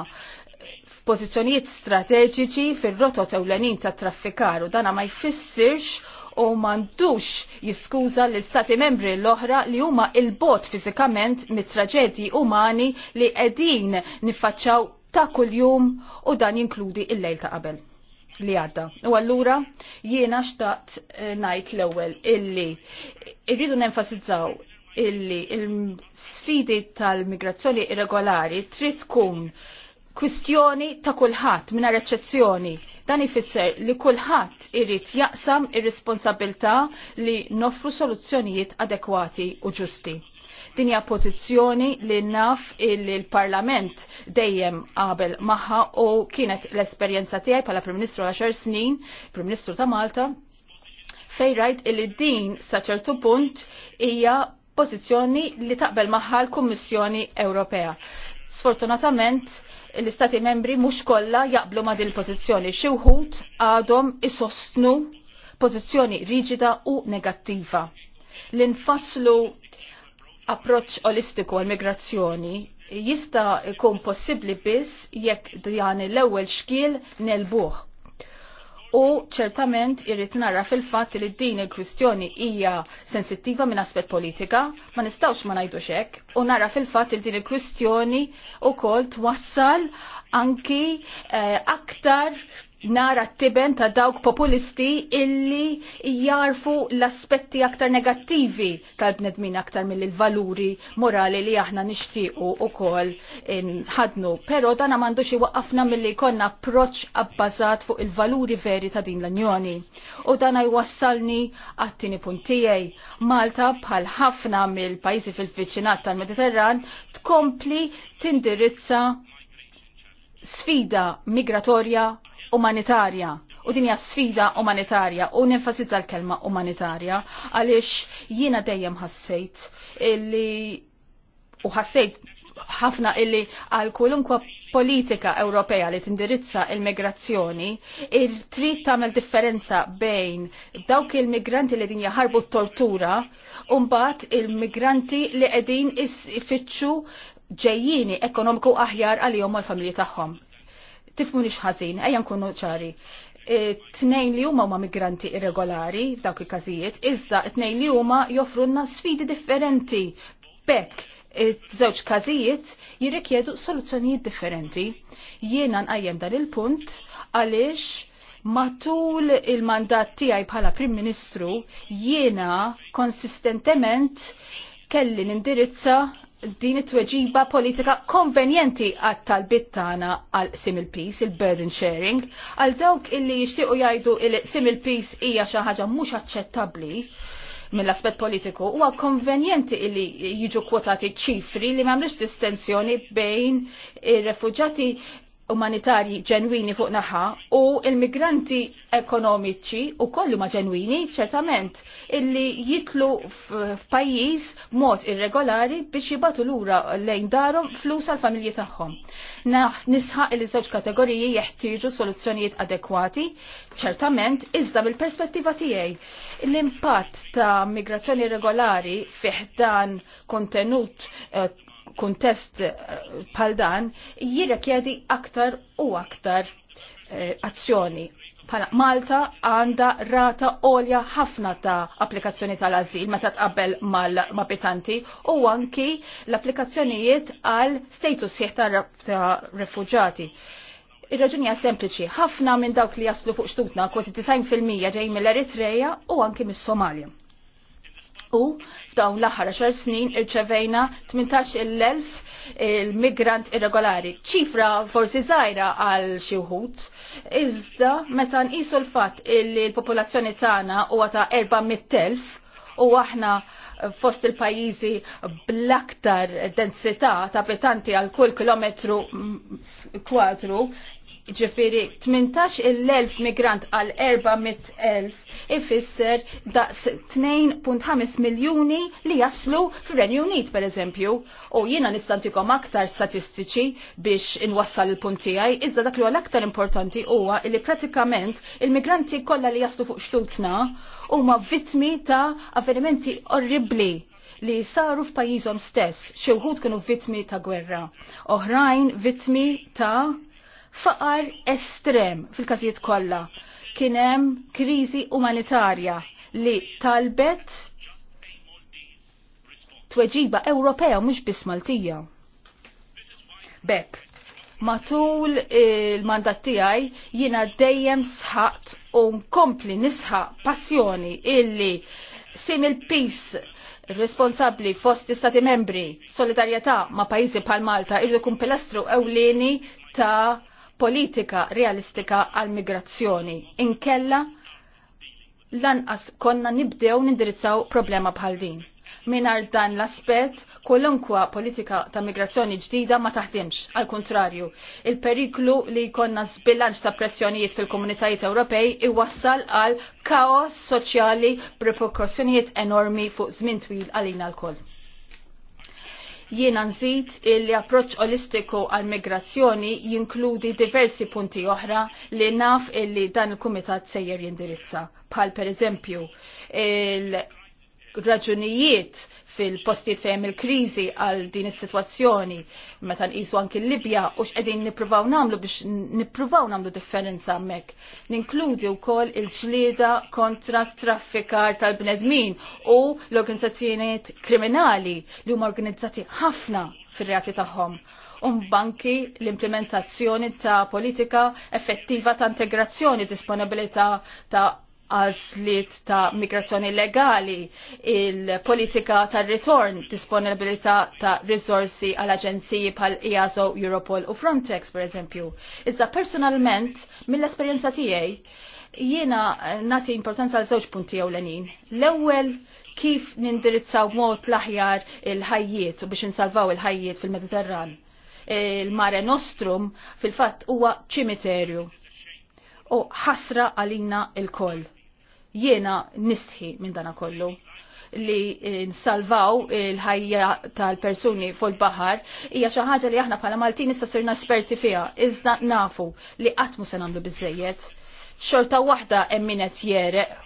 f'pożizzjonijiet strateġiċi fir-rotot ewlenin tat traffikar u dana ma jfissirx u mandux jiskuża l-istati membri l-oħra li huma il-bot fizikament mit-traġedji umani li qegħdin nifacċaw ta' kuljum u dan jinkludi il-lejl ta' qabel li għadda. U għallura jiena xtaqt eh, najt l-ewel illi irridu nenfasizzaw illi il-sfidi tal-migrazzjoni irregolari trid tkun kwistjoni ta' kulħadd mingħajr eċċezzjoni Dan ifisser li kulħadd irid jaqsam ir-responsabilità li noffru soluzzjonijiet adekwati u ġusti dinja pozizjoni li naf il-parlament dejjem qabel maħħa u kienet l esperjenza tiegħi bħala Prim-Ministru għal xar snin, Prim-Ministru ta' Malta, fejn rajt illi din sa ċertu punt hija pożizzjoni li taqbel maħħa l-Kummissjoni Ewropea. Sfortunatament, l-istati membri mhux kollha jaqblu ma' din il-pożizzjoni. Xi wħud għadhom isostnu pożizzjoni riġida u negattiva. L-infasslu approċċ olistiku għall-migrazzjoni jista' jkun possibbli biss jekk dan l-ewwel xkiel nelbuh u ċertament irrit nara fil-fatt li din il-kwistjoni hija sensittiva minn aspett politika, ma nistawx ma najdu hekk, u nara fil-fatt li din il-kwistjoni ukoll twassal anki eh, aktar nara t-tiben ta' dawk populisti illi jarfu l-aspetti aktar negattivi tal-bnedmin aktar mill-valuri morali li aħna nishtiqu u kol ħadnu. Pero dan għamandu xie waqqafna mill-li konna proċ abbazat fuq il-valuri veri ta' din l-Unjoni. U dan għajwassalni għattini puntijaj. Malta bħal ħafna mill-pajzi fil-vicinat tal-Mediterran tkompli tindirizza sfida migratorja umanitarja u dinja sfida umanitarja u nenfasizza l-kelma umanitarja għaliex jiena dejjem ħassejt illi u ħassejt ħafna illi għal kulunkwa politika Ewropea li tindirizza il-migrazzjoni, il-trid tagħmel differenza bejn dawk il-migranti li din jaħarbu t-tortura u mbagħad il-migranti li qegħdin ifittxu ġejjini ekonomiku aħjar għalihom mal l-familji tagħhom tifmu nix ħażin, ejja nkunu ċari. E, tnejn li huma huma migranti irregolari f'dawk il-każijiet, iżda tnejn li huma joffrunna sfidi differenti. Bekk, e, żewġ każijiet jirrikjedu soluzzjonijiet differenti. Jiena nqajjem dan il-punt għaliex matul il-mandat tiegħi bħala Prim Ministru jiena konsistentement kelli nindirizza din it-tweġiba politika konvenjenti għat talbit tagħna għal simil peace, il-burden sharing, għal dawk illi jixtiequ jgħidu il-simil peace hija xi ħaġa mhux aċċettabbli mill-aspett politiku huwa konvenjenti illi jiġu kwotati ċifri li m'għamlux distenzjoni bejn ir-refuġati umanitarji ġenwini fuq naħa u il-migranti ekonomiċi u kollu ma ġenwini ċertament illi jitlu f'pajjiż mod irregolari biex jibatu lura lejn darhom flus għal familji tagħhom. Nisħaq li żewġ kategoriji jeħtieġu soluzzjonijiet adekwati, ċertament iżda mill-perspettiva tiegħi. L-impatt ta' migrazzjoni regolari fih dan kontenut eh, kuntest eh, bħal dan jadi aktar u aktar eh, azzjoni. Pala Malta għanda rata olja ħafna ta' applikazzjoni tal-azil meta tqabbel mal-mabitanti u anki l-applikazzjonijiet għal status sieħ ta' refugjati. Ir-raġunija sempliċi, ħafna minn dawk li jaslu fuq xtutna kważi 90% ġej mill-Eritreja u anki mis-Somalja. U f'dawn l-aħħar 10 snin irċevejna 18,000 il-migrant irregolari. ċifra forsi żgħira għal xi wħud, iżda meta nqisu l-fatt li l-popolazzjoni tagħna huwa ta' 400,000 u aħna fost il-pajizi bl-aktar densità ta' petanti għal kull kilometru kwadru, ġifiri 18.000 il migrant għal 400.000 ifisser daqs 2.5 miljoni li jaslu fil-Renju Unit per eżempju. U jina nistantikom aktar statistiċi biex inwassal il-punti għaj, iżda dak li għal aktar importanti huwa li pratikament il-migranti kollha li jaslu fuq xlutna huma vittmi ta' avvenimenti orribli li saru f'pajjiżhom stess, xi wħud kienu vittmi ta' gwerra, oħrajn vittmi ta' faqar estrem fil-każijiet kollha. Kien hemm kriżi umanitarja li talbet tweġiba Ewropea mhux biss Maltija. Bekk, matul il-mandat tiegħi jiena dejjem sħaqt u nkompli nisħaq passjoni illi simil il-peace responsabli fost istati membri solidarjetà ma' pajizi bħal Malta irridu kun pilastru ewlieni ta' politika realistika għal-migrazzjoni. Inkella lanqas konna nibdew nindirizzaw problema bħal din. Minar dan l-aspet, kolunkwa politika ta' migrazzjoni ġdida ma taħdimx. għal kontrarju, il-periklu li konna zbilanċ ta' pressjonijiet fil-komunitajiet Ewropej iwassal għal kaos soċjali b'reperkussjonijiet enormi fuq żmien twil għalina l-koll. Jiena nżid illi approċċ olistiku għal migrazzjoni jinkludi diversi punti oħra li naf illi dan il-kumitat sejjer jindirizza. Pal per eżempju il-raġunijiet fil-postijiet fejn il-kriżi għal din is-sitwazzjoni meta nqisu anki l-Libja u x'qegħdin nippruvaw nagħmlu biex nippruvaw nagħmlu differenza hemmhekk. Ninkludi wkoll il-ġlieda kontra traffikar tal-bnedmin u l-organizzazzjonijiet kriminali li huma organizzati ħafna fir-reati tagħhom banki l-implementazzjoni ta' politika effettiva ta' integrazzjoni, disponibilità ta' għazliet ta' migrazzjoni legali, il-politika ta' ritorn, disponibilità ta' risorsi għal aġenziji pal IASO, e Europol u Frontex, per eżempju. Iżda personalment, mill-esperienza tiegħi, jiena nati importanza għal żewġ punti ewlenin. L-ewwel kif nindirizzaw mod l-aħjar il-ħajjiet u biex insalvaw il-ħajjiet fil-Mediterran. Il-Mare Nostrum fil-fatt huwa ċimiterju u ħasra għalina il-koll Jiena nistħi minn dana kollu li eh, nsalvaw il-ħajja tal-persuni fuq il-baħar hija xi ħaġa li aħna bħala Maltin issa sirna esperti fiha, iżda nafu li qatt mu se nagħmlu biżejjed. Xorta waħda hemm min qed jereq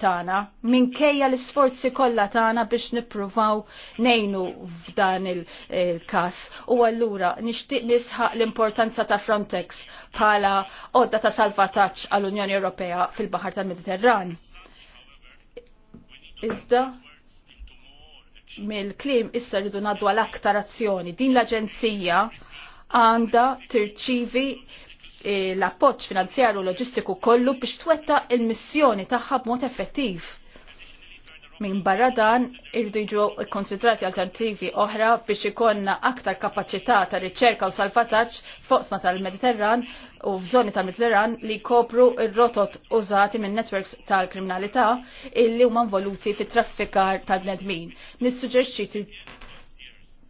tana. Min minkejja l-isforzi kollha tagħna biex nippruvaw nejnu f'dan il-każ. U allura nixtieq nisħaq l-importanza ta' Frontex bħala odda ta' salvataġġ għall-Unjoni Ewropea fil-Baħar tal-Mediterran. Iżda mill-klim issa rridu ngħaddu għal aktar azzjoni. Din l-Aġenzija għanda tirċivi E, l-appoġġ finanzjaru loġistiku kollu biex twetta il-missjoni tagħha b'mod effettiv. Min barra dan irdu jiġu konsidrati alternativi oħra biex ikonna aktar kapaċità ta' riċerka u salvataġġ foqsma tal-Mediterran u f'żoni tal-Mediterran li kopru ir-rotot użati minn networks tal-kriminalità illi huma involuti fit traffikar tal-bnedmin. Nissuġġerixxi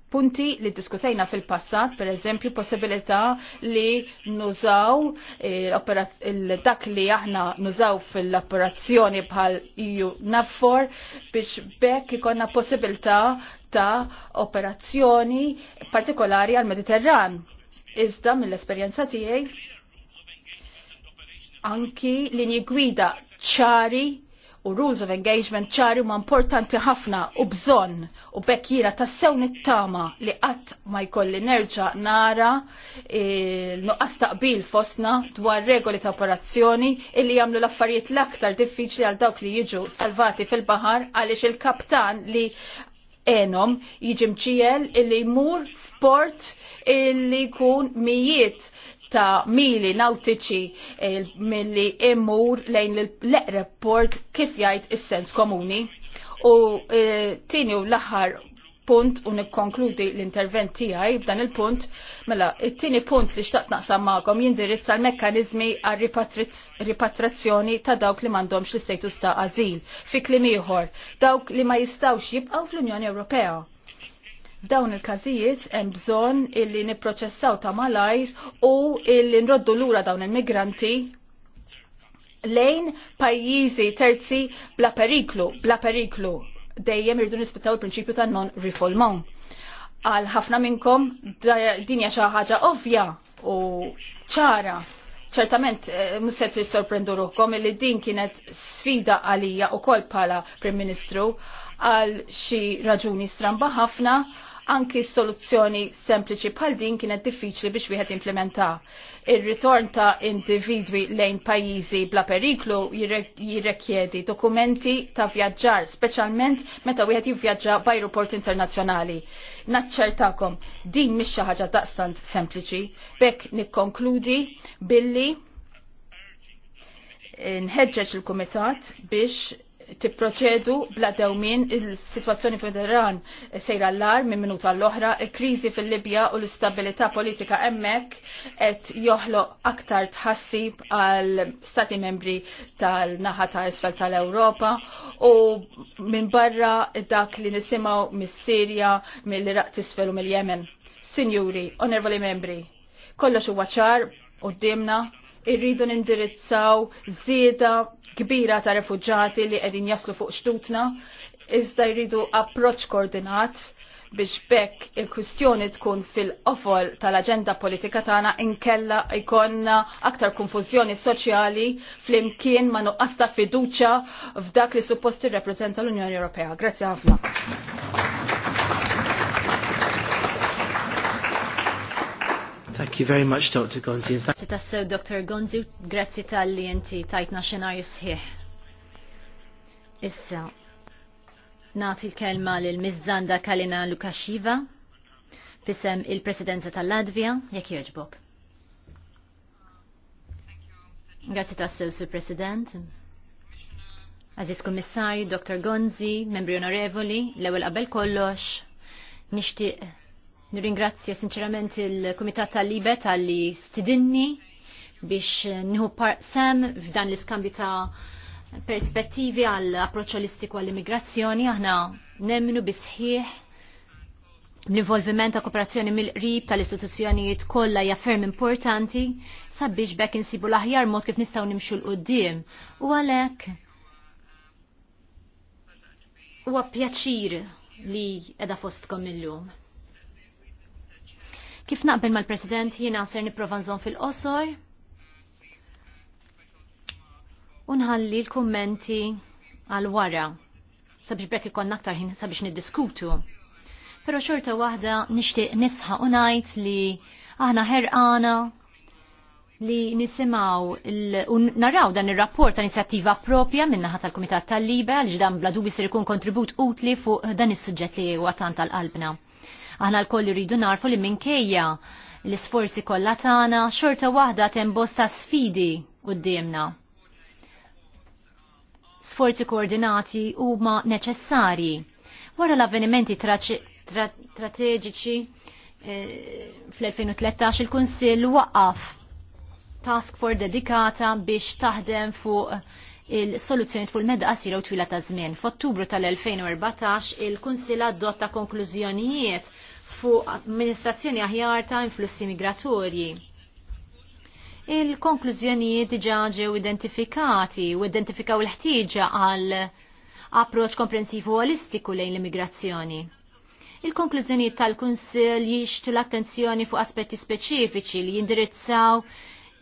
punti li diskutejna fil-passat, per eżempju, possibilità li nużaw eh, dak li aħna nużaw fil-operazzjoni bħal EU NAVFOR biex bekk ikonna possibilità ta' operazzjoni partikolari għal mediterran Iżda mill-esperjenza tiegħi anki li gwida ċari u rules of engagement ċari ma importanti ħafna u bżon u bekkira tassew nittama li qatt ma jkolli nerġa nara e, nuqqas taqbil fosna dwar regoli ta' operazzjoni illi jagħmlu l-affarijiet l-aktar diffiċli għal dawk li jiġu salvati fil-baħar għaliex il-kaptan li enom jiġi mċiel illi jmur f'port illi jkun mijiet ta' mili nautiċi eh, milli immur lejn l-eqreb kif jgħid is-sens komuni. U eh, tini u l-aħħar punt u nikkonkludi l-intervent tiegħi b'dan il-punt, mela it-tieni punt li xtaqt naqsam magħkom jindirizza l-mekkaniżmi għal ripatrazzjoni ta' dawk li m'għandhomx l-istatus ta' azil, fi kliem ieħor, dawk li ma jistgħux jibqgħu fl-Unjoni Ewropea F'dawn il-każijiet hemm bżonn illi nipproċessaw ta' malajr u illi nroddu lura dawn il-migranti lejn pajjiżi terzi bla periklu, bla periklu dejjem irdu nispettaw il-prinċipju ta' non rifolmon. Għal ħafna minnkom dinja xi ħaġa ovvja u ċara ċertament eh, se jissorprendu ruhkom li din kienet sfida għalija u kol pala Prim Ministru għal xi raġuni stramba ħafna anki soluzzjoni sempliċi bħal din kienet diffiċli biex wieħed implementa. Ir-ritorn ta' individwi lejn pajjiżi bla periklu jirrekjedi dokumenti ta' vjaġġar, speċjalment meta wieħed jivvjaġġa b'ajruport internazzjonali. Naċċertakom, din mhix xi ħaġa daqstant sempliċi. Bekk nikkonkludi billi nħeġġeġ il-Kumitat biex tipproċedu bla dewmin il-situazzjoni federan sejra l-lar minn minuta l-oħra, il-krizi fil-Libja u l-istabilità politika emmek et joħlo aktar tħassib għal stati membri tal-naħa ta' isfel tal-Europa u minn barra dak li nisimaw mis-Sirja, mill-Iraq tisfel u mill-Jemen. Sinjuri, onorevoli membri, kollox u ċar u d demna irridu nindirizzaw zieda kbira ta' refugġati li qegħdin jaslu fuq xtutna, iżda jridu approċ koordinat biex bekk il-kwistjoni tkun fil-qofol tal-agenda politika tagħna inkella jkollna aktar konfużjoni soċjali flimkien ma nuqqas ta' fiduċja f'dak li suppost tirrepreżenta l-Unjoni Ewropea. Grazzi ħafna. Thank you very much, Dr. Gonzi. Grazzi tassew, Dr. Gonzi, grazzi tal-li inti tajtna xenarju sħiħ. Issa, nati l-kelma l-Mizzanda Kalina Lukashiva, fissem il-Presidenza tal-Latvija, jek joġbok. Grazzi tassew, Sur President. Aziz Kommissarju, Dr. Gonzi, membri onorevoli, l-ewel qabel kollox, nishtiq Nirringrazzja sinċerament il-Kumitat tal-Libet għalli stidinni biex nħu sem f'dan l-iskambju ta' perspettivi għall approċċ għall-immigrazzjoni aħna nemmnu bisħiħ l-involviment ta' kooperazzjoni mill-qrib tal-istituzzjonijiet kollha hija ferm importanti sabiex bekk insibu l-aħjar mod kif nistgħu nimxu l qudiem u għalhekk huwa pjaċir li qeda fostkom illum. Kif naqbel mal-President jiena ser nipprova nżomm fil-qosor u nħalli l-kummenti għal wara sabiex brek ikon aktar ħin sabiex niddiskutu. Pero xorta waħda nixtieq nisħa u ngħid li aħna ħerqana li nisimaw u naraw dan il-rapport ta' inizjattiva propja minnaħat tal-Kumitat tal liba għal ġdan bla bisir ser ikun kontribut utli fuq dan is-suġġett li huwa tant tal-qalbna. Aħna l-koll rridu narfu li minkejja l-isforzi kollha tagħna xorta waħda tembosta bosta sfidi qudiemna. Sforzi koordinati huma neċessarji. Wara l-avvenimenti strateġiċi eh, fl-2013 il-Kunsill waqaf task for dedikata biex taħdem fuq il-soluzzjoni fuq il-medda qasira u twila ta' żmien. F'Ottubru tal-2014 il-Kunsill adotta konklużjonijiet fuq amministrazzjoni aħjar ta' influssi migratorji. Il-konklużjonijiet diġa ġew identifikati u identifikaw l-ħtieġa għal approċ komprensivu holistiku lejn l-immigrazzjoni. Il-konklużjonijiet tal-Kunsill jixtu l-attenzjoni fuq aspetti speċifiċi li jindirizzaw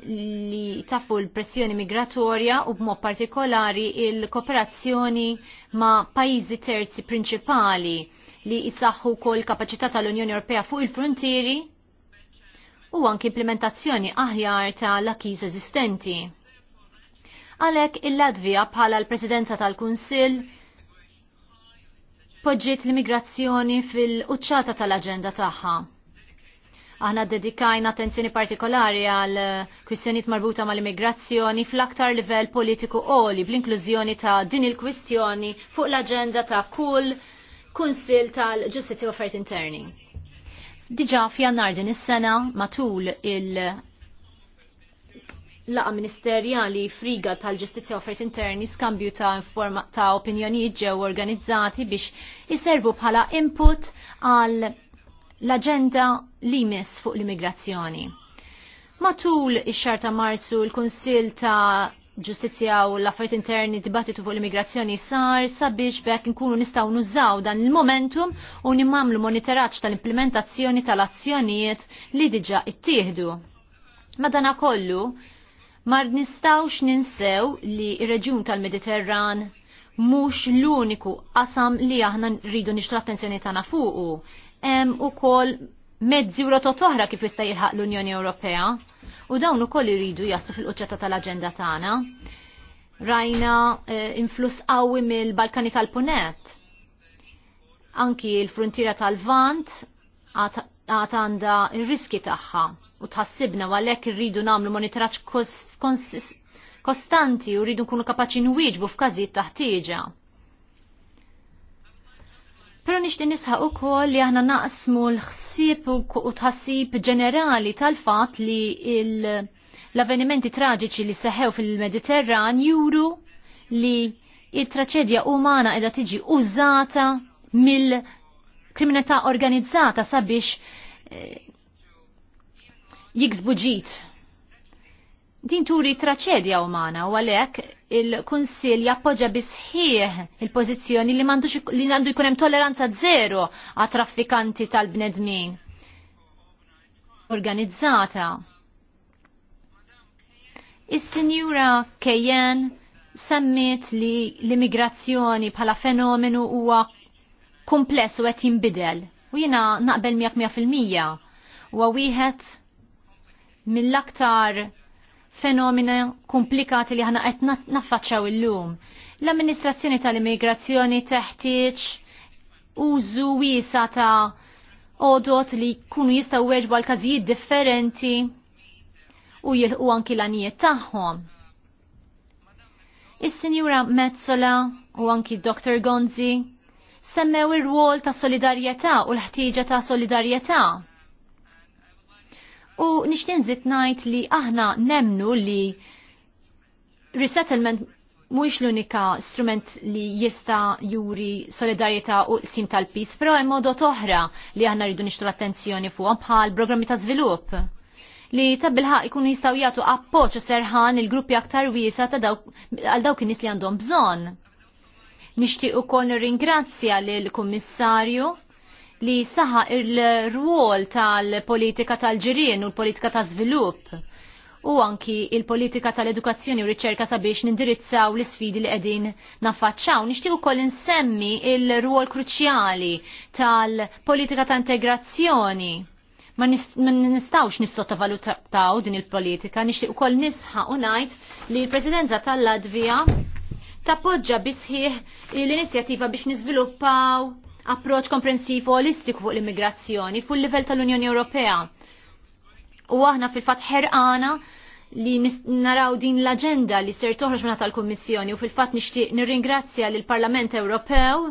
li tafu l-pressjoni migratorja u b'mod partikolari il-kooperazzjoni ma' pajjiżi terzi prinċipali li jisaxħu kol kapacità tal-Unjoni Ewropea fuq il-frontieri u anki implementazzjoni aħjar tal-akkiż eżistenti. Għalek il-Latvija bħala l-Presidenza tal-Kunsill poġġiet l-immigrazzjoni fil-qċċata tal-aġenda tagħha. Aħna ddedikajna attenzjoni partikolari għal kwistjonijiet marbuta mal-immigrazzjoni fl-aktar livell politiku qoli bl-inklużjoni ta' din il-kwistjoni fuq l-aġenda ta' kull kunsil tal-ġustizja u affarijiet interni. Diġa f'jannar din is-sena matul il- laqa ministerjali friga tal-ġustizja u affarijiet interni skambju ta' forma ta' opinjonijiet ġew organizzati biex iservu bħala input għal l-aġenda li mis fuq l-immigrazzjoni. Matul ix-xar ta' Marzu l kunsil ta' ġustizja u l-affarijiet interni dibattitu fuq l-immigrazzjoni sar sabiex bekk nkunu nistgħu nużaw dan il-momentum u nimmamlu monitoraġġ tal-implementazzjoni tal-azzjonijiet li diġà ittieħdu. Madana kollu, ma nistgħux ninsew li r-reġjun tal-Mediterran mhux l-uniku qasam li aħna rridu nixtru attenzjoni tagħna fuqu. Hemm ukoll mezzi u rotot oħra kif jista' jilħaq l-Unjoni Ewropea u dawn ukoll iridu jaslu fil-quċċata tal-aġenda tagħna. Rajna eh, influss qawwi mill-Balkani tal punet Anki l-frontiera tal-Vant għad għandha r-riski tagħha u tħassibna għalhekk irridu nagħmlu monitoraġġ kostanti u rridu nkunu kapaċi nwieġbu f'każijiet taħtieġa. Pero nisħa nisħaq ukoll li aħna naqsmu l-ħsieb u tħassib ġenerali tal-fatt li l-avvenimenti traġiċi li seħew fil-Mediterran juru li il-traċedja umana edha tiġi użata mill-kriminalità organizzata sabiex jiksbuġit eh, Din turi traċedja umana u għalhekk il-Kunsill jappoġġa bisħieħ il-pożizzjoni li m'għandux li għandu jkun hemm tolleranza zero għat traffikanti tal-bnedmin organizzata. Is-Sinjura Kejen semmiet li l-immigrazzjoni bħala fenomenu huwa kumpless u qed jinbidel. U jiena naqbel miegħek mija fil-mija. Huwa wieħed mill-aktar fenomena komplikati li ħana qed naffaċċaw illum. L-amministrazzjoni tal-immigrazzjoni teħtieġ użu wiesa ta' odot li kunu jistgħu weġbu għal każijiet differenti u jilqu anki l-anijiet tagħhom. Is-Sinjura Mezzola u anki Dr. Gonzi semmew ir-rwol ta' solidarjetà u l-ħtieġa ta' solidarjetà U nixtin zit najt li aħna nemnu li resettlement mhuwiex l-unika strument li jista' juri solidarieta u sim tal-pis, però hemm modo oħra li aħna rridu nixtu l-attenzjoni fuqhom bħal programmi ta' zvilup li tabbilħa ikunu jistaw jagħtu appoġġ serħan il-gruppi aktar wiesa ta' dawk għal dawk in li għandhom bżonn. Nixtieq ukoll nirringrazzja lill kummissarju li saħa il-rwol tal-politika tal-ġirien u l-politika ta' żvilupp u anki il-politika tal-edukazzjoni u riċerka sabiex nindirizzaw l-sfidi li qegħdin naffaċċaw. Nixtieq ukoll insemmi il-rwol kruċjali tal-politika ta' integrazzjoni ma nistawx nissottovalutaw din il-politika, nixtieq ukoll nisħa u ngħid li l-Presidenza tal-Latvija tappoġġa bisħieħ l-inizjattiva biex niżviluppaw approċ komprensiv holistiku fuq l-immigrazzjoni fuq livell tal-Unjoni Ewropea. U aħna fil-fatt ħerqana li naraw din l-agenda li ser toħroġ minn tal-Kommissjoni u fil-fatt nixtieq nirringrazzja lil parlament Ewropew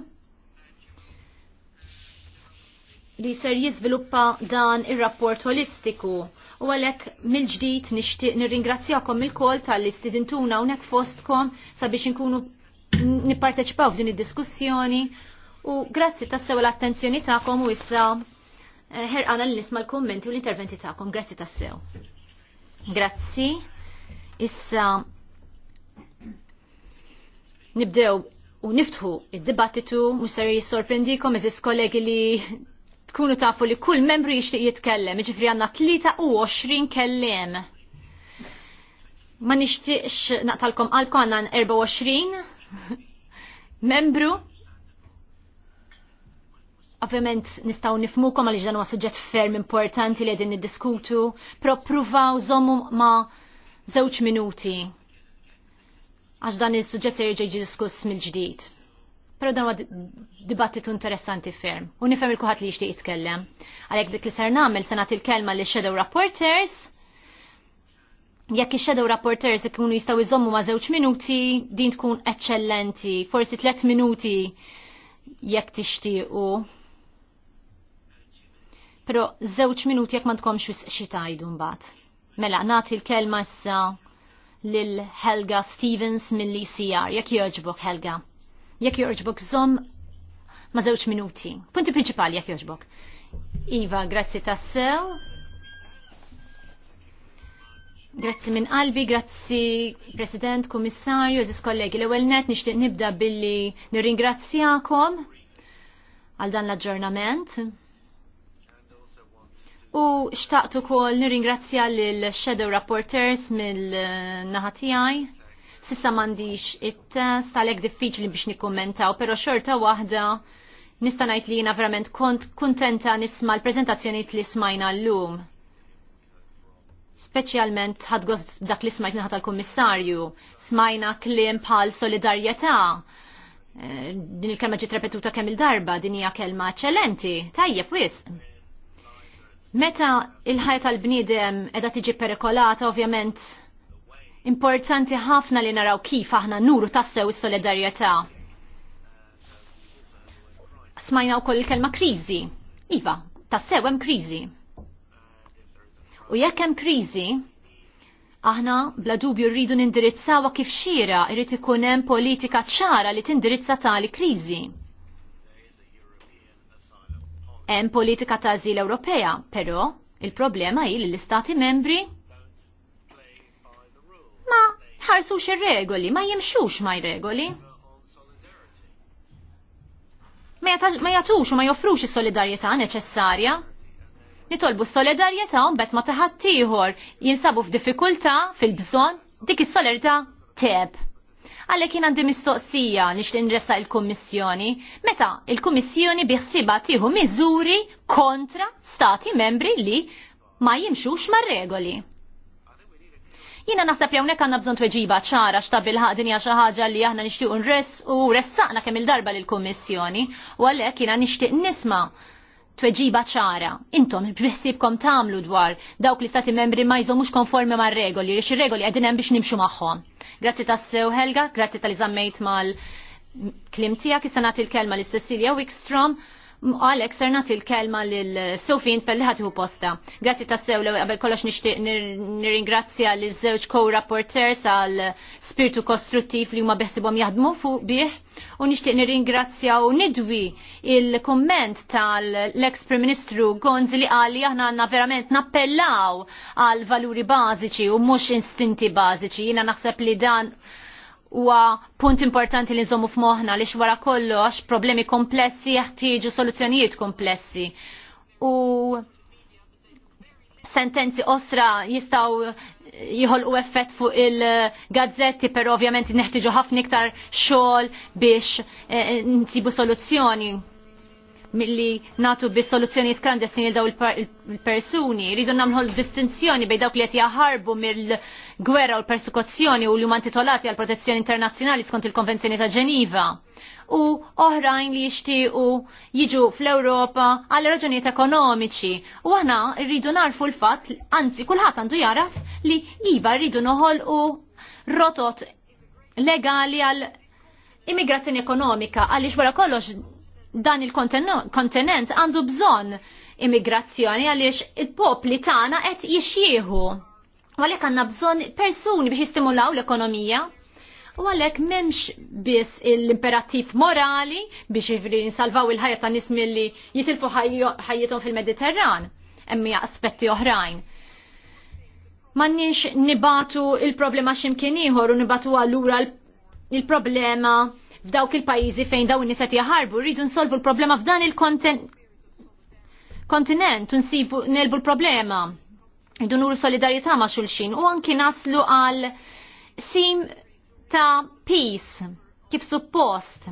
li ser jiżviluppa dan ir-rapport holistiku u għalek mill ġdijt nishtiq nirringrazzjakom il-kol tal-istidintuna unek fostkom sabiex nkunu nipparteċipaw f'din id-diskussjoni U grazzi tassew l-attenzjoni ta'kom u issa eh, ħerqana l nisma l-kommenti u l-interventi ta'kom. Grazzi tassew. Grazzi. Issa nibdew u niftħu id-dibattitu musar jisorprendikom eżis kollegi li tkunu tafu li kull membru jixtieq jitkellem, Iġifri għandna 23 kelliem. Ma nixtieqx naqtalkom għalkom għandna 24 membru Ovvjament nistaw nifmukom għaliex dan huwa suġġett ferm importanti li qegħdin niddiskutu, però pruvaw żommu ma' żewġ minuti għax dan il-suġġett se jirġa' diskuss mill-ġdid. Però dan huwa dibattitu interessanti ferm u nifhem il kuħat li jixtieq jitkellem. Għalhekk dik li ser nagħmel se nagħti l-kelma li shadow rapporters. Jekk ix-shadow rapporters ikunu jistgħu jżommu ma' żewġ minuti, din tkun eċċellenti, forsi tliet minuti jekk tixtiequ Pero żewġ minuti jekk ma tkomx xi tajdu mbagħad. Mela nagħti l-kelma issa lil Helga Stevens mill-ECR, jekk jogħġbok Helga. Jekk jogħġbok żomm ma żewġ minuti. Punti prinċipali jekk jogħġbok. Iva, grazzi tassew. Grazzi minn qalbi, grazzi President, Kummissarju, eżis kollegi. L-ewel net nixtieq nibda billi nirringrazzjakom għal dan l-aġġornament. U xtaqtu kol nirringrazzja l-Shadow Rapporters mill-naħatijaj. Sissa mandiċ it-test għalek diffiċli biex nikkommentaw, pero xorta wahda nista' li jina verament kont kuntenta nisma' l-preżentazzjonijiet li smajna llum. Speċjalment ħadgoz dak li smajt minħata tal-Kummissarju, smajna kliem bħal solidarjetà, eh, din il-kelma ġiet repetuta kemm il-darba, din hija kelma eċċellenti, tajjeb wisq. Meta il-ħajja tal-bniedem edha tiġi perikolata, ovvjament importanti ħafna li naraw kif aħna nuru tassew is-solidarjetà. Smajna wkoll il-kelma kriżi. Iva, tassew hemm kriżi. U jekk hemm kriżi, aħna bla dubju rridu nindirizzawa kif xira irrid ikun hemm politika ċara li tindirizza tali kriżi Hemm politika ta' azil Ewropea, però il-problema hi li l-istati membri ma ħarsux ir-regoli, ma jimxux ma' regoli Ma jatux u ma joffrux is-solidarjetà neċessarja. Nitolbu s-solidarjetà u mbagħad ma taħaddieħor jinsabu f'diffikultà fil-bżonn dik is-solidarjetà teb. Għalhekk kien għandi mistoqsija li tinressa il-Kummissjoni, meta il-Kummissjoni biħsiba tieħu miżuri kontra stati membri li ma jimxux mar-regoli. Jina naħseb hawnhekk għandna bżonn tweġiba ċara x'tabil ħadin xi ħaġa li aħna nixtiequ nress u ressaqna kemm il-darba lill-Kummissjoni u għalhekk jiena nixtieq nisma' tweġiba ċara. Intom bħessibkom tamlu dwar dawk li stati membri ma jżomux konformi ma' regoli, li xie regoli għedin hemm biex nimxu magħhom. Grazzi ta' sew Helga, grazzi tal-li zammejt mal klimtija, tijak, nagħti l-kelma li Cecilia Wickstrom Alex, sernat il-kelma l-Sofin felli ħatiħu posta. Grazzi ta' sew għabel kollox nishtiq nir-ingrazzja l-żewġ co-rapporters għal spiritu kostruttiv li huma beħsibhom jaħdmu fuq bih u nishtiq nir-ingrazzja u nidwi il-komment tal-ex Prim Ministru Gonzi li għalli aħna għanna verament nappellaw għal valuri bażiċi u mhux instinti bażiċi. Jina naħseb li dan huwa punt importanti li nżommu f'moħħna li xwara kollox problemi komplessi jeħtieġu soluzzjonijiet komplessi. U sentenzi osra jistaw u effett fuq il-gazzetti, pero ovvjament neħtiġu ħafna iktar xogħol biex eh, eh, nsibu soluzzjoni milli natu bis soluzzjonijiet klandestini daw il-persuni. Rridu namlu distinzjoni bej dawk li qed jaħarbu mill-gwerra u l-persekuzzjoni u l-jumanti intitolati għal protezzjoni internazzjonali skont il-Konvenzjoni ta' Ġeniva. U oħrajn li jixtiequ jiġu fl-Ewropa għal raġunijiet ekonomiċi. U aħna rridu narfu l-fatt, anzi kulħadd għandu jaraf li iva rridu noħolqu rotot legali għal immigrazzjoni ekonomika għaliex wara kollox dan il-kontinent għandu bżonn immigrazzjoni għaliex il-popli tagħna qed jixjieħu. Għalhekk għandna bżonn persuni biex jistimulaw l-ekonomija. U għalhekk m'hemmx biss l-imperattiv morali biex jifri nsalvaw il-ħajja ta' nies milli jitilfu ħajjithom fil-Mediterran, emmi aspetti oħrajn. M'għandniex nibatu il-problema x'imkien ieħor u nibatu allura il-problema il problema f'dawk il-pajjiżi fejn dawn in-nies qed jaħarbu, rridu nsolvu l-problema f'dan il-kontinent u nsibu nelbu l-problema. Rridu nuru solidarjetà ma' xulxin u anki naslu għal sim ta' peace kif suppost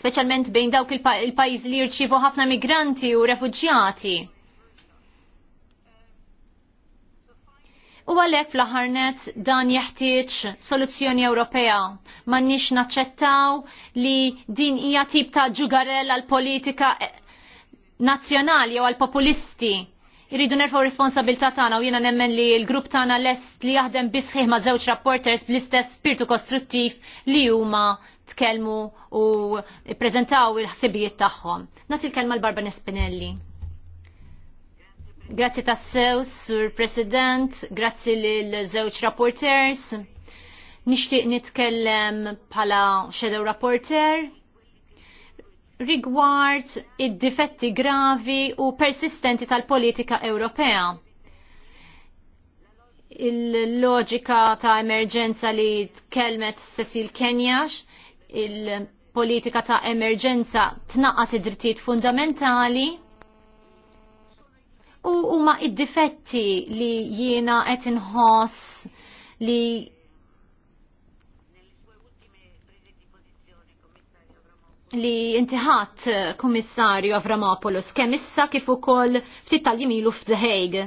speċjalment bejn dawk il-pajjiż li jirċievu ħafna migranti u refuġjati. U għalek fl-ħarnet dan jeħtieġ soluzzjoni Ewropea. Mannix naċċettaw li din hija tip ta' ġugarell għal politika eh, nazzjonali jew għal populisti. Irridu nerfu responsabilità tagħna u jiena nemmen li l-grupp tagħna lest li jaħdem bisħiħ ma' żewġ rapporters bl-istess spiritu kostruttiv li huma tkellmu u ppreżentaw il-ħsibijiet tagħhom. Nagħti l-kelma l-Barba Spinelli. Grazzi tassew, Sur President, grazzi l-żewġ rapporters. Nixtieq nitkellem pala Shadow Rapporter rigward id-difetti gravi u persistenti tal-politika Ewropea. Il-loġika ta' emerġenza li tkellmet Cecil Kenjax, il-politika ta' emerġenza tnaqqas id-drittijiet fundamentali, u huma id-difetti li jiena qed inħoss li li intiħat eh, kummissarju Avramopoulos kemm issa kif ukoll ftit tal-jimilu f'The Hague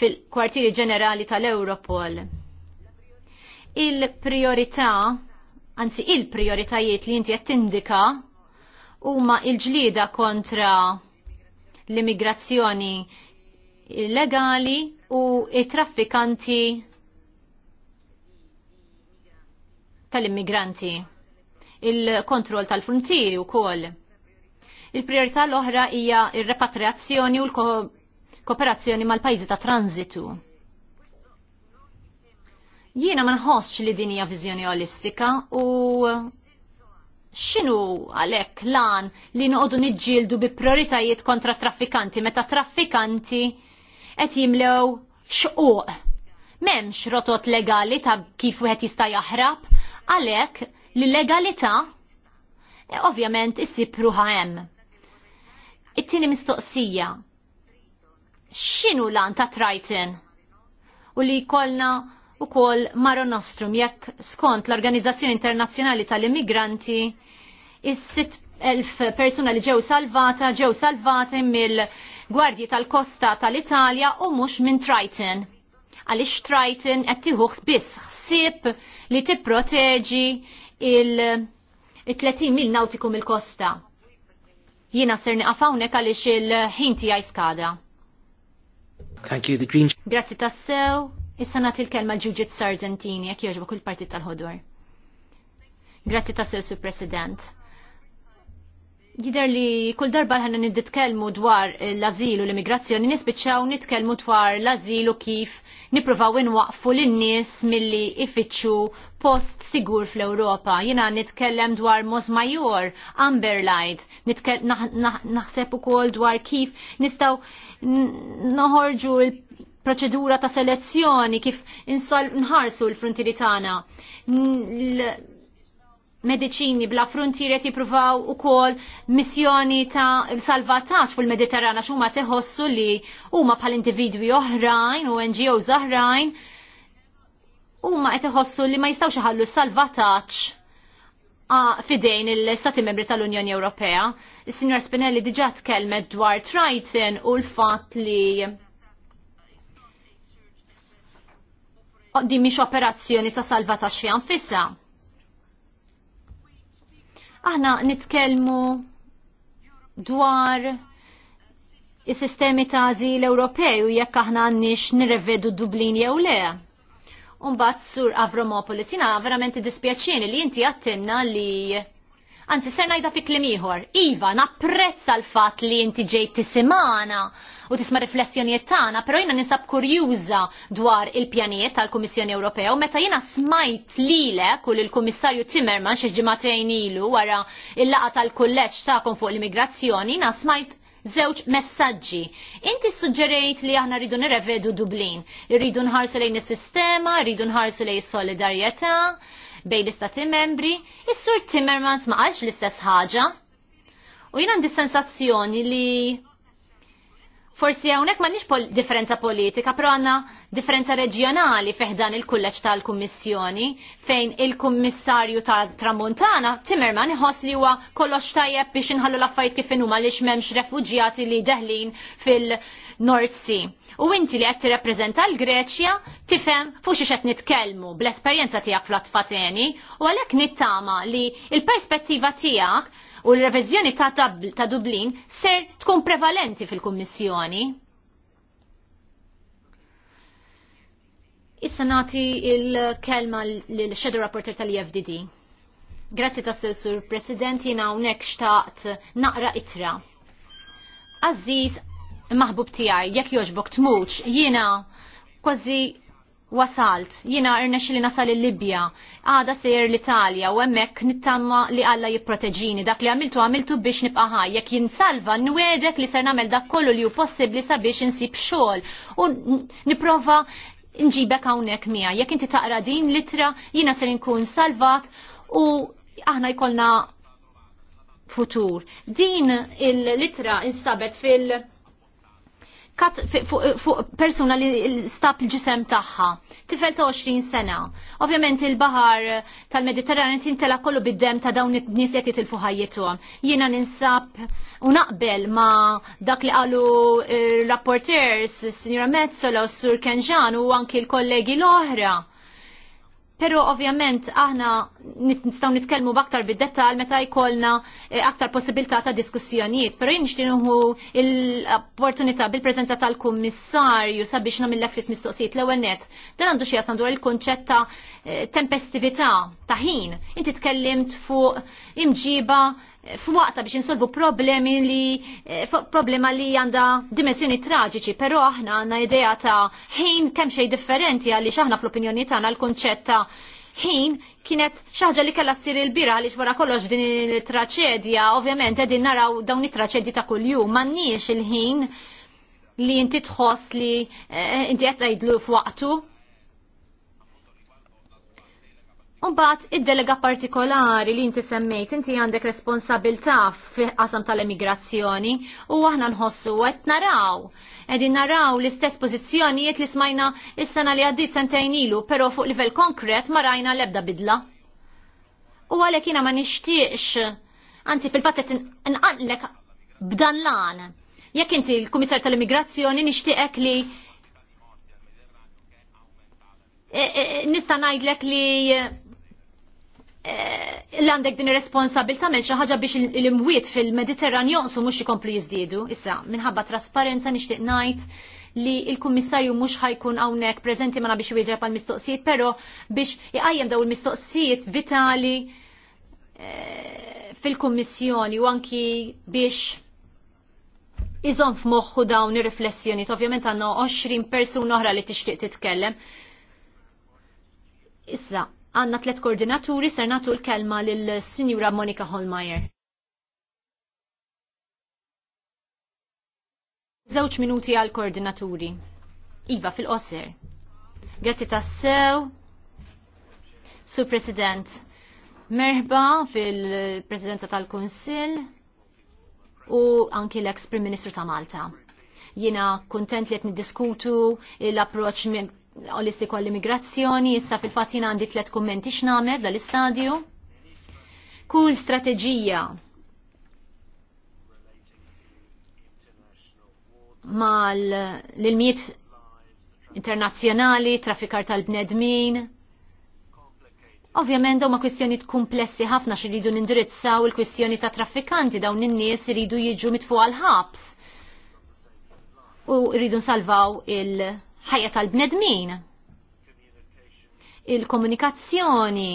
fil-kwartieri ġenerali tal-Europol. Il-priorità, anzi il-prioritajiet li inti qed tindika huma il-ġlida kontra l-immigrazzjoni illegali u i-traffikanti tal-immigranti. Il-kontroll tal-frontieri u kol. Il-priorità l-oħra hija il-repatriazzjoni u l-kooperazzjoni mal-pajzi ta' tranzitu. Jiena ma nħossx li din hija viżjoni olistika u xinu għalek lan li noqdu nġildu bi prioritajiet kontra traffikanti meta traffikanti qed jimlew xquq. Memx rotot legali ta' kif wieħed jista' jaħrab, għalhekk li legalità eh, ovvjament issib ruħa hemm. It-tieni mistoqsija. X'inhu lan ta' Triton? U li jkollna u kol Maro Nostrum jekk skont l-Organizzazzjoni Internazzjonali tal-Immigranti is-6,000 persuna li ġew salvata ġew salvati mill-Gwardji tal-Kosta tal-Italja u mhux minn Triton. Għaliex Triton qed tieħuh biss ħsieb li tipproteġi il-30 mil nautiku mill-kosta. Jiena ser hawnhekk għaliex il-ħin tiegħi skada. Thank you, the Green. Grazzi tassew Issa nagħti l-kelma l-ġuġit sarġentini, jekk jogħġbu kull partit tal ħodwar Grazzi ta' sessu President. Jider li kull darba ħanna nidditkelmu dwar l-azilu l-immigrazzjoni nispiċċaw nitkellmu dwar l-azilu kif nipruvaw inwaqfu l-nies milli ifittxu post sigur fl-Ewropa. Jina nitkellem dwar Mos Major, Amber Light, naħseb ukoll dwar kif nistaw noħorġu l proċedura ta' selezzjoni kif insol nħarsu l frontiri tagħna. Mediċini bla frontieri qed jippruvaw ukoll missjoni ta' salvataġġ fil-Mediterrana x'huma teħossu li huma bħal individwi oħrajn u NGO zaħrajn huma qed iħossu li ma jistgħux iħallu s-salvataġġ fidejn il-Stati Membri tal-Unjoni Ewropea. Is-Sinjor Spinelli diġà tkellmet dwar Triton u l-fatt li di miex operazzjoni ta' salvataċ xi anfissa. Aħna nitkellmu dwar is-sistemi ta' azil Ewropej jekk aħna għandniex nirrevedu Dublin jew le. Unbat sur Avromopolis, jina verament dispjaċini li inti jattinna li Anzi, serna jda fi klim ieħor. Iva, napprezza l-fat li inti ġejt tisimana u tisma riflessjonijiet tagħna, però jiena ninsab kurjuża dwar il-pjanijiet tal-Kummissjoni Ewropea u meta jiena smajt lilek u lill-Kummissarju Timmerman xi ġimagħtejn ilu wara il-laqa tal-kulleġġ tagħkom fuq l-immigrazzjoni, jiena smajt żewġ messaġġi. Inti suġġerejt li aħna rridu nirrevedu Dublin, rridu nħarsu lejn is-sistema, rridu nħarsu lejn solidarjetà bejn l-istati membri, is-sur Timmermans ma qalx l-istess ħaġa. U jien għandi sensazzjoni li Forsi hawnhekk nix pol differenza politika, pero għandna differenza reġjonali feħdan il kulleċ tal-Kummissjoni fejn il-Kummissarju tal-Tramuntana Timmerman iħoss li huwa kollox tajjeb biex inħallu l-affarijiet kif huma għaliex m'hemmx refuġjati li deħlin fil-North Sea. U inti li qed reprezenta l-Greċja tifhem fuq xi qed nitkellmu bl-esperjenza tiegħek fl-atfateni u għalhekk nittama li l-perspettiva tiegħek u l-reviżjoni ta, ta, ta' Dublin ser tkun prevalenti fil-Kummissjoni. Issa nati il-kelma l-Shadow Rapporter tal-IFDD. Grazzi ta' sur President jina unek xtaqt naqra itra. Aziz maħbub tijaj, jek joġbok tmuċ, jina kważi wasalt, jina irnex li nasal il-Libja, għada sejr l-Italja u emmek nittamma li għalla jipproteġini, dak li għamiltu għamiltu biex nibqa jek jinsalva, nwedek li ser namel dak kollu li ju possibli sabiex nsib xol u niprofa nġibek għawnek mija, jek inti taqra din litra jina ser nkun salvat u aħna jkollna futur. Din il-litra instabet fil- fuq persuna li stab l-ġisem tagħha. Tifel ta' 20 sena. Ovvjament il-bahar tal mediterran tintela kollu bid-dem ta' dawn it-nies qed jitilfu ħajjithom. Jiena ninsab u naqbel ma' dak li qalu eh, rapporters, Sinjora Mezzolo, s Sur Kenġan u anki l-kollegi l-oħra Pero ovvjament aħna nistgħu nitkellmu b'aktar bid-dettal meta jkollna eh, aktar possibilità ta' diskussjonijiet. Però jien nixtieq l-opportunità bil-preżenza tal-kummissarju sabiex nagħmel ftit mistoqsijiet l-ewwel net. Dan għandu xi jasam dwar il kunċetta ta' tempestività ta' ħin. Inti tkellimt fuq imġiba f'waqta biex insolvu problemi li eh, problema li għandha dimensjoni traġiċi, però aħna għandna idea ta' ħin kemm xejn differenti għaliex aħna fl-opinjoni tagħna l-konċett ta' ħin kienet xaħġa li kella ssir il-bira li wara kollox din il-traċedja, ovvjament edin naraw dawn it-traċedji ta' kuljum, mannix il-ħin li inti tħoss li eh, inti qed tgħidlu f'waqtu. Unbat, id-delega partikolari li inti semmejt, inti għandek responsabilta qasam tal-emigrazzjoni u aħna nħossu għet naraw. Edin naraw l-istess pozizjonijiet li smajna il sena li għaddit sentajn ilu, pero fuq livell konkret ma rajna lebda bidla. U għalek jina ma nishtiqx, anzi fil-fatet nqanlek b'dan lan. Jekk inti l-Kummissar tal-Immigrazzjoni nixtieqek li e, e, e, nista' ngħidlek li Eh, l-għandek din ta' mel ħaġa biex l-imwiet fil-Mediterran jonsu mux jikomplu jizdidu. Issa, minħabba trasparenza nishtiq najt li il-kummissarju mux ħajkun għawnek prezenti mana biex wieġeb għal mistoqsijiet, pero biex jgħajem daw il-mistoqsijiet vitali eh, fil-kummissjoni u anki biex iżon f'moħħu dawn ir-riflessjoni. Ovvjament għandna 20 persuna oħra li tixtieq titkellem. Issa, għanna tlet koordinaturi ser natu l-kelma lill-Sinjura Monika Holmeyer. Zewċ minuti għal koordinaturi. Iva fil qosir Grazzi tassew. Sur President, merħba fil-Presidenza tal-Konsil u anki l-ex Prim Ministru ta' Malta. Jina kontent li qed niddiskutu l-approċ holistiku għall-immigrazzjoni, issa fil-fatt jien għandi tlet kummenti xnamer dal-istadju. Kull strateġija mal l-miet internazzjonali, traffikar tal-bnedmin. Ovvjament dawn ma kwistjoni komplessi ħafna xiridu nindirizzaw il-kwistjoni ta' traffikanti dawn in-nies iridu jiġu mitfu għal ħabs u rridu nsalvaw il- ħajja tal-bnedmin. Il-komunikazzjoni,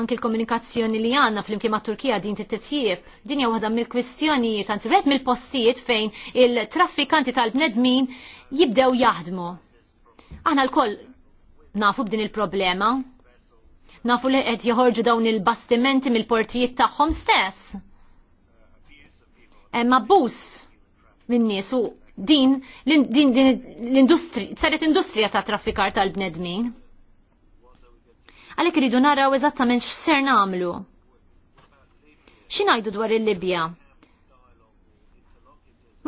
anke l-komunikazzjoni li għanna fl-imkien ma' Turkija din titjib, din hija waħda mill-kwistjonijiet, anzi wieħed mill-postijiet fejn il-traffikanti tal-bnedmin jibdew jaħdmu. Aħna l-koll nafu b'din il-problema. Nafu li qed joħorġu dawn il-bastimenti mill-portijiet tagħhom stess. Hemm abbuż min-nies din l-industri, saret industrija ta' traffikar tal-bnedmin. Għalek rridu naraw eżattament x'ser namlu. X'inajdu dwar il-Libja?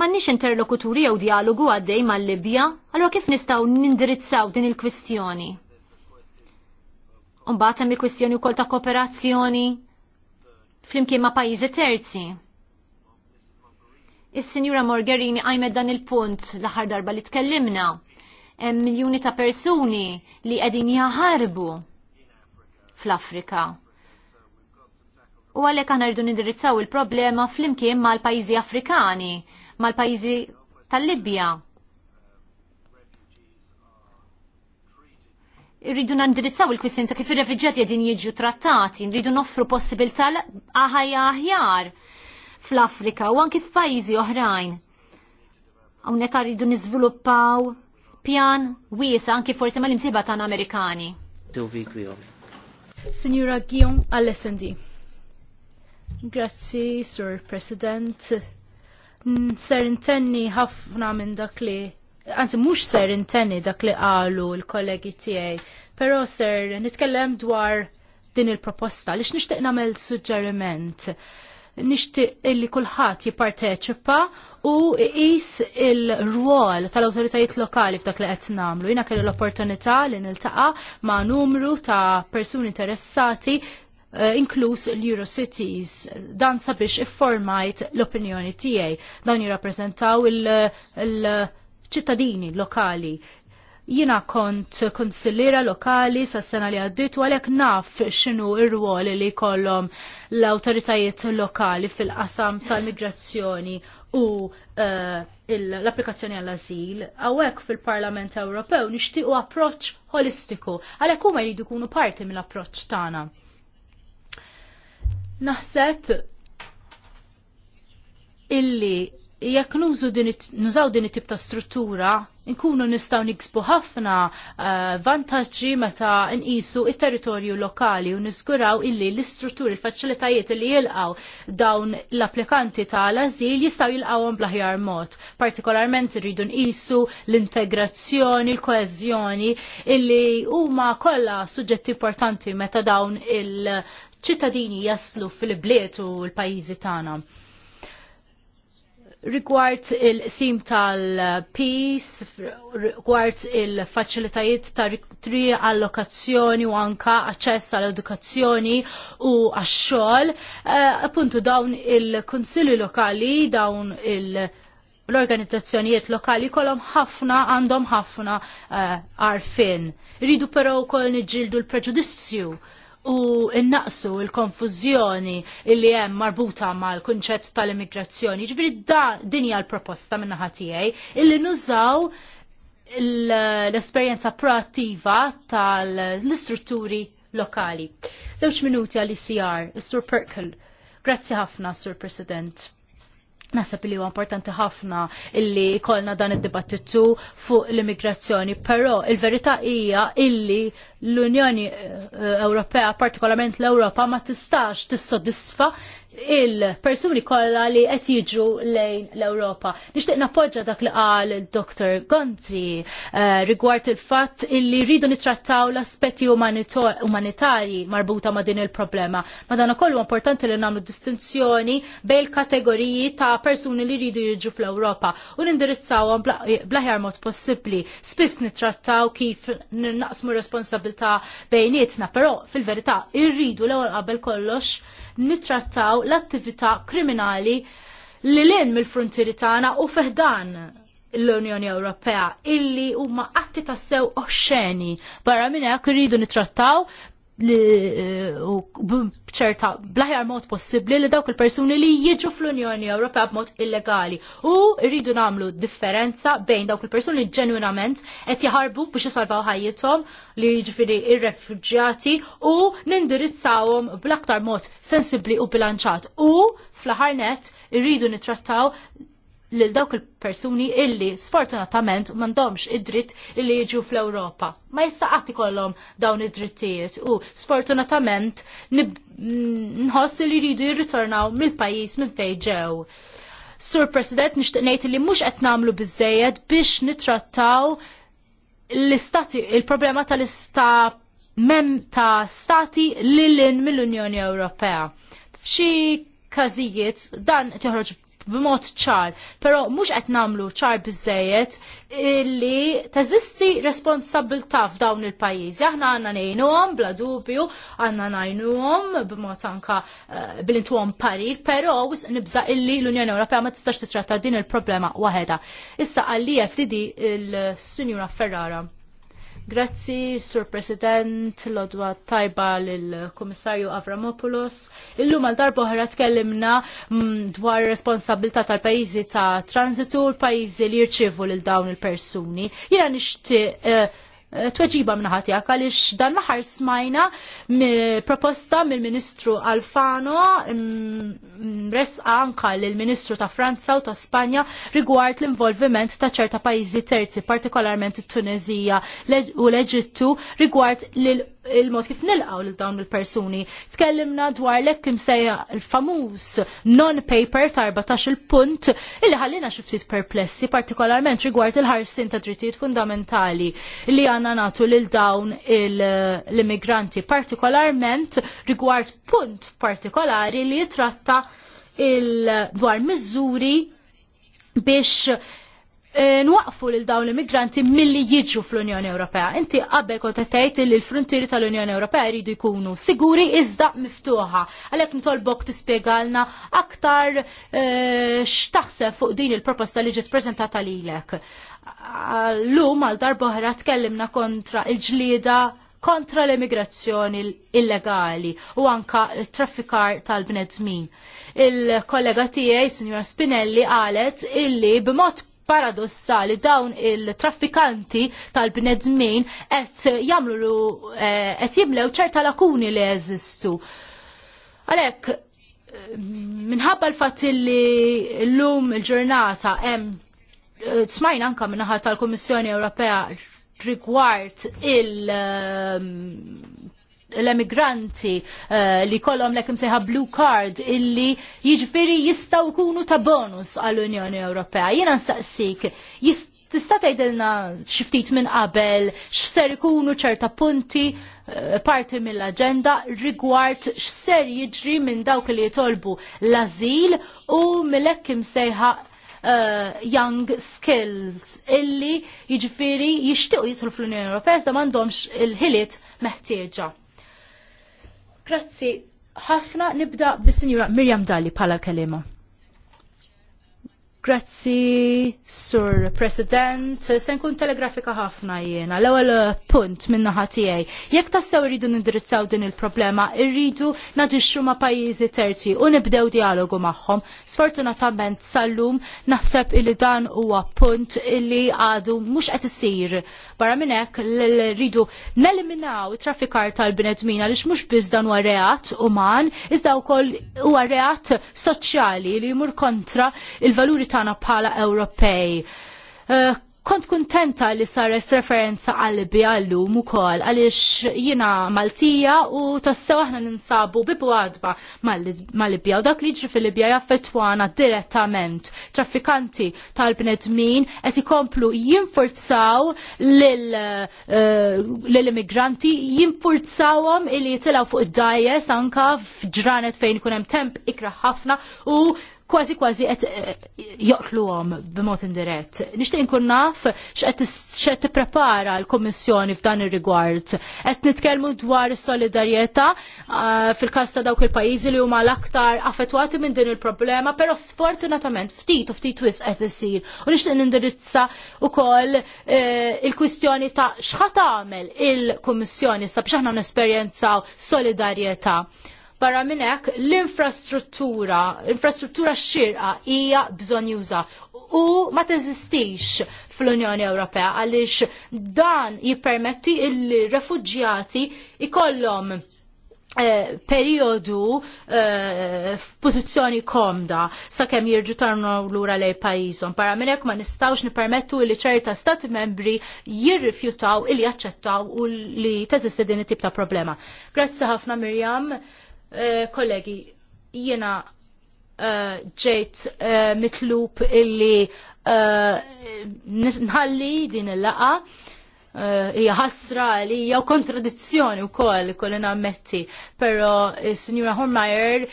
nix interlokuturi jew dialogu għaddej mal-Libja, għallu kif nistgħu nindirizzaw din il-kwistjoni? Un hemm il-kwistjoni wkoll ta' kooperazzjoni flimkien ma' pajjiżi terzi Is-Sinjura Morgerini għajmed dan il-punt l-aħħar darba li tkellimna. Hemm miljuni ta' persuni li qegħdin jaħarbu fl-Afrika. U għalhekk aħna rridu nindirizzaw il-problema flimkien mal-pajjiżi Afrikani, mal-pajjiżi tal-Libja. rridu nandirizzaw il-kwistin ta' kif ir-refuġġati qegħdin jiġu trattati, rridu noffru possibilità ħajja aħjar fl-Afrika u anki f'pajjiżi oħrajn. Hawnhekk rridu niżviluppaw pjan wiesa anki forsi mal-imsiba tan Amerikani. Silvi Guillaume. Signora Guillaume Alessandi. Grazzi, Sir President. Mm, ser intenni ħafna minn dak li, anzi mux ser intenni dak li qalu l-kollegi tiegħi, però ser nitkellem dwar din il-proposta, lix nixtieq nagħmel suġġeriment nixtieq illi kulħadd jipparteċipa u jqis il-rwol tal-awtoritajiet lokali f'dak li qed nagħmlu. Jiena kellu l-opportunità li niltaqa' ma' numru ta' persuni interessati eh, inkluż l-Eurocities dan sabiex ifformajt l-opinjoni tiegħi. Dawn jirrappreżentaw il-ċittadini lokali Jina kont konsillira lokali sas-sena li għaddit u għalhekk naf x'inhu r-rwol li kollom l-awtoritajiet lokali fil-qasam tal-migrazzjoni u eh, l-applikazzjoni għall-azil, għawek fil-Parlament Ewropew nixtiequ approċ holistiku, għalhekk huma jridu jkunu parti mill-approċ tagħna. Naħseb illi jekk nużaw din it-tip ta' struttura Inkunu nistaw niksbu ħafna eh, vantaġġi meta nqisu it-territorju lokali u niżguraw illi l-istrutturi, l-faċilitajiet li jilqaw dawn l-applikanti tal-azil jistaw jilqawhom bl-aħjar mod. Partikolarment irridu nqisu l-integrazzjoni, l koezjoni illi huma kollha suġġetti importanti meta dawn il-ċittadini jaslu fil-bliet u l-pajjiżi tagħna rigward il-sim tal-peace, rigward il-facilitajiet ta' tri allokazzjoni u anka aċċess għall-edukazzjoni u għax-xogħol, eh, appuntu dawn il-kunsilli lokali, dawn il- l-organizzazzjonijiet lokali kolom ħafna għandhom ħafna eh, għarfin. Ridu però wkoll niġġieldu l-preġudizzju u innaqsu il-konfuzjoni illi hemm marbuta mal-kunċett tal-immigrazzjoni. Ġifieri dinja l-proposta minna naħa tiegħi illi nużaw l-esperjenza proattiva tal-istrutturi lokali. Żewġ minuti għal-ICR, is-Sur Perkel. Grazzi ħafna, Sur President. Nasab li huwa importanti ħafna illi kolna dan id-dibattitu fuq l-immigrazzjoni, però il-verità hija illi l-Unjoni eh, Ewropea, partikolarment l-Ewropa, ma tistax tissodisfa il-persuni kollha li qed jiġu lejn l-Ewropa. Nixtieq nappoġġa dak li qal dr Gonzi eh, rigward il-fatt illi rridu nitrattaw l-aspetti umanitarji marbuta ma' din il-problema. Ma dan ukoll importanti li nagħmlu distinzjoni bejn kategoriji ta' persuni li jridu jiġu fl-Ewropa u nindirizzawhom blaħjar mod possibbli. Spiss nittrattaw kif naqsmu responsabilità bejnietna, però fil-verità irridu l-ewwel qabel kollox nittrattaw l-attività kriminali li lin mill-frontieri tagħna u feħdan l-Unjoni Ewropea illi huma atti tassew oxxeni barra minn hekk irridu nittrattaw li eh, bċerta blaħjar mod possibli li dawk il-persuni li jiġu fl-Unjoni Ewropea b'mod illegali u rridu namlu differenza bejn dawk il-persuni li ġenwinament qed jaħarbu biex isalvaw ħajjithom li jiġifieri ir-refuġjati u nindirizzawhom bl-aktar mod sensibbli u bilanċat u fl net irridu nittrattaw lil dawk il-persuni illi sfortunatament mandomx id-dritt illi jiġu fl-Ewropa. Ma jistaqati kollom dawn id-drittijiet u sfortunatament nħoss li jridu jirritornaw mill-pajis minn fejn ġew. Sur President nixtieq ngħid li mhux qed nagħmlu biżejjed biex nitrattaw l-istati il-problema tal-ista mem ta' stati lilin mill-Unjoni Ewropea. F'xi każijiet dan toħroġ b'mod ċar, pero mhux qed nagħmlu ċar biżejjed li teżisti responsabilità f'dawn il-pajjiżi. Aħna għandna ngħinuhom bla dubju, għandna ngħinuhom b'mod anka eh, bilintuhom bil-intuhom parir, però wis nibża illi l-Unjoni Ewropea ma tistax titratta din il-problema waħedha. Issa għalli FDD il-Sinjura Ferrara. Grazzi, Sur President, l-odwa tajba l-Komissarju Avramopoulos. Illum għal darba oħra tkellimna mm, dwar responsabilità tal-pajizi ta' transitu l-pajizi li jirċivu l-dawn il-persuni. Jena nixti uh, tweġiba minnaħatijak għalix dan naħar smajna proposta mill-Ministru Alfano resqa anka l-Ministru ta' Franza u ta' Spanja rigward l-involviment ta' ċerta pajizi terzi, partikolarment Tunezija u l-Eġittu rigward l il-mod kif nilqaw lil dawn il-persuni. Tkellimna dwar kim imsejja l-famuż non-paper ta' 14 il-punt illi ħallina xi ftit perplessi partikolarment rigward il-ħarsin ta' drittijiet fundamentali li għandna nagħtu lil dawn l-immigranti partikolarment rigward punt partikolari li jitratta il-dwar miżuri biex Eh, nwaqfu lil dawn l-immigranti milli jiġu fl-Unjoni Ewropea. Inti qabel kont qed tgħid li l-frontieri tal-Unjoni Ewropea jridu jkunu siguri iżda miftuħa. Għalhekk nitolbok tispjegalna aktar eh, x'taħseb fuq din il-proposta li ġiet preżentata lilek. Llum għal darboħra tkellimna kontra il-ġlieda kontra l-immigrazzjoni illegali u anka traffikar tal-bnedmin. Il-kollega tiegħi, Signora Spinelli, qalet illi b'mod paradossali dawn il-traffikanti tal-bnedmin et jagħmlu qed eh, jimlew ċerta lakuni li jeżistu. Għalhekk minħabba l fat li l-lum il-ġurnata hemm eh, smajna anka minnaħat tal-Kummissjoni Ewropea rigward il- eh, l-emigranti eh, li kollom l sejħa blue card illi jiġifieri jistgħu jkunu ta' bonus għall-Unjoni Ewropea. Jiena nsaqsik, tista' tgħidilna xi ftit minn qabel x'ser ikunu ċerta punti eh, parti mill-agenda rigward x'ser jiġri minn dawk li jitolbu l-azil u mill-hekk imsejħa uh, young skills illi jiġifieri jixtiequ jidħlu fl-Unjoni Ewropea iżda m'għandhomx il-ħiliet meħtieġa. Grazzi ħafna nibda bis-Sinjura Mirjam Dalli pala kelima. Grazzi, Sur President. Se nkun telegrafika ħafna jiena. L-ewwel eh, punt minna ħatijaj. Jekk tassew rridu nindirizzaw din il-problema, irridu naġixxu ma' pajjiżi terzi u nibdew dialogu magħhom. Sfortunatament sal-lum naħseb illi dan huwa punt illi għadu mhux qed isir. Barra minn hekk rridu neliminaw it-traffikar tal-bnedmin għaliex mhux biss dan huwa reat uman, iżda wkoll huwa reat soċjali li jmur kontra il-valuri tana bħala Ewropej. Uh, kont kuntenta li saret referenza għal għallum u kol għalix jina Maltija u tassew aħna ninsabu bibu għadba mal-Libja u dak li ġri fil-Libja jaffetwana direttament. Traffikanti tal-bnedmin qed ikomplu jinfurzaw lill-immigranti eh, jinfurzawhom illi jitilgħu fuq id-dajes anka f'ġranet fejn ikun hemm temp ikra ħafna u kważi kważi qed eh, joqtluhom b'mod indirett. Nixtieq inkun naf x'qed tipprepara l-Kummissjoni f'dan ir-rigward. Qed nitkellmu dwar is-solidarjetà eh, fil-każ ta' dawk il-pajjiżi li huma l-aktar affettwati minn din il-problema, però sfortunatament ftit u ftit wisq qed isir. U nixtieq nindirizza wkoll eh, il-kwistjoni ta' x'ħat tagħmel il-Kummissjoni sabiex aħna nesperjenzaw solidarjetà Barra minn hekk l-infrastruttura, infrastruttura xirqa hija bżonn juża u ma teżistix fl-Unjoni Ewropea għaliex dan jippermetti il refugġjati ikollhom eh, periodu eh, f'pożizzjoni komda sakemm jirġu tarnu lura lej pajjiżhom. Para minn ma nistgħux nippermettu li ċerta stati membri jirrifjutaw li jaċċettaw u li teżisti din it-tip ta' problema. Grazzi ħafna Mirjam. Eh, kollegi, jiena eh, ġejt eh, mitlub illi nħalli din il-laqa hija ħasra li jew kontradizzjoni wkoll kolli nammetti, però is-Sinjura Hormeyer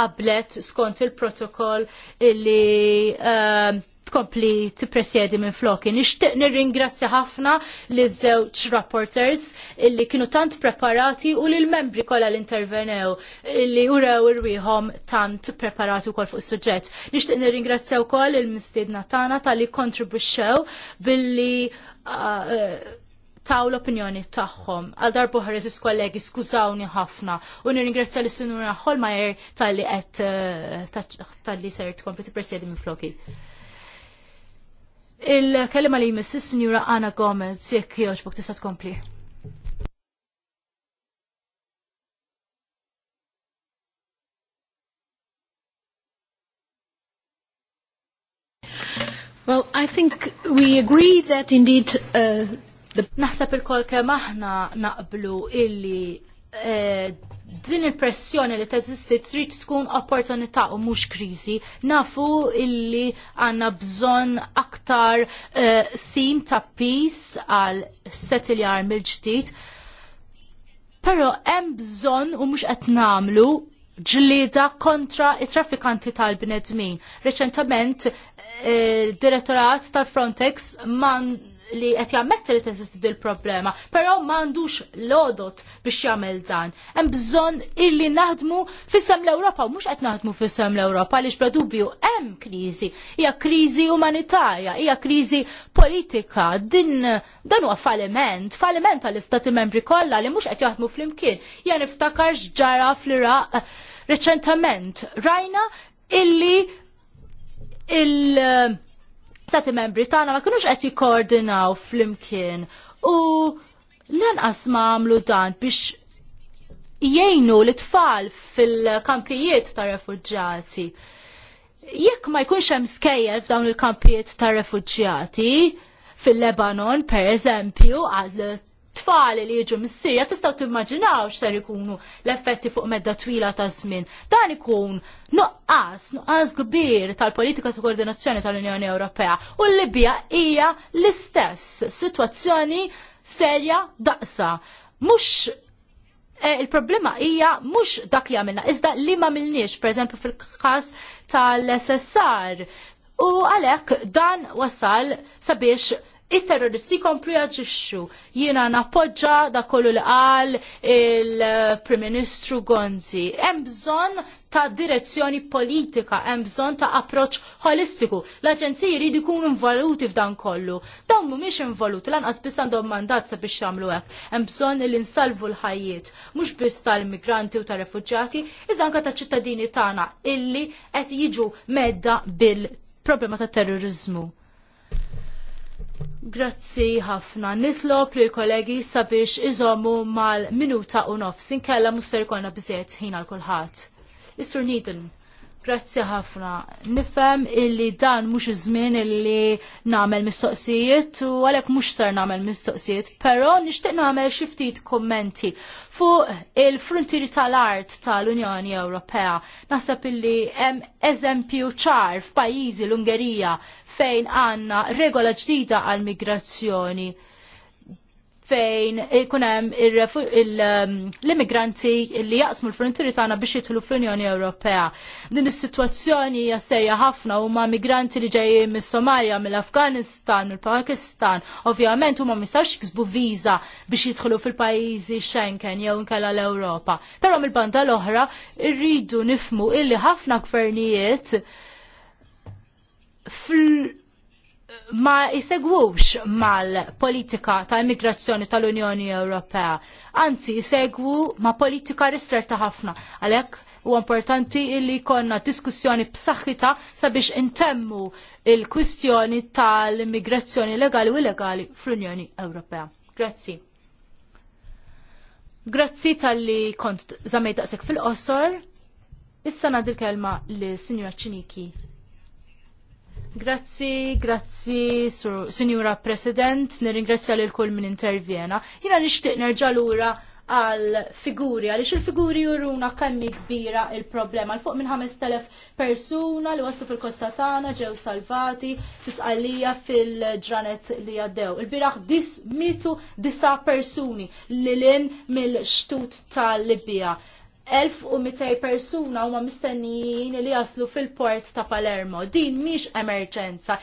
qablet skont il-protokoll illi tkompli tippresjedi minn Nishtiq Nixtieq nirringrazzja ħafna li żewġ rapporters illi kienu tant preparati u l membri kollha li intervenew illi urew irwieħhom tant preparati wkoll fuq is-suġġett. Nixtieq nirringrazzja wkoll il-mistiedna tagħna tal-li kontribwixxew billi uh, uh, taw l-opinjoni tagħhom. Għal darbuħar is kollegi skużawni ħafna u nirringrazzja li sinura ħolmajer tal-li qed uh, tal-li ser tkompli tippresjedi minn floki. Il-kelima li jmiss is-Sinjura Anna Gomez, jekk jogħġbok tista' tkompli. Well, I think we agree that indeed uh, the... Naħseb il-kol kem aħna naqblu illi eh, din il-pressjoni li teżisti trid tkun opportunità u mhux kriżi. Nafu illi għandna bżonn aktar uh, sim ta' peace għal settiljar mill-ġdid. Però hemm bżonn u mhux qed nagħmlu ġlida kontra it-traffikanti tal-bnedmin. Reċentament, il-direttorat eh, tal-Frontex man li qed jammetti li teżisti dil problema, però m'għandux lodot biex jagħmel dan. Hemm bżonn illi naħdmu fis-sem l-Ewropa u mhux qed naħdmu fis-sem l-Ewropa għaliex bla dubju hemm kriżi, hija kriżi umanitarja, hija kriżi politika, din dan huwa falliment, falliment għall-istati membri kollha li mhux qed jaħdmu flimkien. Ja niftakar x'ġara fl-Iraq reċentament rajna illi il- Sati membri tagħna ma kinux qed jikkoordinaw flimkien u lanqas ma għamlu dan biex jgħinu l-tfal fil-kampijiet ta' refugġati. Jekk ma jkunx hemm skejjel f'dawn il-kampijiet ta' refugġati, fil-Lebanon per eżempju, għal Tfali li jiġu missija tistaw tistgħu timmaġinaw x'ser ikunu l-effetti fuq medda twila ta' żmien. Dan ikun nuqqas, nuqqas kbir tal-politika ta' koordinazzjoni tal-Unjoni Ewropea u l-Libja hija l-istess sitwazzjoni serja daqsa. Mhux e, il-problema hija mhux dak li għamilna, iżda li ma milniex, eżempju, fil-każ tal-SSR. U għalhekk dan wasal sabiex it-terroristi komplu jaġixxu. Jiena napoġġa da kollu li għal il-Prim Ministru Gonzi. Hemm bżonn ta' direzzjoni politika, hemm bżonn ta' approċċ holistiku. L-aġenziji jridu jkunu involuti f'dan kollu. Dawn mhumiex involuti lanqas biss għandhom mandat sabiex jagħmlu hekk. Hemm bżonn li nsalvu l-ħajjiet mhux biss tal-migranti u tar-refuġjati, iżda anke ta' ċittadini tagħna illi qed jiġu medda bil-problema ta' terrorizmu. Grazzi ħafna. Nitlob li kollegi sabiex iżommu mal-minuta u nofs. Inkella musser kolna bizet ħin għal kulħadd. is Nidin. Grazzi ħafna. Nifhem illi dan mhux iż-żmien illi nagħmel mistoqsijiet u għalhekk mhux sar nagħmel mistoqsijiet, però nixtieq nagħmel xi ftit kummenti fuq il-frontieri tal-art tal-Unjoni Ewropea. Naħseb illi hemm eżempju ċar f'pajjiżi l-Ungerija fejn għandna regola ġdida għall-migrazzjoni fejn kunem um, l-immigranti li jaqsmu l-frontieri tagħna biex jidħlu fl-Unjoni Ewropea. Din is-sitwazzjoni hija serja ħafna huma migranti li ġejjin mis-Somalja, mill-Afganistan, mill-Pakistan. Ovvjament huma ma jistgħux jiksbu viża biex jidħlu fil-pajjiżi Schengen jew inkella l-Ewropa. Però mill-banda l-oħra rridu nifmu illi ħafna gvernijiet fl ma jisegwux mal-politika ta' immigrazzjoni tal-Unjoni Ewropea, anzi jisegwu ma' politika ristretta ħafna. Għalek u importanti illi konna diskussjoni b'saħħita sabiex intemmu il-kwistjoni tal-immigrazzjoni legali u illegali fl-Unjoni Ewropea. Grazzi. Grazzi tal-li kont zamej daqsek fil-qosor. Issa nadil kelma li Sinjora Ċiniki Grazzi, grazzi, Signora President, nirringrazzja lil kull minn intervjena. Jina nixtieq nerġa' lura għal figuri, għaliex il-figuri juruna kemmi kbira il-problema. al fuq minn 5,000 persuna li wassu fil-kosta ġew salvati fisqalija fil-ġranet li għaddew. Il-biraħ dis mitu disa persuni li l-in mill-xtut tal libija 1200 persuna huma mistennijin li jaslu fil-port ta' Palermo. Din mhix emerġenza,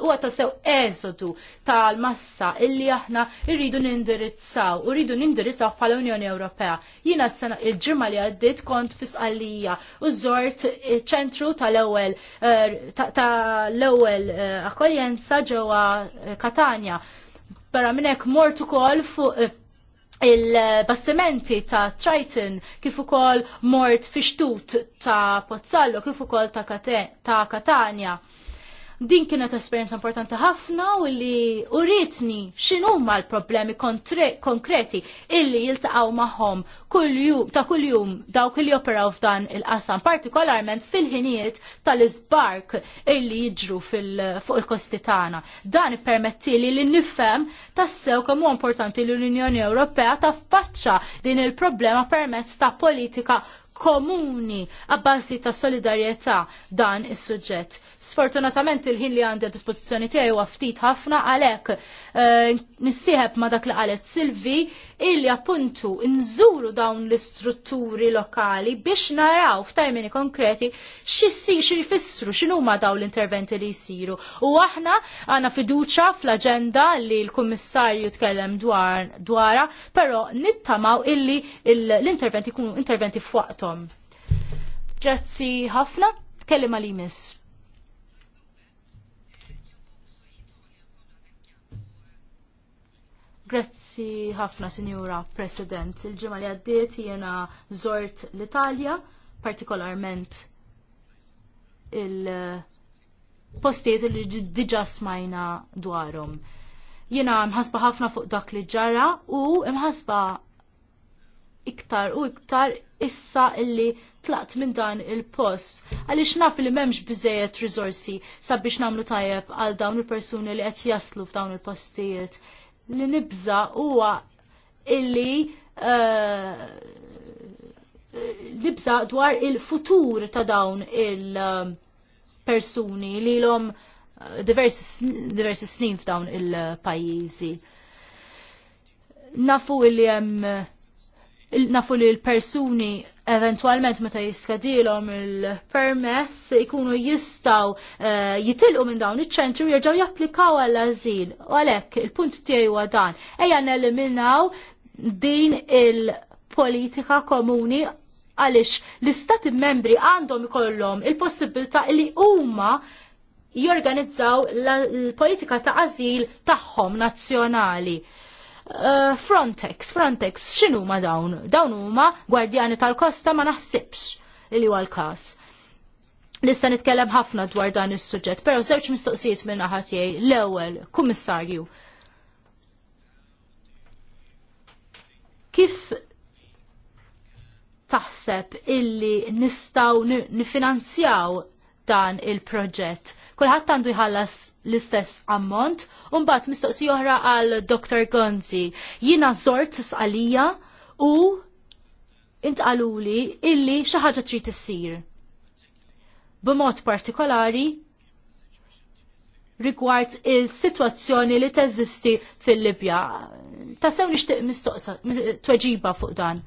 huwa ta' sew eżodu tal-massa illi aħna rridu nindirizzaw, u rridu nindirizzaw bħala Unjoni Ewropea. Jiena s-sena il-ġimma li għaddit kont fisqallija u zort ċentru tal-ewwel er, tal-ewwel eh, akkoljenza ġewwa Katania. Eh, Barra minnek mort ukoll fuq eh, il-bastimenti ta' Triton kif ukoll mort fixtut ta' Pozzallo kif ukoll ta', ta Katania. Din kienet esperjenza importanti ħafna u li uritni x'inhuma l-problemi konkreti illi jiltaqgħu magħhom ta' ta' kuljum dawk li operaw f'dan il-qasam, partikolarment fil-ħinijiet tal izbark illi jiġru fuq il-kosti tagħna. Dan ippermetti li li nifem tassew kemm huwa importanti li l-Unjoni Ewropea taffaċċa din il-problema permezz ta' politika komuni għabbasi ta' solidarjetà dan is suġġett Sfortunatament il-ħin li għandi dispożizzjoni tiegħi huwa ftit ħafna għalhekk uh, nissieħeb ma' dak li qalet Silvi illi appuntu nżuru dawn l-istrutturi lokali biex naraw f'termini konkreti x'issi x'ifissru x'inhuma dawn l-interventi li jsiru. U aħna għandna fiduċa fl-aġenda li l-Kummissarju tkellem dwar dwara, però nittamaw illi l-interventi jkunu interventi f'waqthom għandkom. Grazzi ħafna, tkellim għal miss. Grazzi ħafna, Sinjura President. Il-ġimgħa li għaddiet jiena żort l-Italja, partikolarment il-postijiet li diġà smajna dwarhom. Jiena mħasba ħafna fuq dak li ġara u mħasba iktar u iktar issa illi tlaqt minn dan il-post. Għaliex naf li m'hemmx biżejjed rizorsi sabiex nagħmlu tajjeb għal dawn il-persuni li qed jaslu f'dawn il-postijiet. Li nibża huwa illi eh, nibża dwar il-futur ta' dawn il personi li l-om eh, diversi, diversi snin f'dawn il-pajjiżi. Nafu illi hemm eh, nafu li l-persuni eventualment meta jiskadilhom il-permess ikunu jistaw eh, jitilqu minn dawn iċ-ċentru jerġgħu japplikaw għall ażil U għalhekk il-punt tiegħi huwa dan. Ejja neliminaw din il-politika komuni għaliex l-istati membri għandhom ikollhom il-possibilità li huma jorganizzaw l-politika ta' ażil tagħhom nazzjonali. Eh, Frontex, Frontex, xinu ma dawn? Dawn huma gwardjani tal-kosta ma naħsibx li huwa l-każ. Lista nitkellem ħafna dwar dan is-suġġett, però żewġ mistoqsijiet minn aħat tiegħi l-ewwel, kummissarju. Kif taħseb illi nistaw nifinanzjaw dan il-proġett. Kulħadd għandu jħallas l-istess ammont, u mbagħad mistoqsi oħra għal Dr. Gonzi. Jiena żort sqalija u intqaluli illi xi ħaġa trid issir. B'mod partikolari rigward il-situazzjoni li teżisti fil-Libja. Tassew nixtieq mistoqsa, tweġiba fuq dan.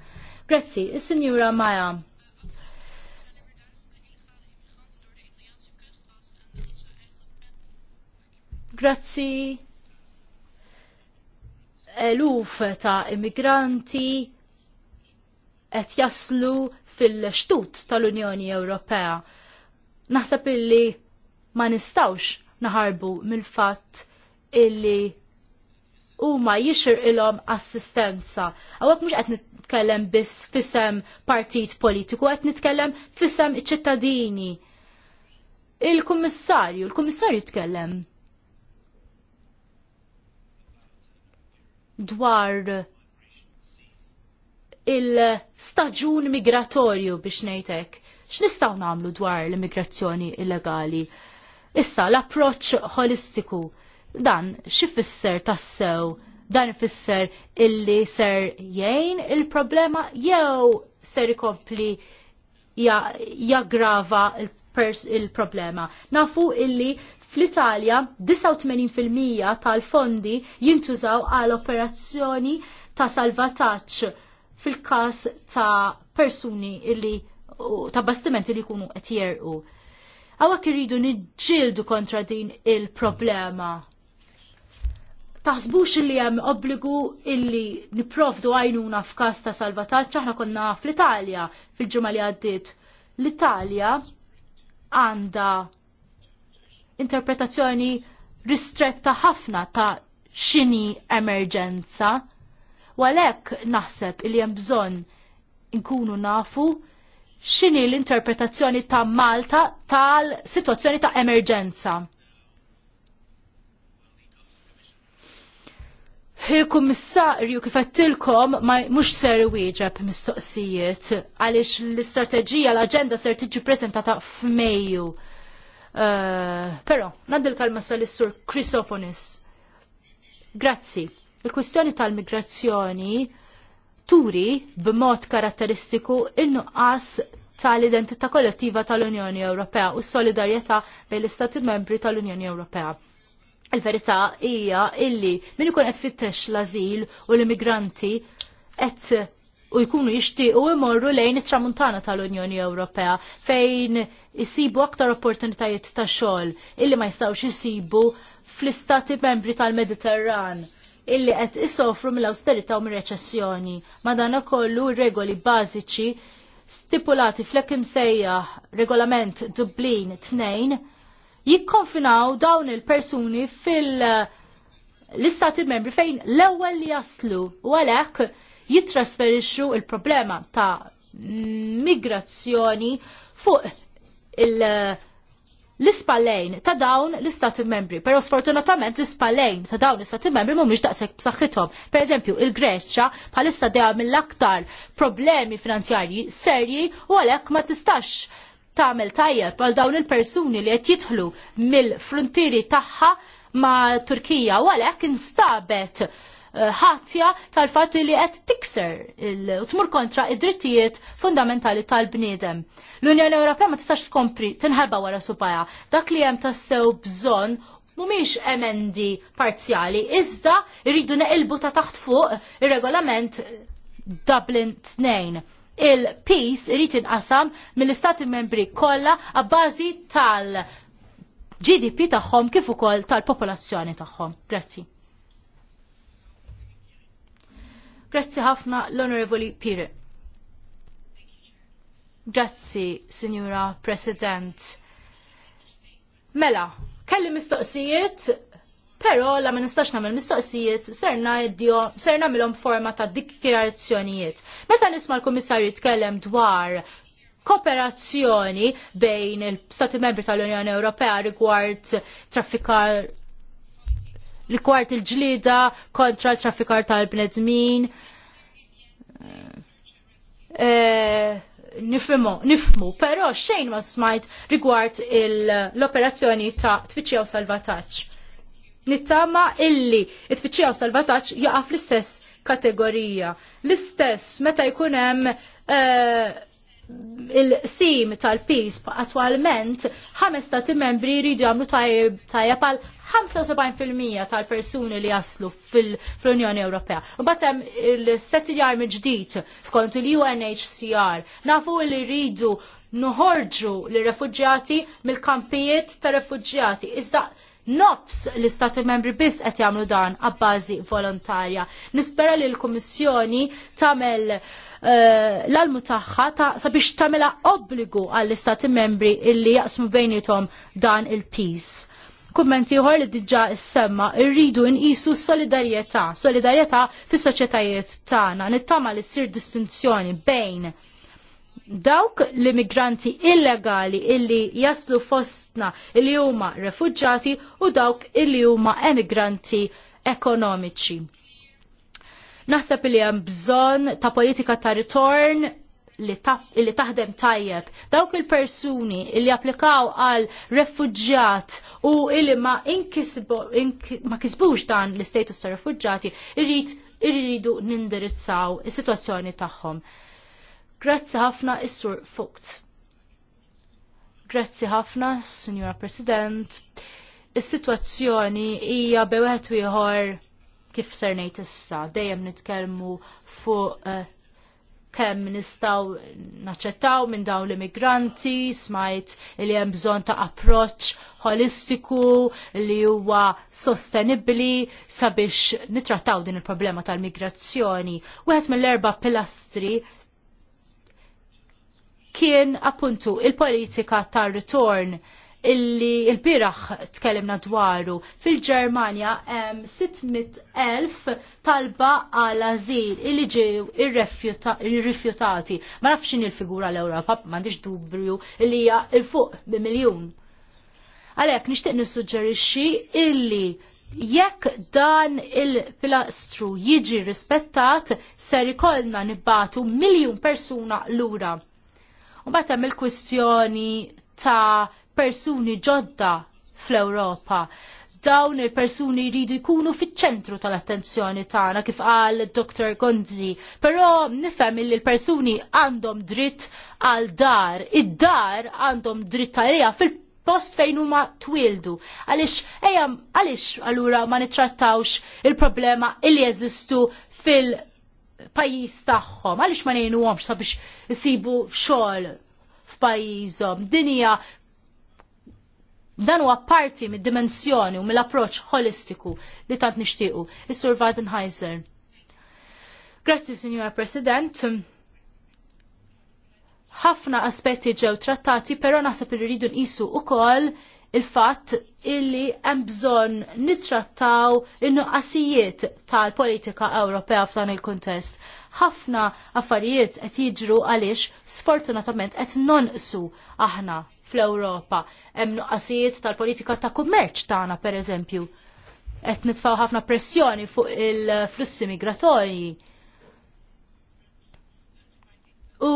Grazzi, is-Sinjura Maja. Grazzi eluf eh, ta' immigranti qed jaslu fil-xtut tal-Unjoni Ewropea. Naħseb illi ma nistawx naħarbu mill-fatt illi huma jixir ilom assistenza. Għawak mhux qed nitkellem biss fisem partit politiku, qed nitkellem fissem iċ-ċittadini. Il-kummissarju, il-kummissarju tkellem dwar il-staġun migratorju biex nejtek. X'nistgħu nagħmlu dwar l-immigrazzjoni illegali? Issa l-approċċ holistiku dan x'ifisser tassew dan ifisser illi ser jgħin il-problema jew ser ikompli jaggrava il-problema. Nafu illi Fl-Italja 89% tal-fondi jintużaw għal operazzjoni ta' salvataċ fil-kas ta' persuni illi ta' bastimenti li kunu qed jerqu. Għawak irridu nġildu kontra din il-problema taħsbux illi hemm obbligu illi niprofdu għajnuna f'każ ta' salvataġġ aħna konna fl-Italja fil-ġimgħa li għaddiet. L-Italja għandha interpretazzjoni ristretta ħafna ta' xini emerġenza. Walek naħseb il hemm bżonn inkunu nafu xini l-interpretazzjoni ta' Malta tal-situazzjoni ta' emerġenza. Il-kummissarju kif għattilkom ma mux ser wieġeb mistoqsijiet għaliex l-istrateġija l-agenda ser tiġi prezentata f'Mejju. Eh, Pero, naddil kalma sal-issur Chrysophonis. Grazzi. Il-kwistjoni tal-migrazzjoni turi b'mod karatteristiku in-nuqqas tal-identità kollettiva tal-Unjoni Ewropea u s-solidarjetà bejn l-Istati membri tal-Unjoni Ewropea. Il-verità hija illi min ikun qed fittex l-azil u l-immigranti qed u jkunu jixtiequ imorru lejn it-tramuntana tal-Unjoni Ewropea fejn jisibu aktar opportunitajiet ta' xogħol illi ma jistgħux jisibu fl-istati membri tal-Mediterran illi qed isofru mill-austerità u mir-reċessjoni. Madana kollu regoli bażiċi stipulati fl-ekim sejja regolament Dublin 2 jikkonfinaw dawn il-persuni fil- l-istati membri fejn l-ewwel li jaslu u għalhekk jitrasferixxu il-problema ta' migrazzjoni fuq il- l-ispallejn ta' dawn l-istati membri, pero sfortunatament l-ispallejn ta' dawn l-istati membri mumiex daqsek b'saħħithom. Per eżempju, il-Greċċa bħalissa deha mill-aktar problemi finanzjarji serji u għalhekk ma tistax tagħmel tajjeb għal dawn il-persuni li qed jidħlu mill-frontieri tagħha ma' Turkija u għalhekk instabet ħatja tal-fatt li qed tikser u tmur kontra id-drittijiet fundamentali tal-bniedem. L-Unjoni Ewropea ma tistax tkompri tinħeba wara supaja. Dak li hemm tassew bżonn mumiex emendi parzjali, iżda rridu neqilbu ta' taħt fuq ir-regolament Dublin 2 il-peace irrit inqasam mill-istati membri kollha għabbażi tal- GDP tagħhom kif ukoll tal-popolazzjoni tagħhom. Grazzi. Grazzi ħafna l-Onorevoli Pire. Grazzi, Signora President. Mela, kelli mistoqsijiet, pero la ma nistax nagħmel mistoqsijiet ser nagħmilhom forma ta' dikjarazzjonijiet. Meta nisma' l-Kummissarju jitkellem dwar kooperazzjoni bejn il-Stati Membri tal-Unjoni Ewropea rigward traffikar l-kwart il-ġlida kontra traffikar tal-bnedmin. E, eh, eh, nifmu, nifmu, pero xejn ma smajt rigward l-operazzjoni ta' tfittxija u salvataċ. Nittama illi it-tfittxija u salvataċ jaqaf l-istess kategorija. L-istess meta jkunem uh, eh, il-sim tal pisp attualment ħames stati membri jridu jagħmlu tajja pal 75% tal-persuni li jaslu fil-Unjoni Ewropea. Mbagħad hemm il setti mill-ġdid skont il-UNHCR nafu li rridu nħorġu l refuġjati mill-kampijiet ta' refuġjati. Iżda nofs l-istati membri biss qed jagħmlu dan għabbażi volontarja. Nispera li l-Kummissjoni tagħmel Eh, l-almu tagħha ta' sabiex tagħmilha obbligu għall-istati membri illi jaqsmu bejnietom dan il-peace. Kummenti ieħor li diġà irridu rridu nqisu solidarjetà, solidarjetà fis-soċjetajiet tagħna, nittama li ssir distinzjoni bejn dawk l-immigranti illegali illi jaslu fostna illi huma refugġati u dawk illi huma emigranti ekonomiċi Naħseb li hemm bżonn ta' politika ta' ritorn li, taħdem tajjeb. Dawk il-persuni li applikaw għal refugġjat u illi ma, ma kisbux dan l-istatus ta' refugġjati irrid irridu nindirizzaw is-sitwazzjoni tagħhom. Grazzi ħafna is-sur Fukt. Grazzi ħafna, Sinjora President. Is-sitwazzjoni hija bewet ieħor kif ser ngħid issa, dejjem nitkellmu fuq kem eh, kemm nistgħu naċċettaw minn dawn l-immigranti, smajt li hemm bżonn ta' approċċ holistiku li huwa sostenibbli sabiex nitrattaw din il-problema tal-migrazzjoni. Wieħed mill-erba' pilastri kien appuntu il-politika tar-ritorn illi il-biraħ tkellimna dwaru. Fil-Ġermanja hemm 600,000 talba għal azil illi ġew irrifjutati. Ma nafx il-figura l-Ewropa, m'għandix dubju illi hija il fuq bi miljun. Għalhekk nixtieq nissuġġerixxi illi jekk dan il-pilastru jiġi rispettat ser ikollna nibbatu miljun persuna lura. U hemm il-kwistjoni ta' persuni ġodda fl-Ewropa dawn il-persuni jridu jkunu fiċ-ċentru tal-attenzjoni tagħna kif qal Dr. Gonzi, però nifhem li l-persuni għandhom dritt għal dar, id-dar għandhom dritt għalija fil-post fejn huma twildu. Għaliex ejja għaliex allura ma nittrattawx il-problema illi jeżistu fil- pajis tagħhom, għaliex ma ngħinuhomx sabiex jisibu xogħol f'pajjiżhom. dinija Dan huwa parti mid-dimensjoni u mill-approċ holistiku li tant nixtiequ, is-Sur Weidenheiser. Grazzi, Signora President. Ħafna aspetti ġew trattati, però naħseb li rridu nqisu ukoll il-fatt illi hemm bżonn nittrattaw in-nuqqasijiet tal-politika Ewropea f'dan il-kuntest. Ħafna affarijiet qed jiġru għaliex sfortunatament qed nonqsu aħna fl-Ewropa. Hemm nuqqasijiet tal-politika ta' kummerċ tagħna pereżempju. Qed nitfgħu ħafna pressjoni fuq il-flussi migratorji. U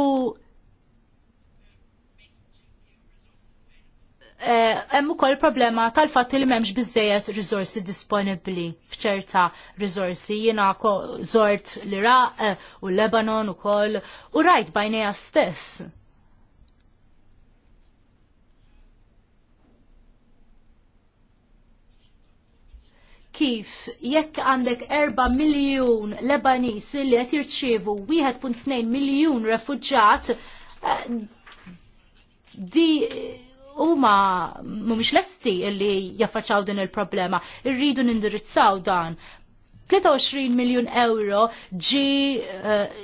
eh, hemm ukoll problema tal-fatt li m'hemmx biżejjed riżorsi disponibbli f'ċerta riżorsi. Jiena żort l-Iraq eh, u l-Lebanon ukoll u rajt bajnejha stess kif jekk għandek 4 miljun Lebanis li qed jirċievu 1.2 miljun refuġġat eh, di huma mhumiex lesti li jaffaċċaw din il-problema. Irridu nindirizzaw dan. 23 miljun euro ġi eh,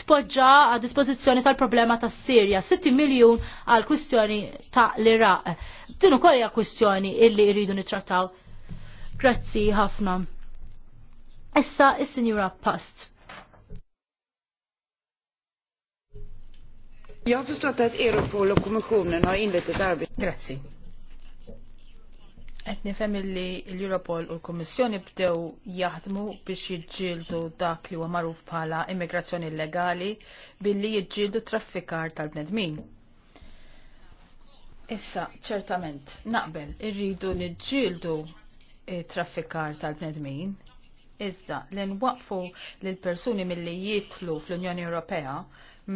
tpoġġa għad dispożizzjoni tal-problema tas sirja 60 miljun għal kwistjoni ta' l-Iraq. Din ukoll hija kwistjoni illi rridu nittrattaw Grazzi ħafna. Issa is-Sinjura Past. Jag har förstått att Europol och kommissionen har inlett ett arbete. Grazzi. Et nifhem li l-Europol u l kummissjoni bdew jaħdmu biex jiġġieldu dak li huwa magħruf bħala immigrazzjoni illegali billi jiġġieldu traffikar tal-bnedmin. Issa, ċertament, naqbel, irridu niġġieldu traffikar tal-bnedmin. Iżda, l nwaqfu l-persuni mill-li jitlu fl-Unjoni Ewropea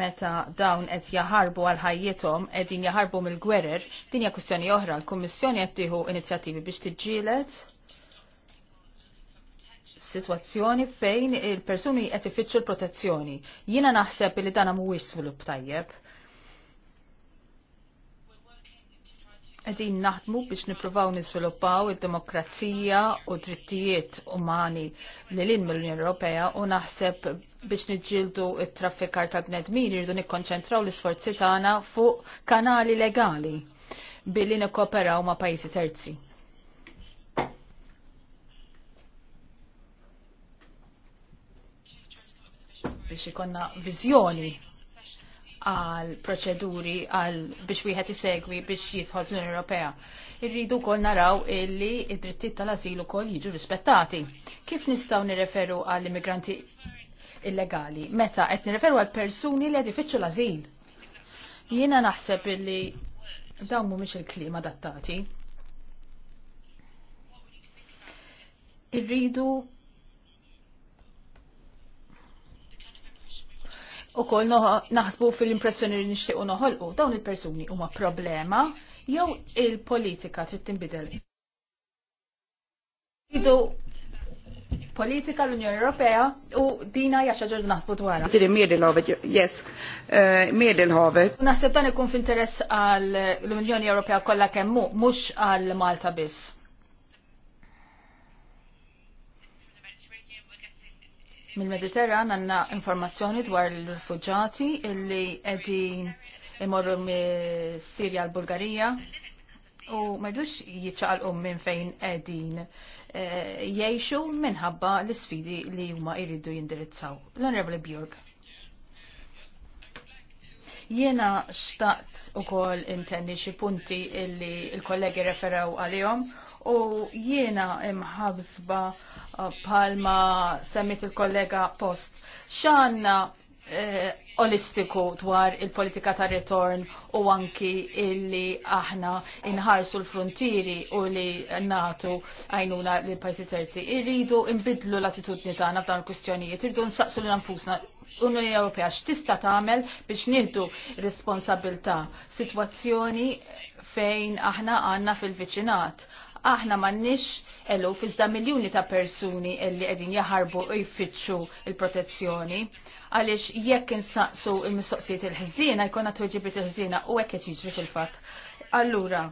meta dawn qed jaħarbu għal ħajjithom qegħdin jaħarbu mill-gwerer, din hija kwistjoni oħra. L-Kummissjoni qed tieħu inizjattivi biex tiġġieled situazzjoni fejn il-persuni qed ifittxu l-protezzjoni. Jiena naħseb li dan mhuwiex svilupp tajjeb Għedin naħdmu biex nipruvaw nisviluppaw id-demokrazija u drittijiet umani lil l-in mill-Unjoni Ewropea u naħseb biex nġildu il traffikar ta' bnedmin irridu nikkonċentraw l-isforzi tagħna fuq kanali legali billi nikkooperaw ma' pajjiżi terzi. biex ikonna viżjoni għal proċeduri għal biex wieħed isegwi biex jidħol fl-Unjoni Ewropea. Irridu wkoll naraw illi id-drittijiet tal ażil ukoll jiġu rispettati. Kif nistgħu nirreferu għall immigranti illegali? Meta qed nirreferu għal persuni li qed ifittxu l-ażil. Jiena naħseb illi dawn mhumiex il-kliem adattati. Irridu u kol naħsbu fil-impressjoni li nixtiequ noħolqu dawn il-persuni huma problema jew il-politika trid tinbidel. Idu politika l-Unjoni Ewropea u dina jaxa ġordu naħsbu dwarha. Tiri Mirdelhavet, yes, eh, Mirdelhavet. Naħseb dan ikun f'interess għall unjoni Ewropea kollha kemm mhux għal Malta biss. Mill-Mediterran għanna informazzjoni dwar l-rifugġati illi edin imorru mis-Sirja l-Bulgarija u merdux jiċċaqalqu minn fejn edin e, jiexu minħabba l-sfidi li huma jridu jindirizzaw. L-Onorevoli Bjorg. Jiena xtaqt u kol intenni xi punti illi il-kollegi referaw għalihom u jiena imħabsba uh, palma semmit il-kollega post. ċanna eh, olistiku dwar il-politika ta' ritorn u anki illi aħna inħarsu l-frontieri u li natu għajnuna li pajsi terzi. Irridu imbidlu l-attitudni tagħna f'dan il kustjonijiet irridu nsaqsu li nfusna Unjoni Ewropea x'tista' tagħmel biex nieħdu responsabilità. Sitwazzjoni fejn aħna għandna fil-viċinat aħna m'għandniex eluf iżda miljuni ta' persuni li qegħdin jaħarbu u jfittxu il-protezzjoni għaliex jekk insaqsu il-mistoqsijiet il-ħżiena jkollna tweġibiet il ħżina u hekk qed jiġri fil-fatt. Allura,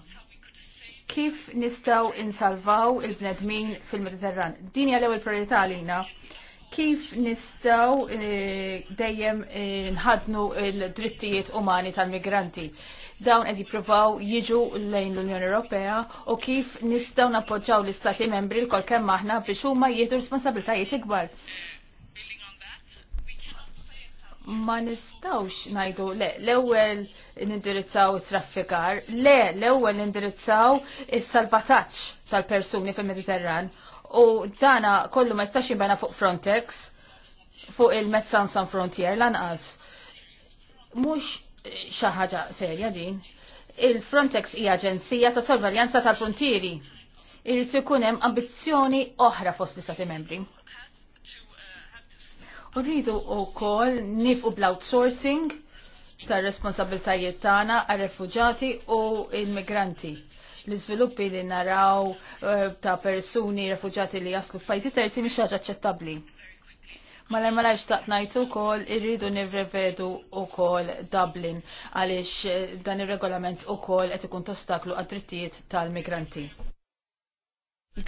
kif nistgħu insalvaw il-bnedmin fil-Mediterran? Din hija l-ewwel priorità għalina kif nistaw eh, dejjem eh, nħadnu il drittijiet umani tal-migranti dawn qed jippruvaw jiġu lejn l-Unjoni Ewropea u kif nistgħu nappoġġaw l-Istati membri l-kol kemm aħna biex huma jieħdu responsabiltajiet ikbar. Ma nistawx najdu le, l-ewwel nindirizzaw it-traffikar, le, l-ewwel nindirizzaw is-salvataġġ tal-persuni fil-Mediterran u dana kollu ma jistax jimbena fuq Frontex, fuq il metsan San Frontier lanqas. Mux xaħġa ħaġa serja din. Il-Frontex hija aġenzija ta' sorveljanza tal-frontieri. Irid ikun hemm ambizzjoni oħra fost l-Istati membri. U rridu wkoll nifqu bl-outsourcing tar responsabiltajiet tagħna għar-refuġati u l-migranti l-iżviluppi li naraw eh, ta' persuni refuġati li jaslu f'pajjiżi terzi mhix ħaġa aċċettabbli Malar malar xtaqt najtu kol irridu nirrevedu u kol Dublin għalix eh, dan il-regolament u kol għet ikun tostaklu għad-drittijiet tal-migranti.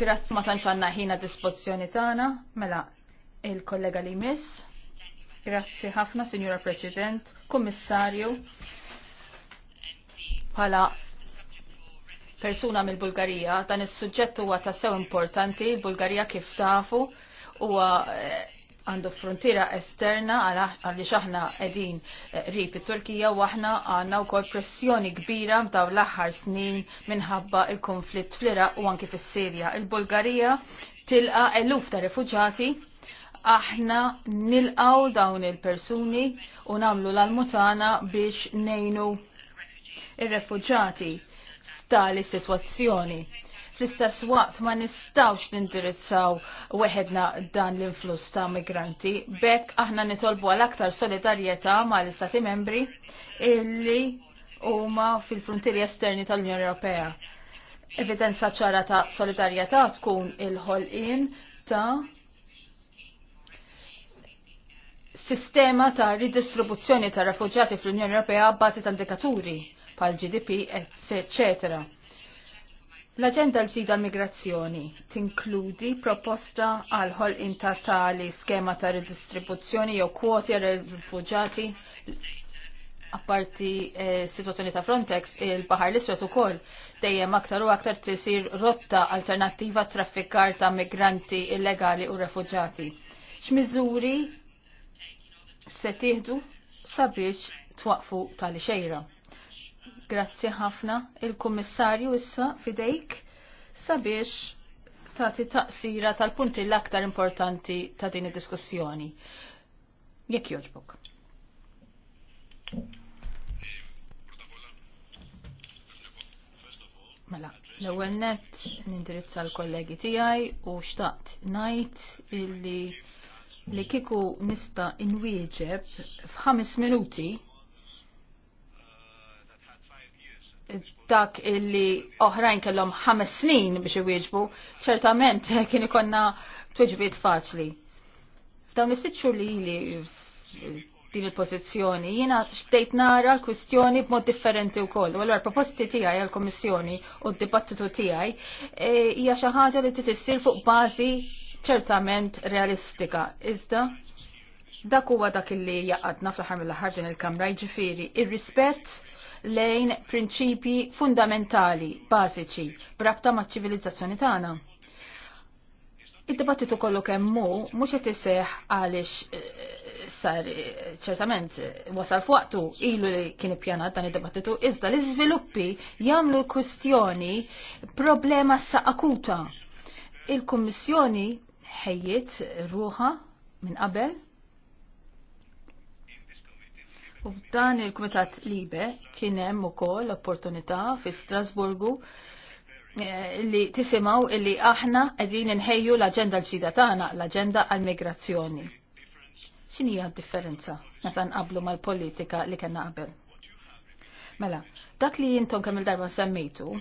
Grazz ma tanċanna ħina dispozzjoni tana, mela il-kollega li miss. Grazzi ħafna, Signora President, Kommissarju, pala persuna mill-Bulgarija, dan is-suġġett huwa ta' sew importanti, il-Bulgarija kif tafu, huwa eh, għandu frontiera esterna għalli xaħna edin eh, rip il-Turkija u aħna għanna u kol pressjoni kbira mtaw l-axar snin minħabba il-konflitt fl-Iraq u għanki fis-Sirja. Il-Bulgarija tilqa eluf ta' refuġati aħna nilqaw dawn il-persuni u namlu l-almutana biex nejnu il-refuġati f'tali situazzjoni fl-istess waqt ma nistawx nindirizzaw weħedna dan l-influss ta' migranti. Bekk aħna nitolbu għal aktar solidarjetà mal istati membri illi huma fil-frontieri esterni tal-Unjoni Ewropea. Evidenza ċara ta' solidarjetà tkun il-ħolqien ta' sistema ta' ridistribuzzjoni ta' refugjati fl-Unjoni Ewropea bbażi ta' indikaturi pal GDP, etc. L-agenda l-ġdida l-migrazzjoni tinkludi proposta għal ħol intatali tali skema ta' redistribuzzjoni jew kwoti għal rifuġati apparti eh, situazzjoni ta' Frontex, il-Bahar l-Iswed ukoll dejjem aktar u aktar tisir rotta alternattiva traffikar ta' migranti illegali u refuġati. X'miżuri se tieħdu sabiex twaqfu tali xejra. Grazzi ħafna il-Kummissarju issa fidejk sabiex tagħti taqsira tal-punti l-aktar importanti ta' din id-diskussjoni. Jekk jogħġbok. Mela, l-ewwel net nindirizza l-kollegi tiegħi u xtaqt ngħid illi li kiku nista' inwieġeb f'ħames minuti dak illi oħrajn kellhom ħames snin biex iwieġbu, ċertament kien ikonna tweġbiet faċli. F'dawn nifsit ftit li li din il-pożizzjoni, jiena xbdejt nara l-kwistjoni b'mod differenti wkoll. U għallar, proposti tiegħi għall komissjoni u d-dibattitu tiegħi e, hija xi ħaġa li titissir fuq bażi ċertament realistika. Iżda dak huwa dak illi jaqadna fl-ħar mill-ħar din il-kamra jiġifieri ir-rispett lejn prinċipji fundamentali, bażiċi, brabta maċ ċivilizzazzjoni tagħna. Id-dibattitu kollu kemmu mhux qed iseħħ għaliex eh, sar eh, ċertament wasal fuqtu ilu li kien ippjanat dan id-dibattitu iżda l-iżviluppi jagħmlu kwistjoni problema akuta. Il-Kummissjoni ħejjiet ruħa minn qabel U dan il-Kumitat Libe kien hemm ukoll opportunità fi Strasburgu eh, li tisimaw illi aħna qegħdin inħejju l-aġenda l-ġdida tagħna, l-aġenda għall-migrazzjoni. X'inhi hija d-differenza meta nqablu mal-politika li kellna qabel? Mela, dak li jintom kemm il-darba semmejtu,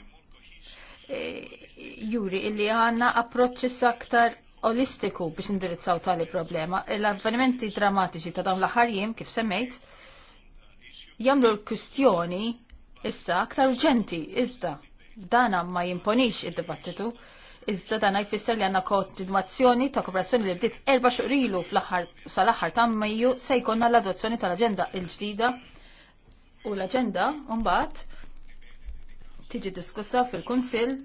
eh, juri illi għanna approċċi aktar olistiku biex indirizzaw tali problema. L-avvenimenti drammatiċi ta' dawn l-aħħar kif semmejt, Jamlu l kustjoni issa aktar uġenti, iżda dana ma jimponix id-dibattitu. Iżda dana jfisser li għanna kontinuazzjoni ta' kooperazzjoni li bdiet erba' xurilu fl-aħħar sal-aħħar ta' Mejju se jkollna l-adozzjoni tal-aġenda il ġdida u l-aġenda mbagħad tiġi diskussa fil-Kunsill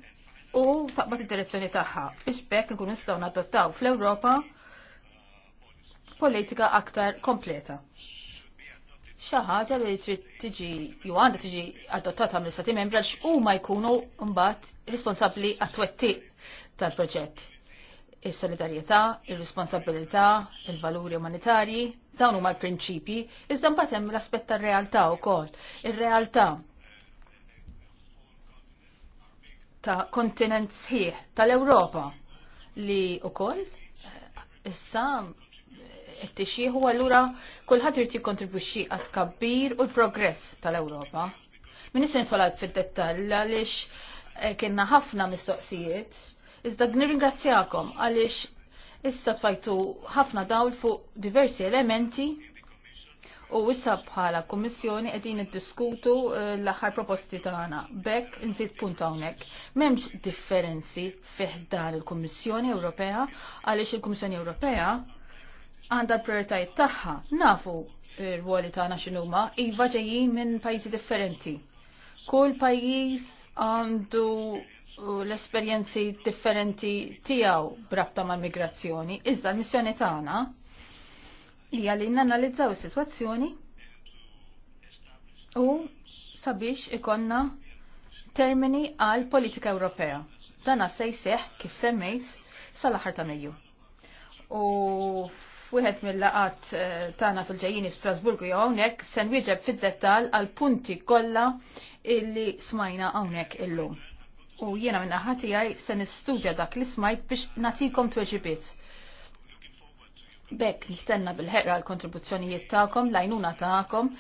u taqbad id-direzzjoni tagħha biex bekk nkunu nistgħu nadottaw fl-Ewropa politika aktar kompleta xi ħaġa li trid tiġi jew għandha tiġi adottata mill-istati membri għax huma jkunu mbagħad responsabbli għat-twettiq tal-proġett. Is-solidarjetà, ir-responsabilità, il-valuri umanitarji, dawn huma l-prinċipji, iżda mbagħad hemm l-aspett tar-realtà wkoll. Ir-realtà ta' kontinent sħiħ tal-Ewropa li wkoll issa t-tixieħu għallura kullħat irti kontribuċi għat kabbir u l-progress tal-Europa. Minnis nitolad fil-dettall għalix eh, kienna ħafna mistoqsijiet, iżda nirringrazzjakom għalix issa tfajtu ħafna dawl fuq diversi elementi u issa bħala kommissjoni qegħdin iddiskutu eh, l-aħħar proposti tagħna. Bekk nżid punt hawnhekk. M'hemmx differenzi fih dan il-Kummissjoni Ewropea għaliex il-Kummissjoni Ewropea għandha prioritajiet tagħha. Nafu r-ruoli tagħna x'inhuma, iva ġejjin minn pajjiżi differenti. Kull pajjiż għandu uh, l-esperjenzi differenti tiegħu brabta mal-migrazzjoni, iżda l-missjoni tagħna hija li nanalizzaw is-sitwazzjoni u sabiex ikonna termini għal politika Ewropea. Dana se jseħ kif semmejt sal-aħħar ta' Mejju. U Wieħed mill-laqat eh, tagħna fil-ġejjin Strasburgu jew hawnhekk se nwieġeb fid-dettall għal punti kollha illi smajna hawnhekk illum. U jiena minn naħa tiegħi se nistudja dak li smajt biex nagħtikom tweġibiet. Bekk nistenna bil-ħeqra l-kontribuzzjonijiet tagħkom, l-għajnuna tagħkom.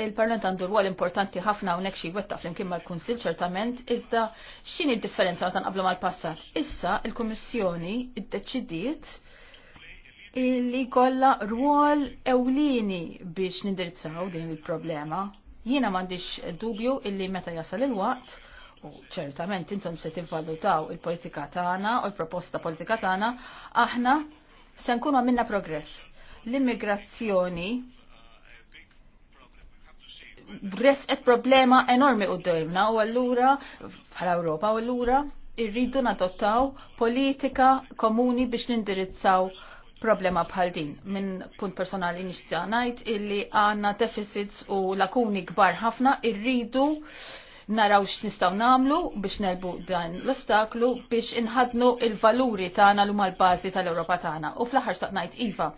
Il-Parlament għandu rwol importanti ħafna hawnhekk xi wetta flimkien mal-Kunsill ċertament, iżda x'inhi d-differenza meta nqablu mal-passat. Issa il-Kummissjoni ddeċidiet. il li kolla rwol ewlini biex nindirizzaw din il-problema. Jiena m'għandix dubju illi meta jasal il-waqt, u ċertament intom se tivvalutaw il-politika tagħna u l-proposta politika tagħna, aħna se nkunu minna progress. L-immigrazzjoni et problema enormi d-dajmna u allura bħala Ewropa u allura irridu nadottaw politika komuni biex nindirizzaw problema bħal din. Minn punt personali nixtieq najt illi għandna deficits u lakuni kbar ħafna irridu naraw x'nistgħu nagħmlu biex nelbu dan l-ostaklu biex inħadnu il-valuri tagħna l l-bażi tal-Ewropa tagħna. U fl-aħħar staqt ngħid iva.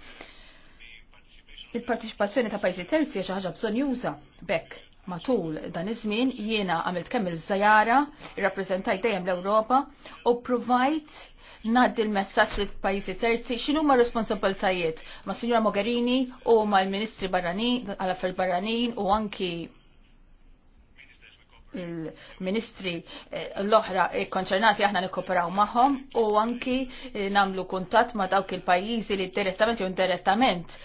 Il-partiċipazzjoni ta' pajjiżi terzi xi ħaġa bżonn juża bekk matul dan iż-żmien jiena għamilt kemm il-żjara, rappreżentajt dejjem l-Ewropa u provajt naddi l-messaġġ li pajjiżi terzi x'inhu ma' responsabiltajiet ma' Sinjora Mogherini u mal-Ministri Barranin għal affarijiet Barranin u anki il-ministri eh, l-oħra konċernati aħna nikoperaw magħhom u anki eh, namlu kuntatt ma' dawk il-pajjiżi li direttament jew indirettament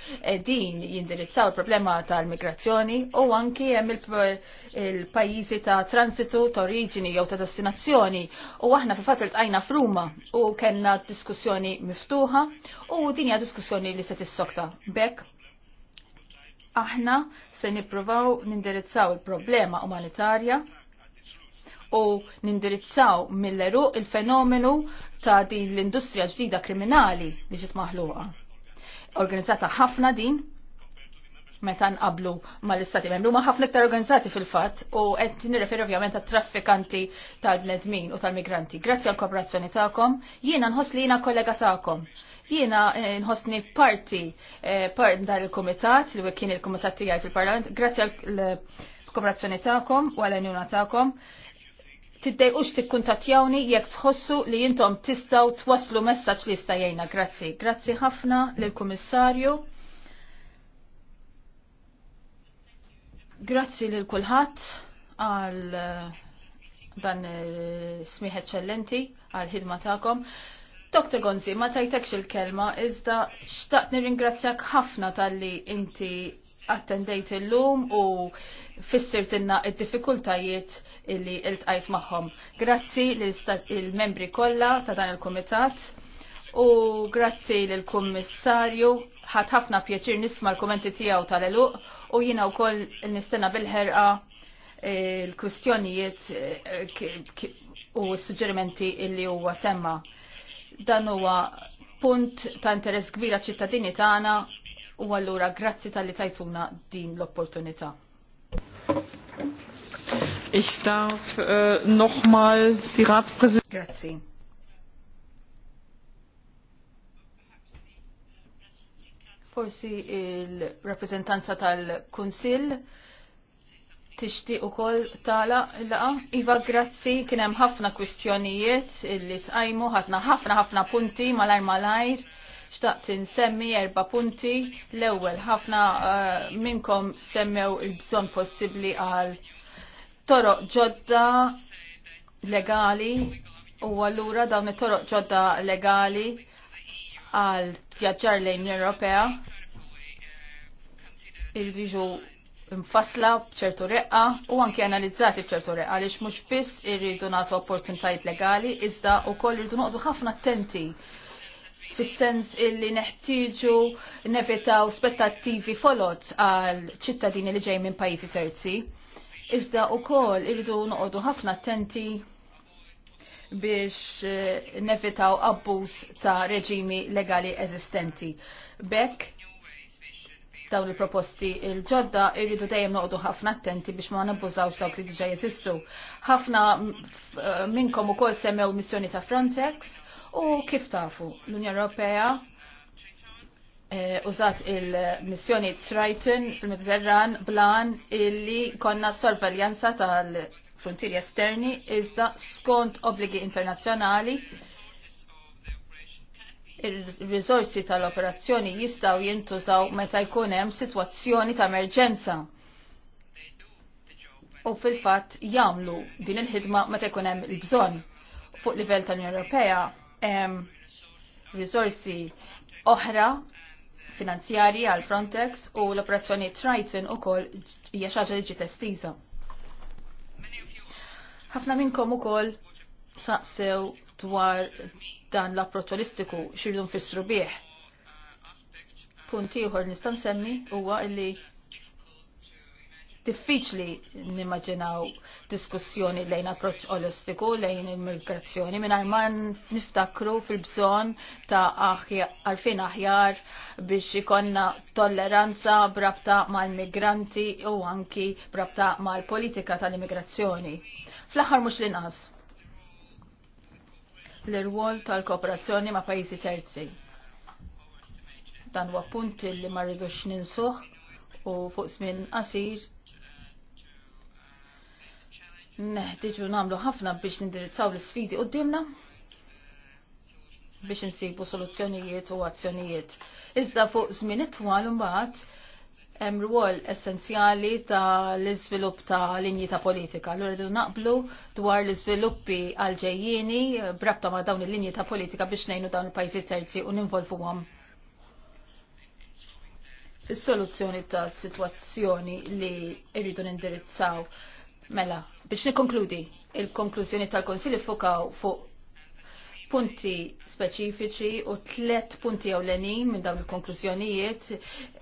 din jindirizzaw il-problema tal-migrazzjoni u anki jem il-pajjiżi ta' transitu ta' oriġini jew ta' destinazzjoni u aħna fi fatt iltqajna f'Ruma u kellna diskussjoni miftuħa u dinja diskussjoni li se tissokta bekk aħna se nippruvaw nindirizzaw il-problema umanitarja u nindirizzaw milleru il-fenomenu ta' din l-industrija ġdida kriminali li ġiet maħluqa. Organizzata ħafna din, meta nqablu mal-istati membru ma ħafna iktar organizzati fil-fatt u qed nirreferi ovvjament għat traffikanti tal-bnedmin u tal-migranti. Grazzi għal kooperazzjoni tagħkom, jiena nħoss li jiena kollega tagħkom Jiena eh, nħossni parti eh, part dan il-komitat li kien il-komitat tiegħi fil-Parlament. Grazzi għall-kooperazzjoni tagħkom u għall-għenjuna tagħkom. Tiddejqux tikkuntattjawni jekk tħossu li jintom tistaw twaslu messaġġ li jista' jgħinna. Grazzi. Grazzi ħafna lill-Kummissarju. Grazzi lil kulħadd għal eh, dan smiħ eċċellenti għal ħidma tagħkom. Dr. Gonzi, ma tajtekx il-kelma, iżda xtaqt nirringrazzjak ħafna tal-li inti attendejt il-lum u fissirt inna il-difikultajiet illi il-tqajt maħħom. Grazzi l-membri kolla ta' dan il-komitat u grazzi l-kommissarju ħat ħafna pjaċir nisma l-kommenti tijaw tal-eluq u jina u koll nistenna bil-ħerqa l-kustjonijiet eh, u s-suġġerimenti illi huwa semma. Dan huwa punt ta' interess kbira ċittadini tagħna u allura grazzi tal-li tajtuna din l-opportunità. Ich darf äh, nochmal die Ratspräsidentin. Grazie. Forsi il-rappresentanza tal-Kunsill Tixtieq u kol tala laqa. Iva, grazzi, kienem ħafna kwistjonijiet illi tqajmu, ħatna ħafna ħafna punti malajr malajr. Xtaqt insemmi erba punti. L-ewwel ħafna eh, minkom semmew il-bżon possibbli għal toroq ġodda legali u allura dawn it-toroq ġodda legali għal vjaġġar lejn Ewropea irridu mfasla bċertu reqqa u anke analizzati bċertu reqqa għaliex mhux biss irridu nagħtu opportunitajiet legali iżda wkoll irridu noqdu ħafna attenti fis-sens illi neħtieġu nevitaw spettattivi folot għal ċittadini li ġej minn pajjiżi terzi. Iżda wkoll irridu noqogħdu ħafna attenti biex eh, nevitaw abbuż ta' reġimi legali eżistenti. Bekk dawn il-proposti il-ġodda irridu dejjem noqdu ħafna attenti biex ma nabbużawx dawk li diġa jeżistu. Ħafna eh, minnkom ukoll semmew missjoni ta' Frontex u kif tafu l-Unja Ewropea eh, użat il-missjoni Triton fil-Mediterran blan illi konna s-sorvaljanza tal-frontieri esterni iżda skont obbligi internazzjonali il-rizorsi tal-operazzjoni jistaw jintużaw meta jkun hemm sitwazzjoni ta' emerġenza. U fil-fatt jagħmlu din il-ħidma meta jkun hemm il-bżonn. Fuq livell tal-Unjoni Ewropea hemm rizorsi oħra finanzjarji għal Frontex u l-operazzjoni Triton ukoll hija xi ħaġa li ġiet estiża. Ħafna minnkom ukoll saqsew dwar dan l-approċċ olistiku xirdu nfissru bih. Punt ieħor nista' nsemmi huwa li diffiċli nimmaġinaw diskussjoni lejn approċċ olistiku lejn il-migrazzjoni mingħajr ma niftakru fil-bżonn ta' għarfien aħjar biex ikonna tolleranza brabta mal-migranti u anki brabta mal-politika tal-immigrazzjoni. Fl-aħħar mhux l-inqas l-irwol tal-kooperazzjoni ma' pajjiżi terzi. Dan huwa punt li ma rridux ninsuh u fuq żmien qasir neħtieġu nagħmlu ħafna biex nindirizzaw l-isfidi qudiemna biex insibu soluzzjonijiet u azzjonijiet. Iżda fuq żmien itwal imbagħad hemm rwol essenzjali ta' l-iżvilupp ta' linji ta' politika. Allura rridu naqblu dwar l-iżviluppi għal-ġejjieni eh, brabta ma' dawn il-linji ta' politika biex ngħinu dawn il-pajjiżi terzi u ninvolvuhom fis-soluzzjoni ta' situazzjoni li rridu nindirizzaw. Mela, biex nikkonkludi, il-konklużjoni tal-Konsilju fokaw fuq punti speċifiċi u tlet punti ewlenin minn dawn il-konklużjonijiet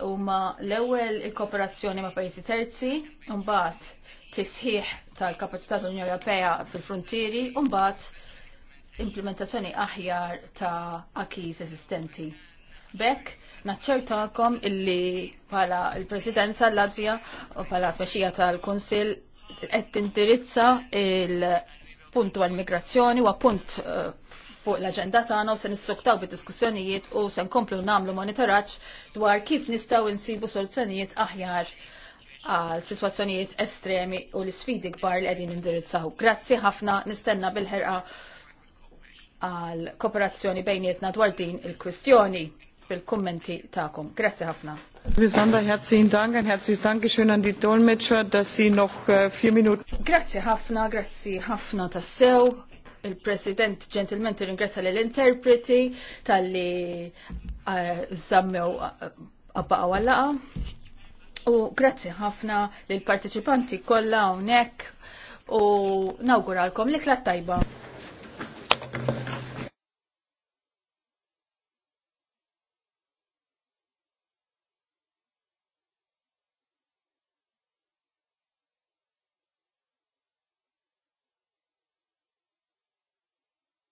huma l-ewwel il-kooperazzjoni ma' pajjiżi terzi, mbagħad tisħiħ tal-kapaċità tal-Unjoni Ewropea fil-frontieri u mbagħad implementazzjoni aħjar ta' akkiż esistenti. Bekk, naċċertakom illi pala il-Presidenza l-Latvija u pala tmexxija tal-Kunsill qed tindirizza il-punt għal migrazzjoni u punt eh, fuq l-agenda tagħna u se nissuktaw bid-diskussjonijiet u se nkomplu nagħmlu monitoraġġ dwar kif nistgħu insibu soluzzjonijiet aħjar għal sitwazzjonijiet estremi u l-sfidi kbar li qegħdin indirizzaw. Grazzi ħafna nistenna bil-ħerqa għal kooperazzjoni bejnietna dwar din il-kwistjoni fil-kummenti ta'kom. Grazzi ħafna. Lisandra, herzlichen Dank, ein herzliches Dankeschön an die Dolmetscher, dass Sie noch äh, vier Minuten. Grazie ħafna, grazie ħafna tassew il-President ġentilment ringrazzja l-interpreti tal-li eh, zammew għabbaqa eh, għallaqa. U grazzi ħafna l-partiċipanti kollha hawnhekk u nawguralkom l-ikla tajba.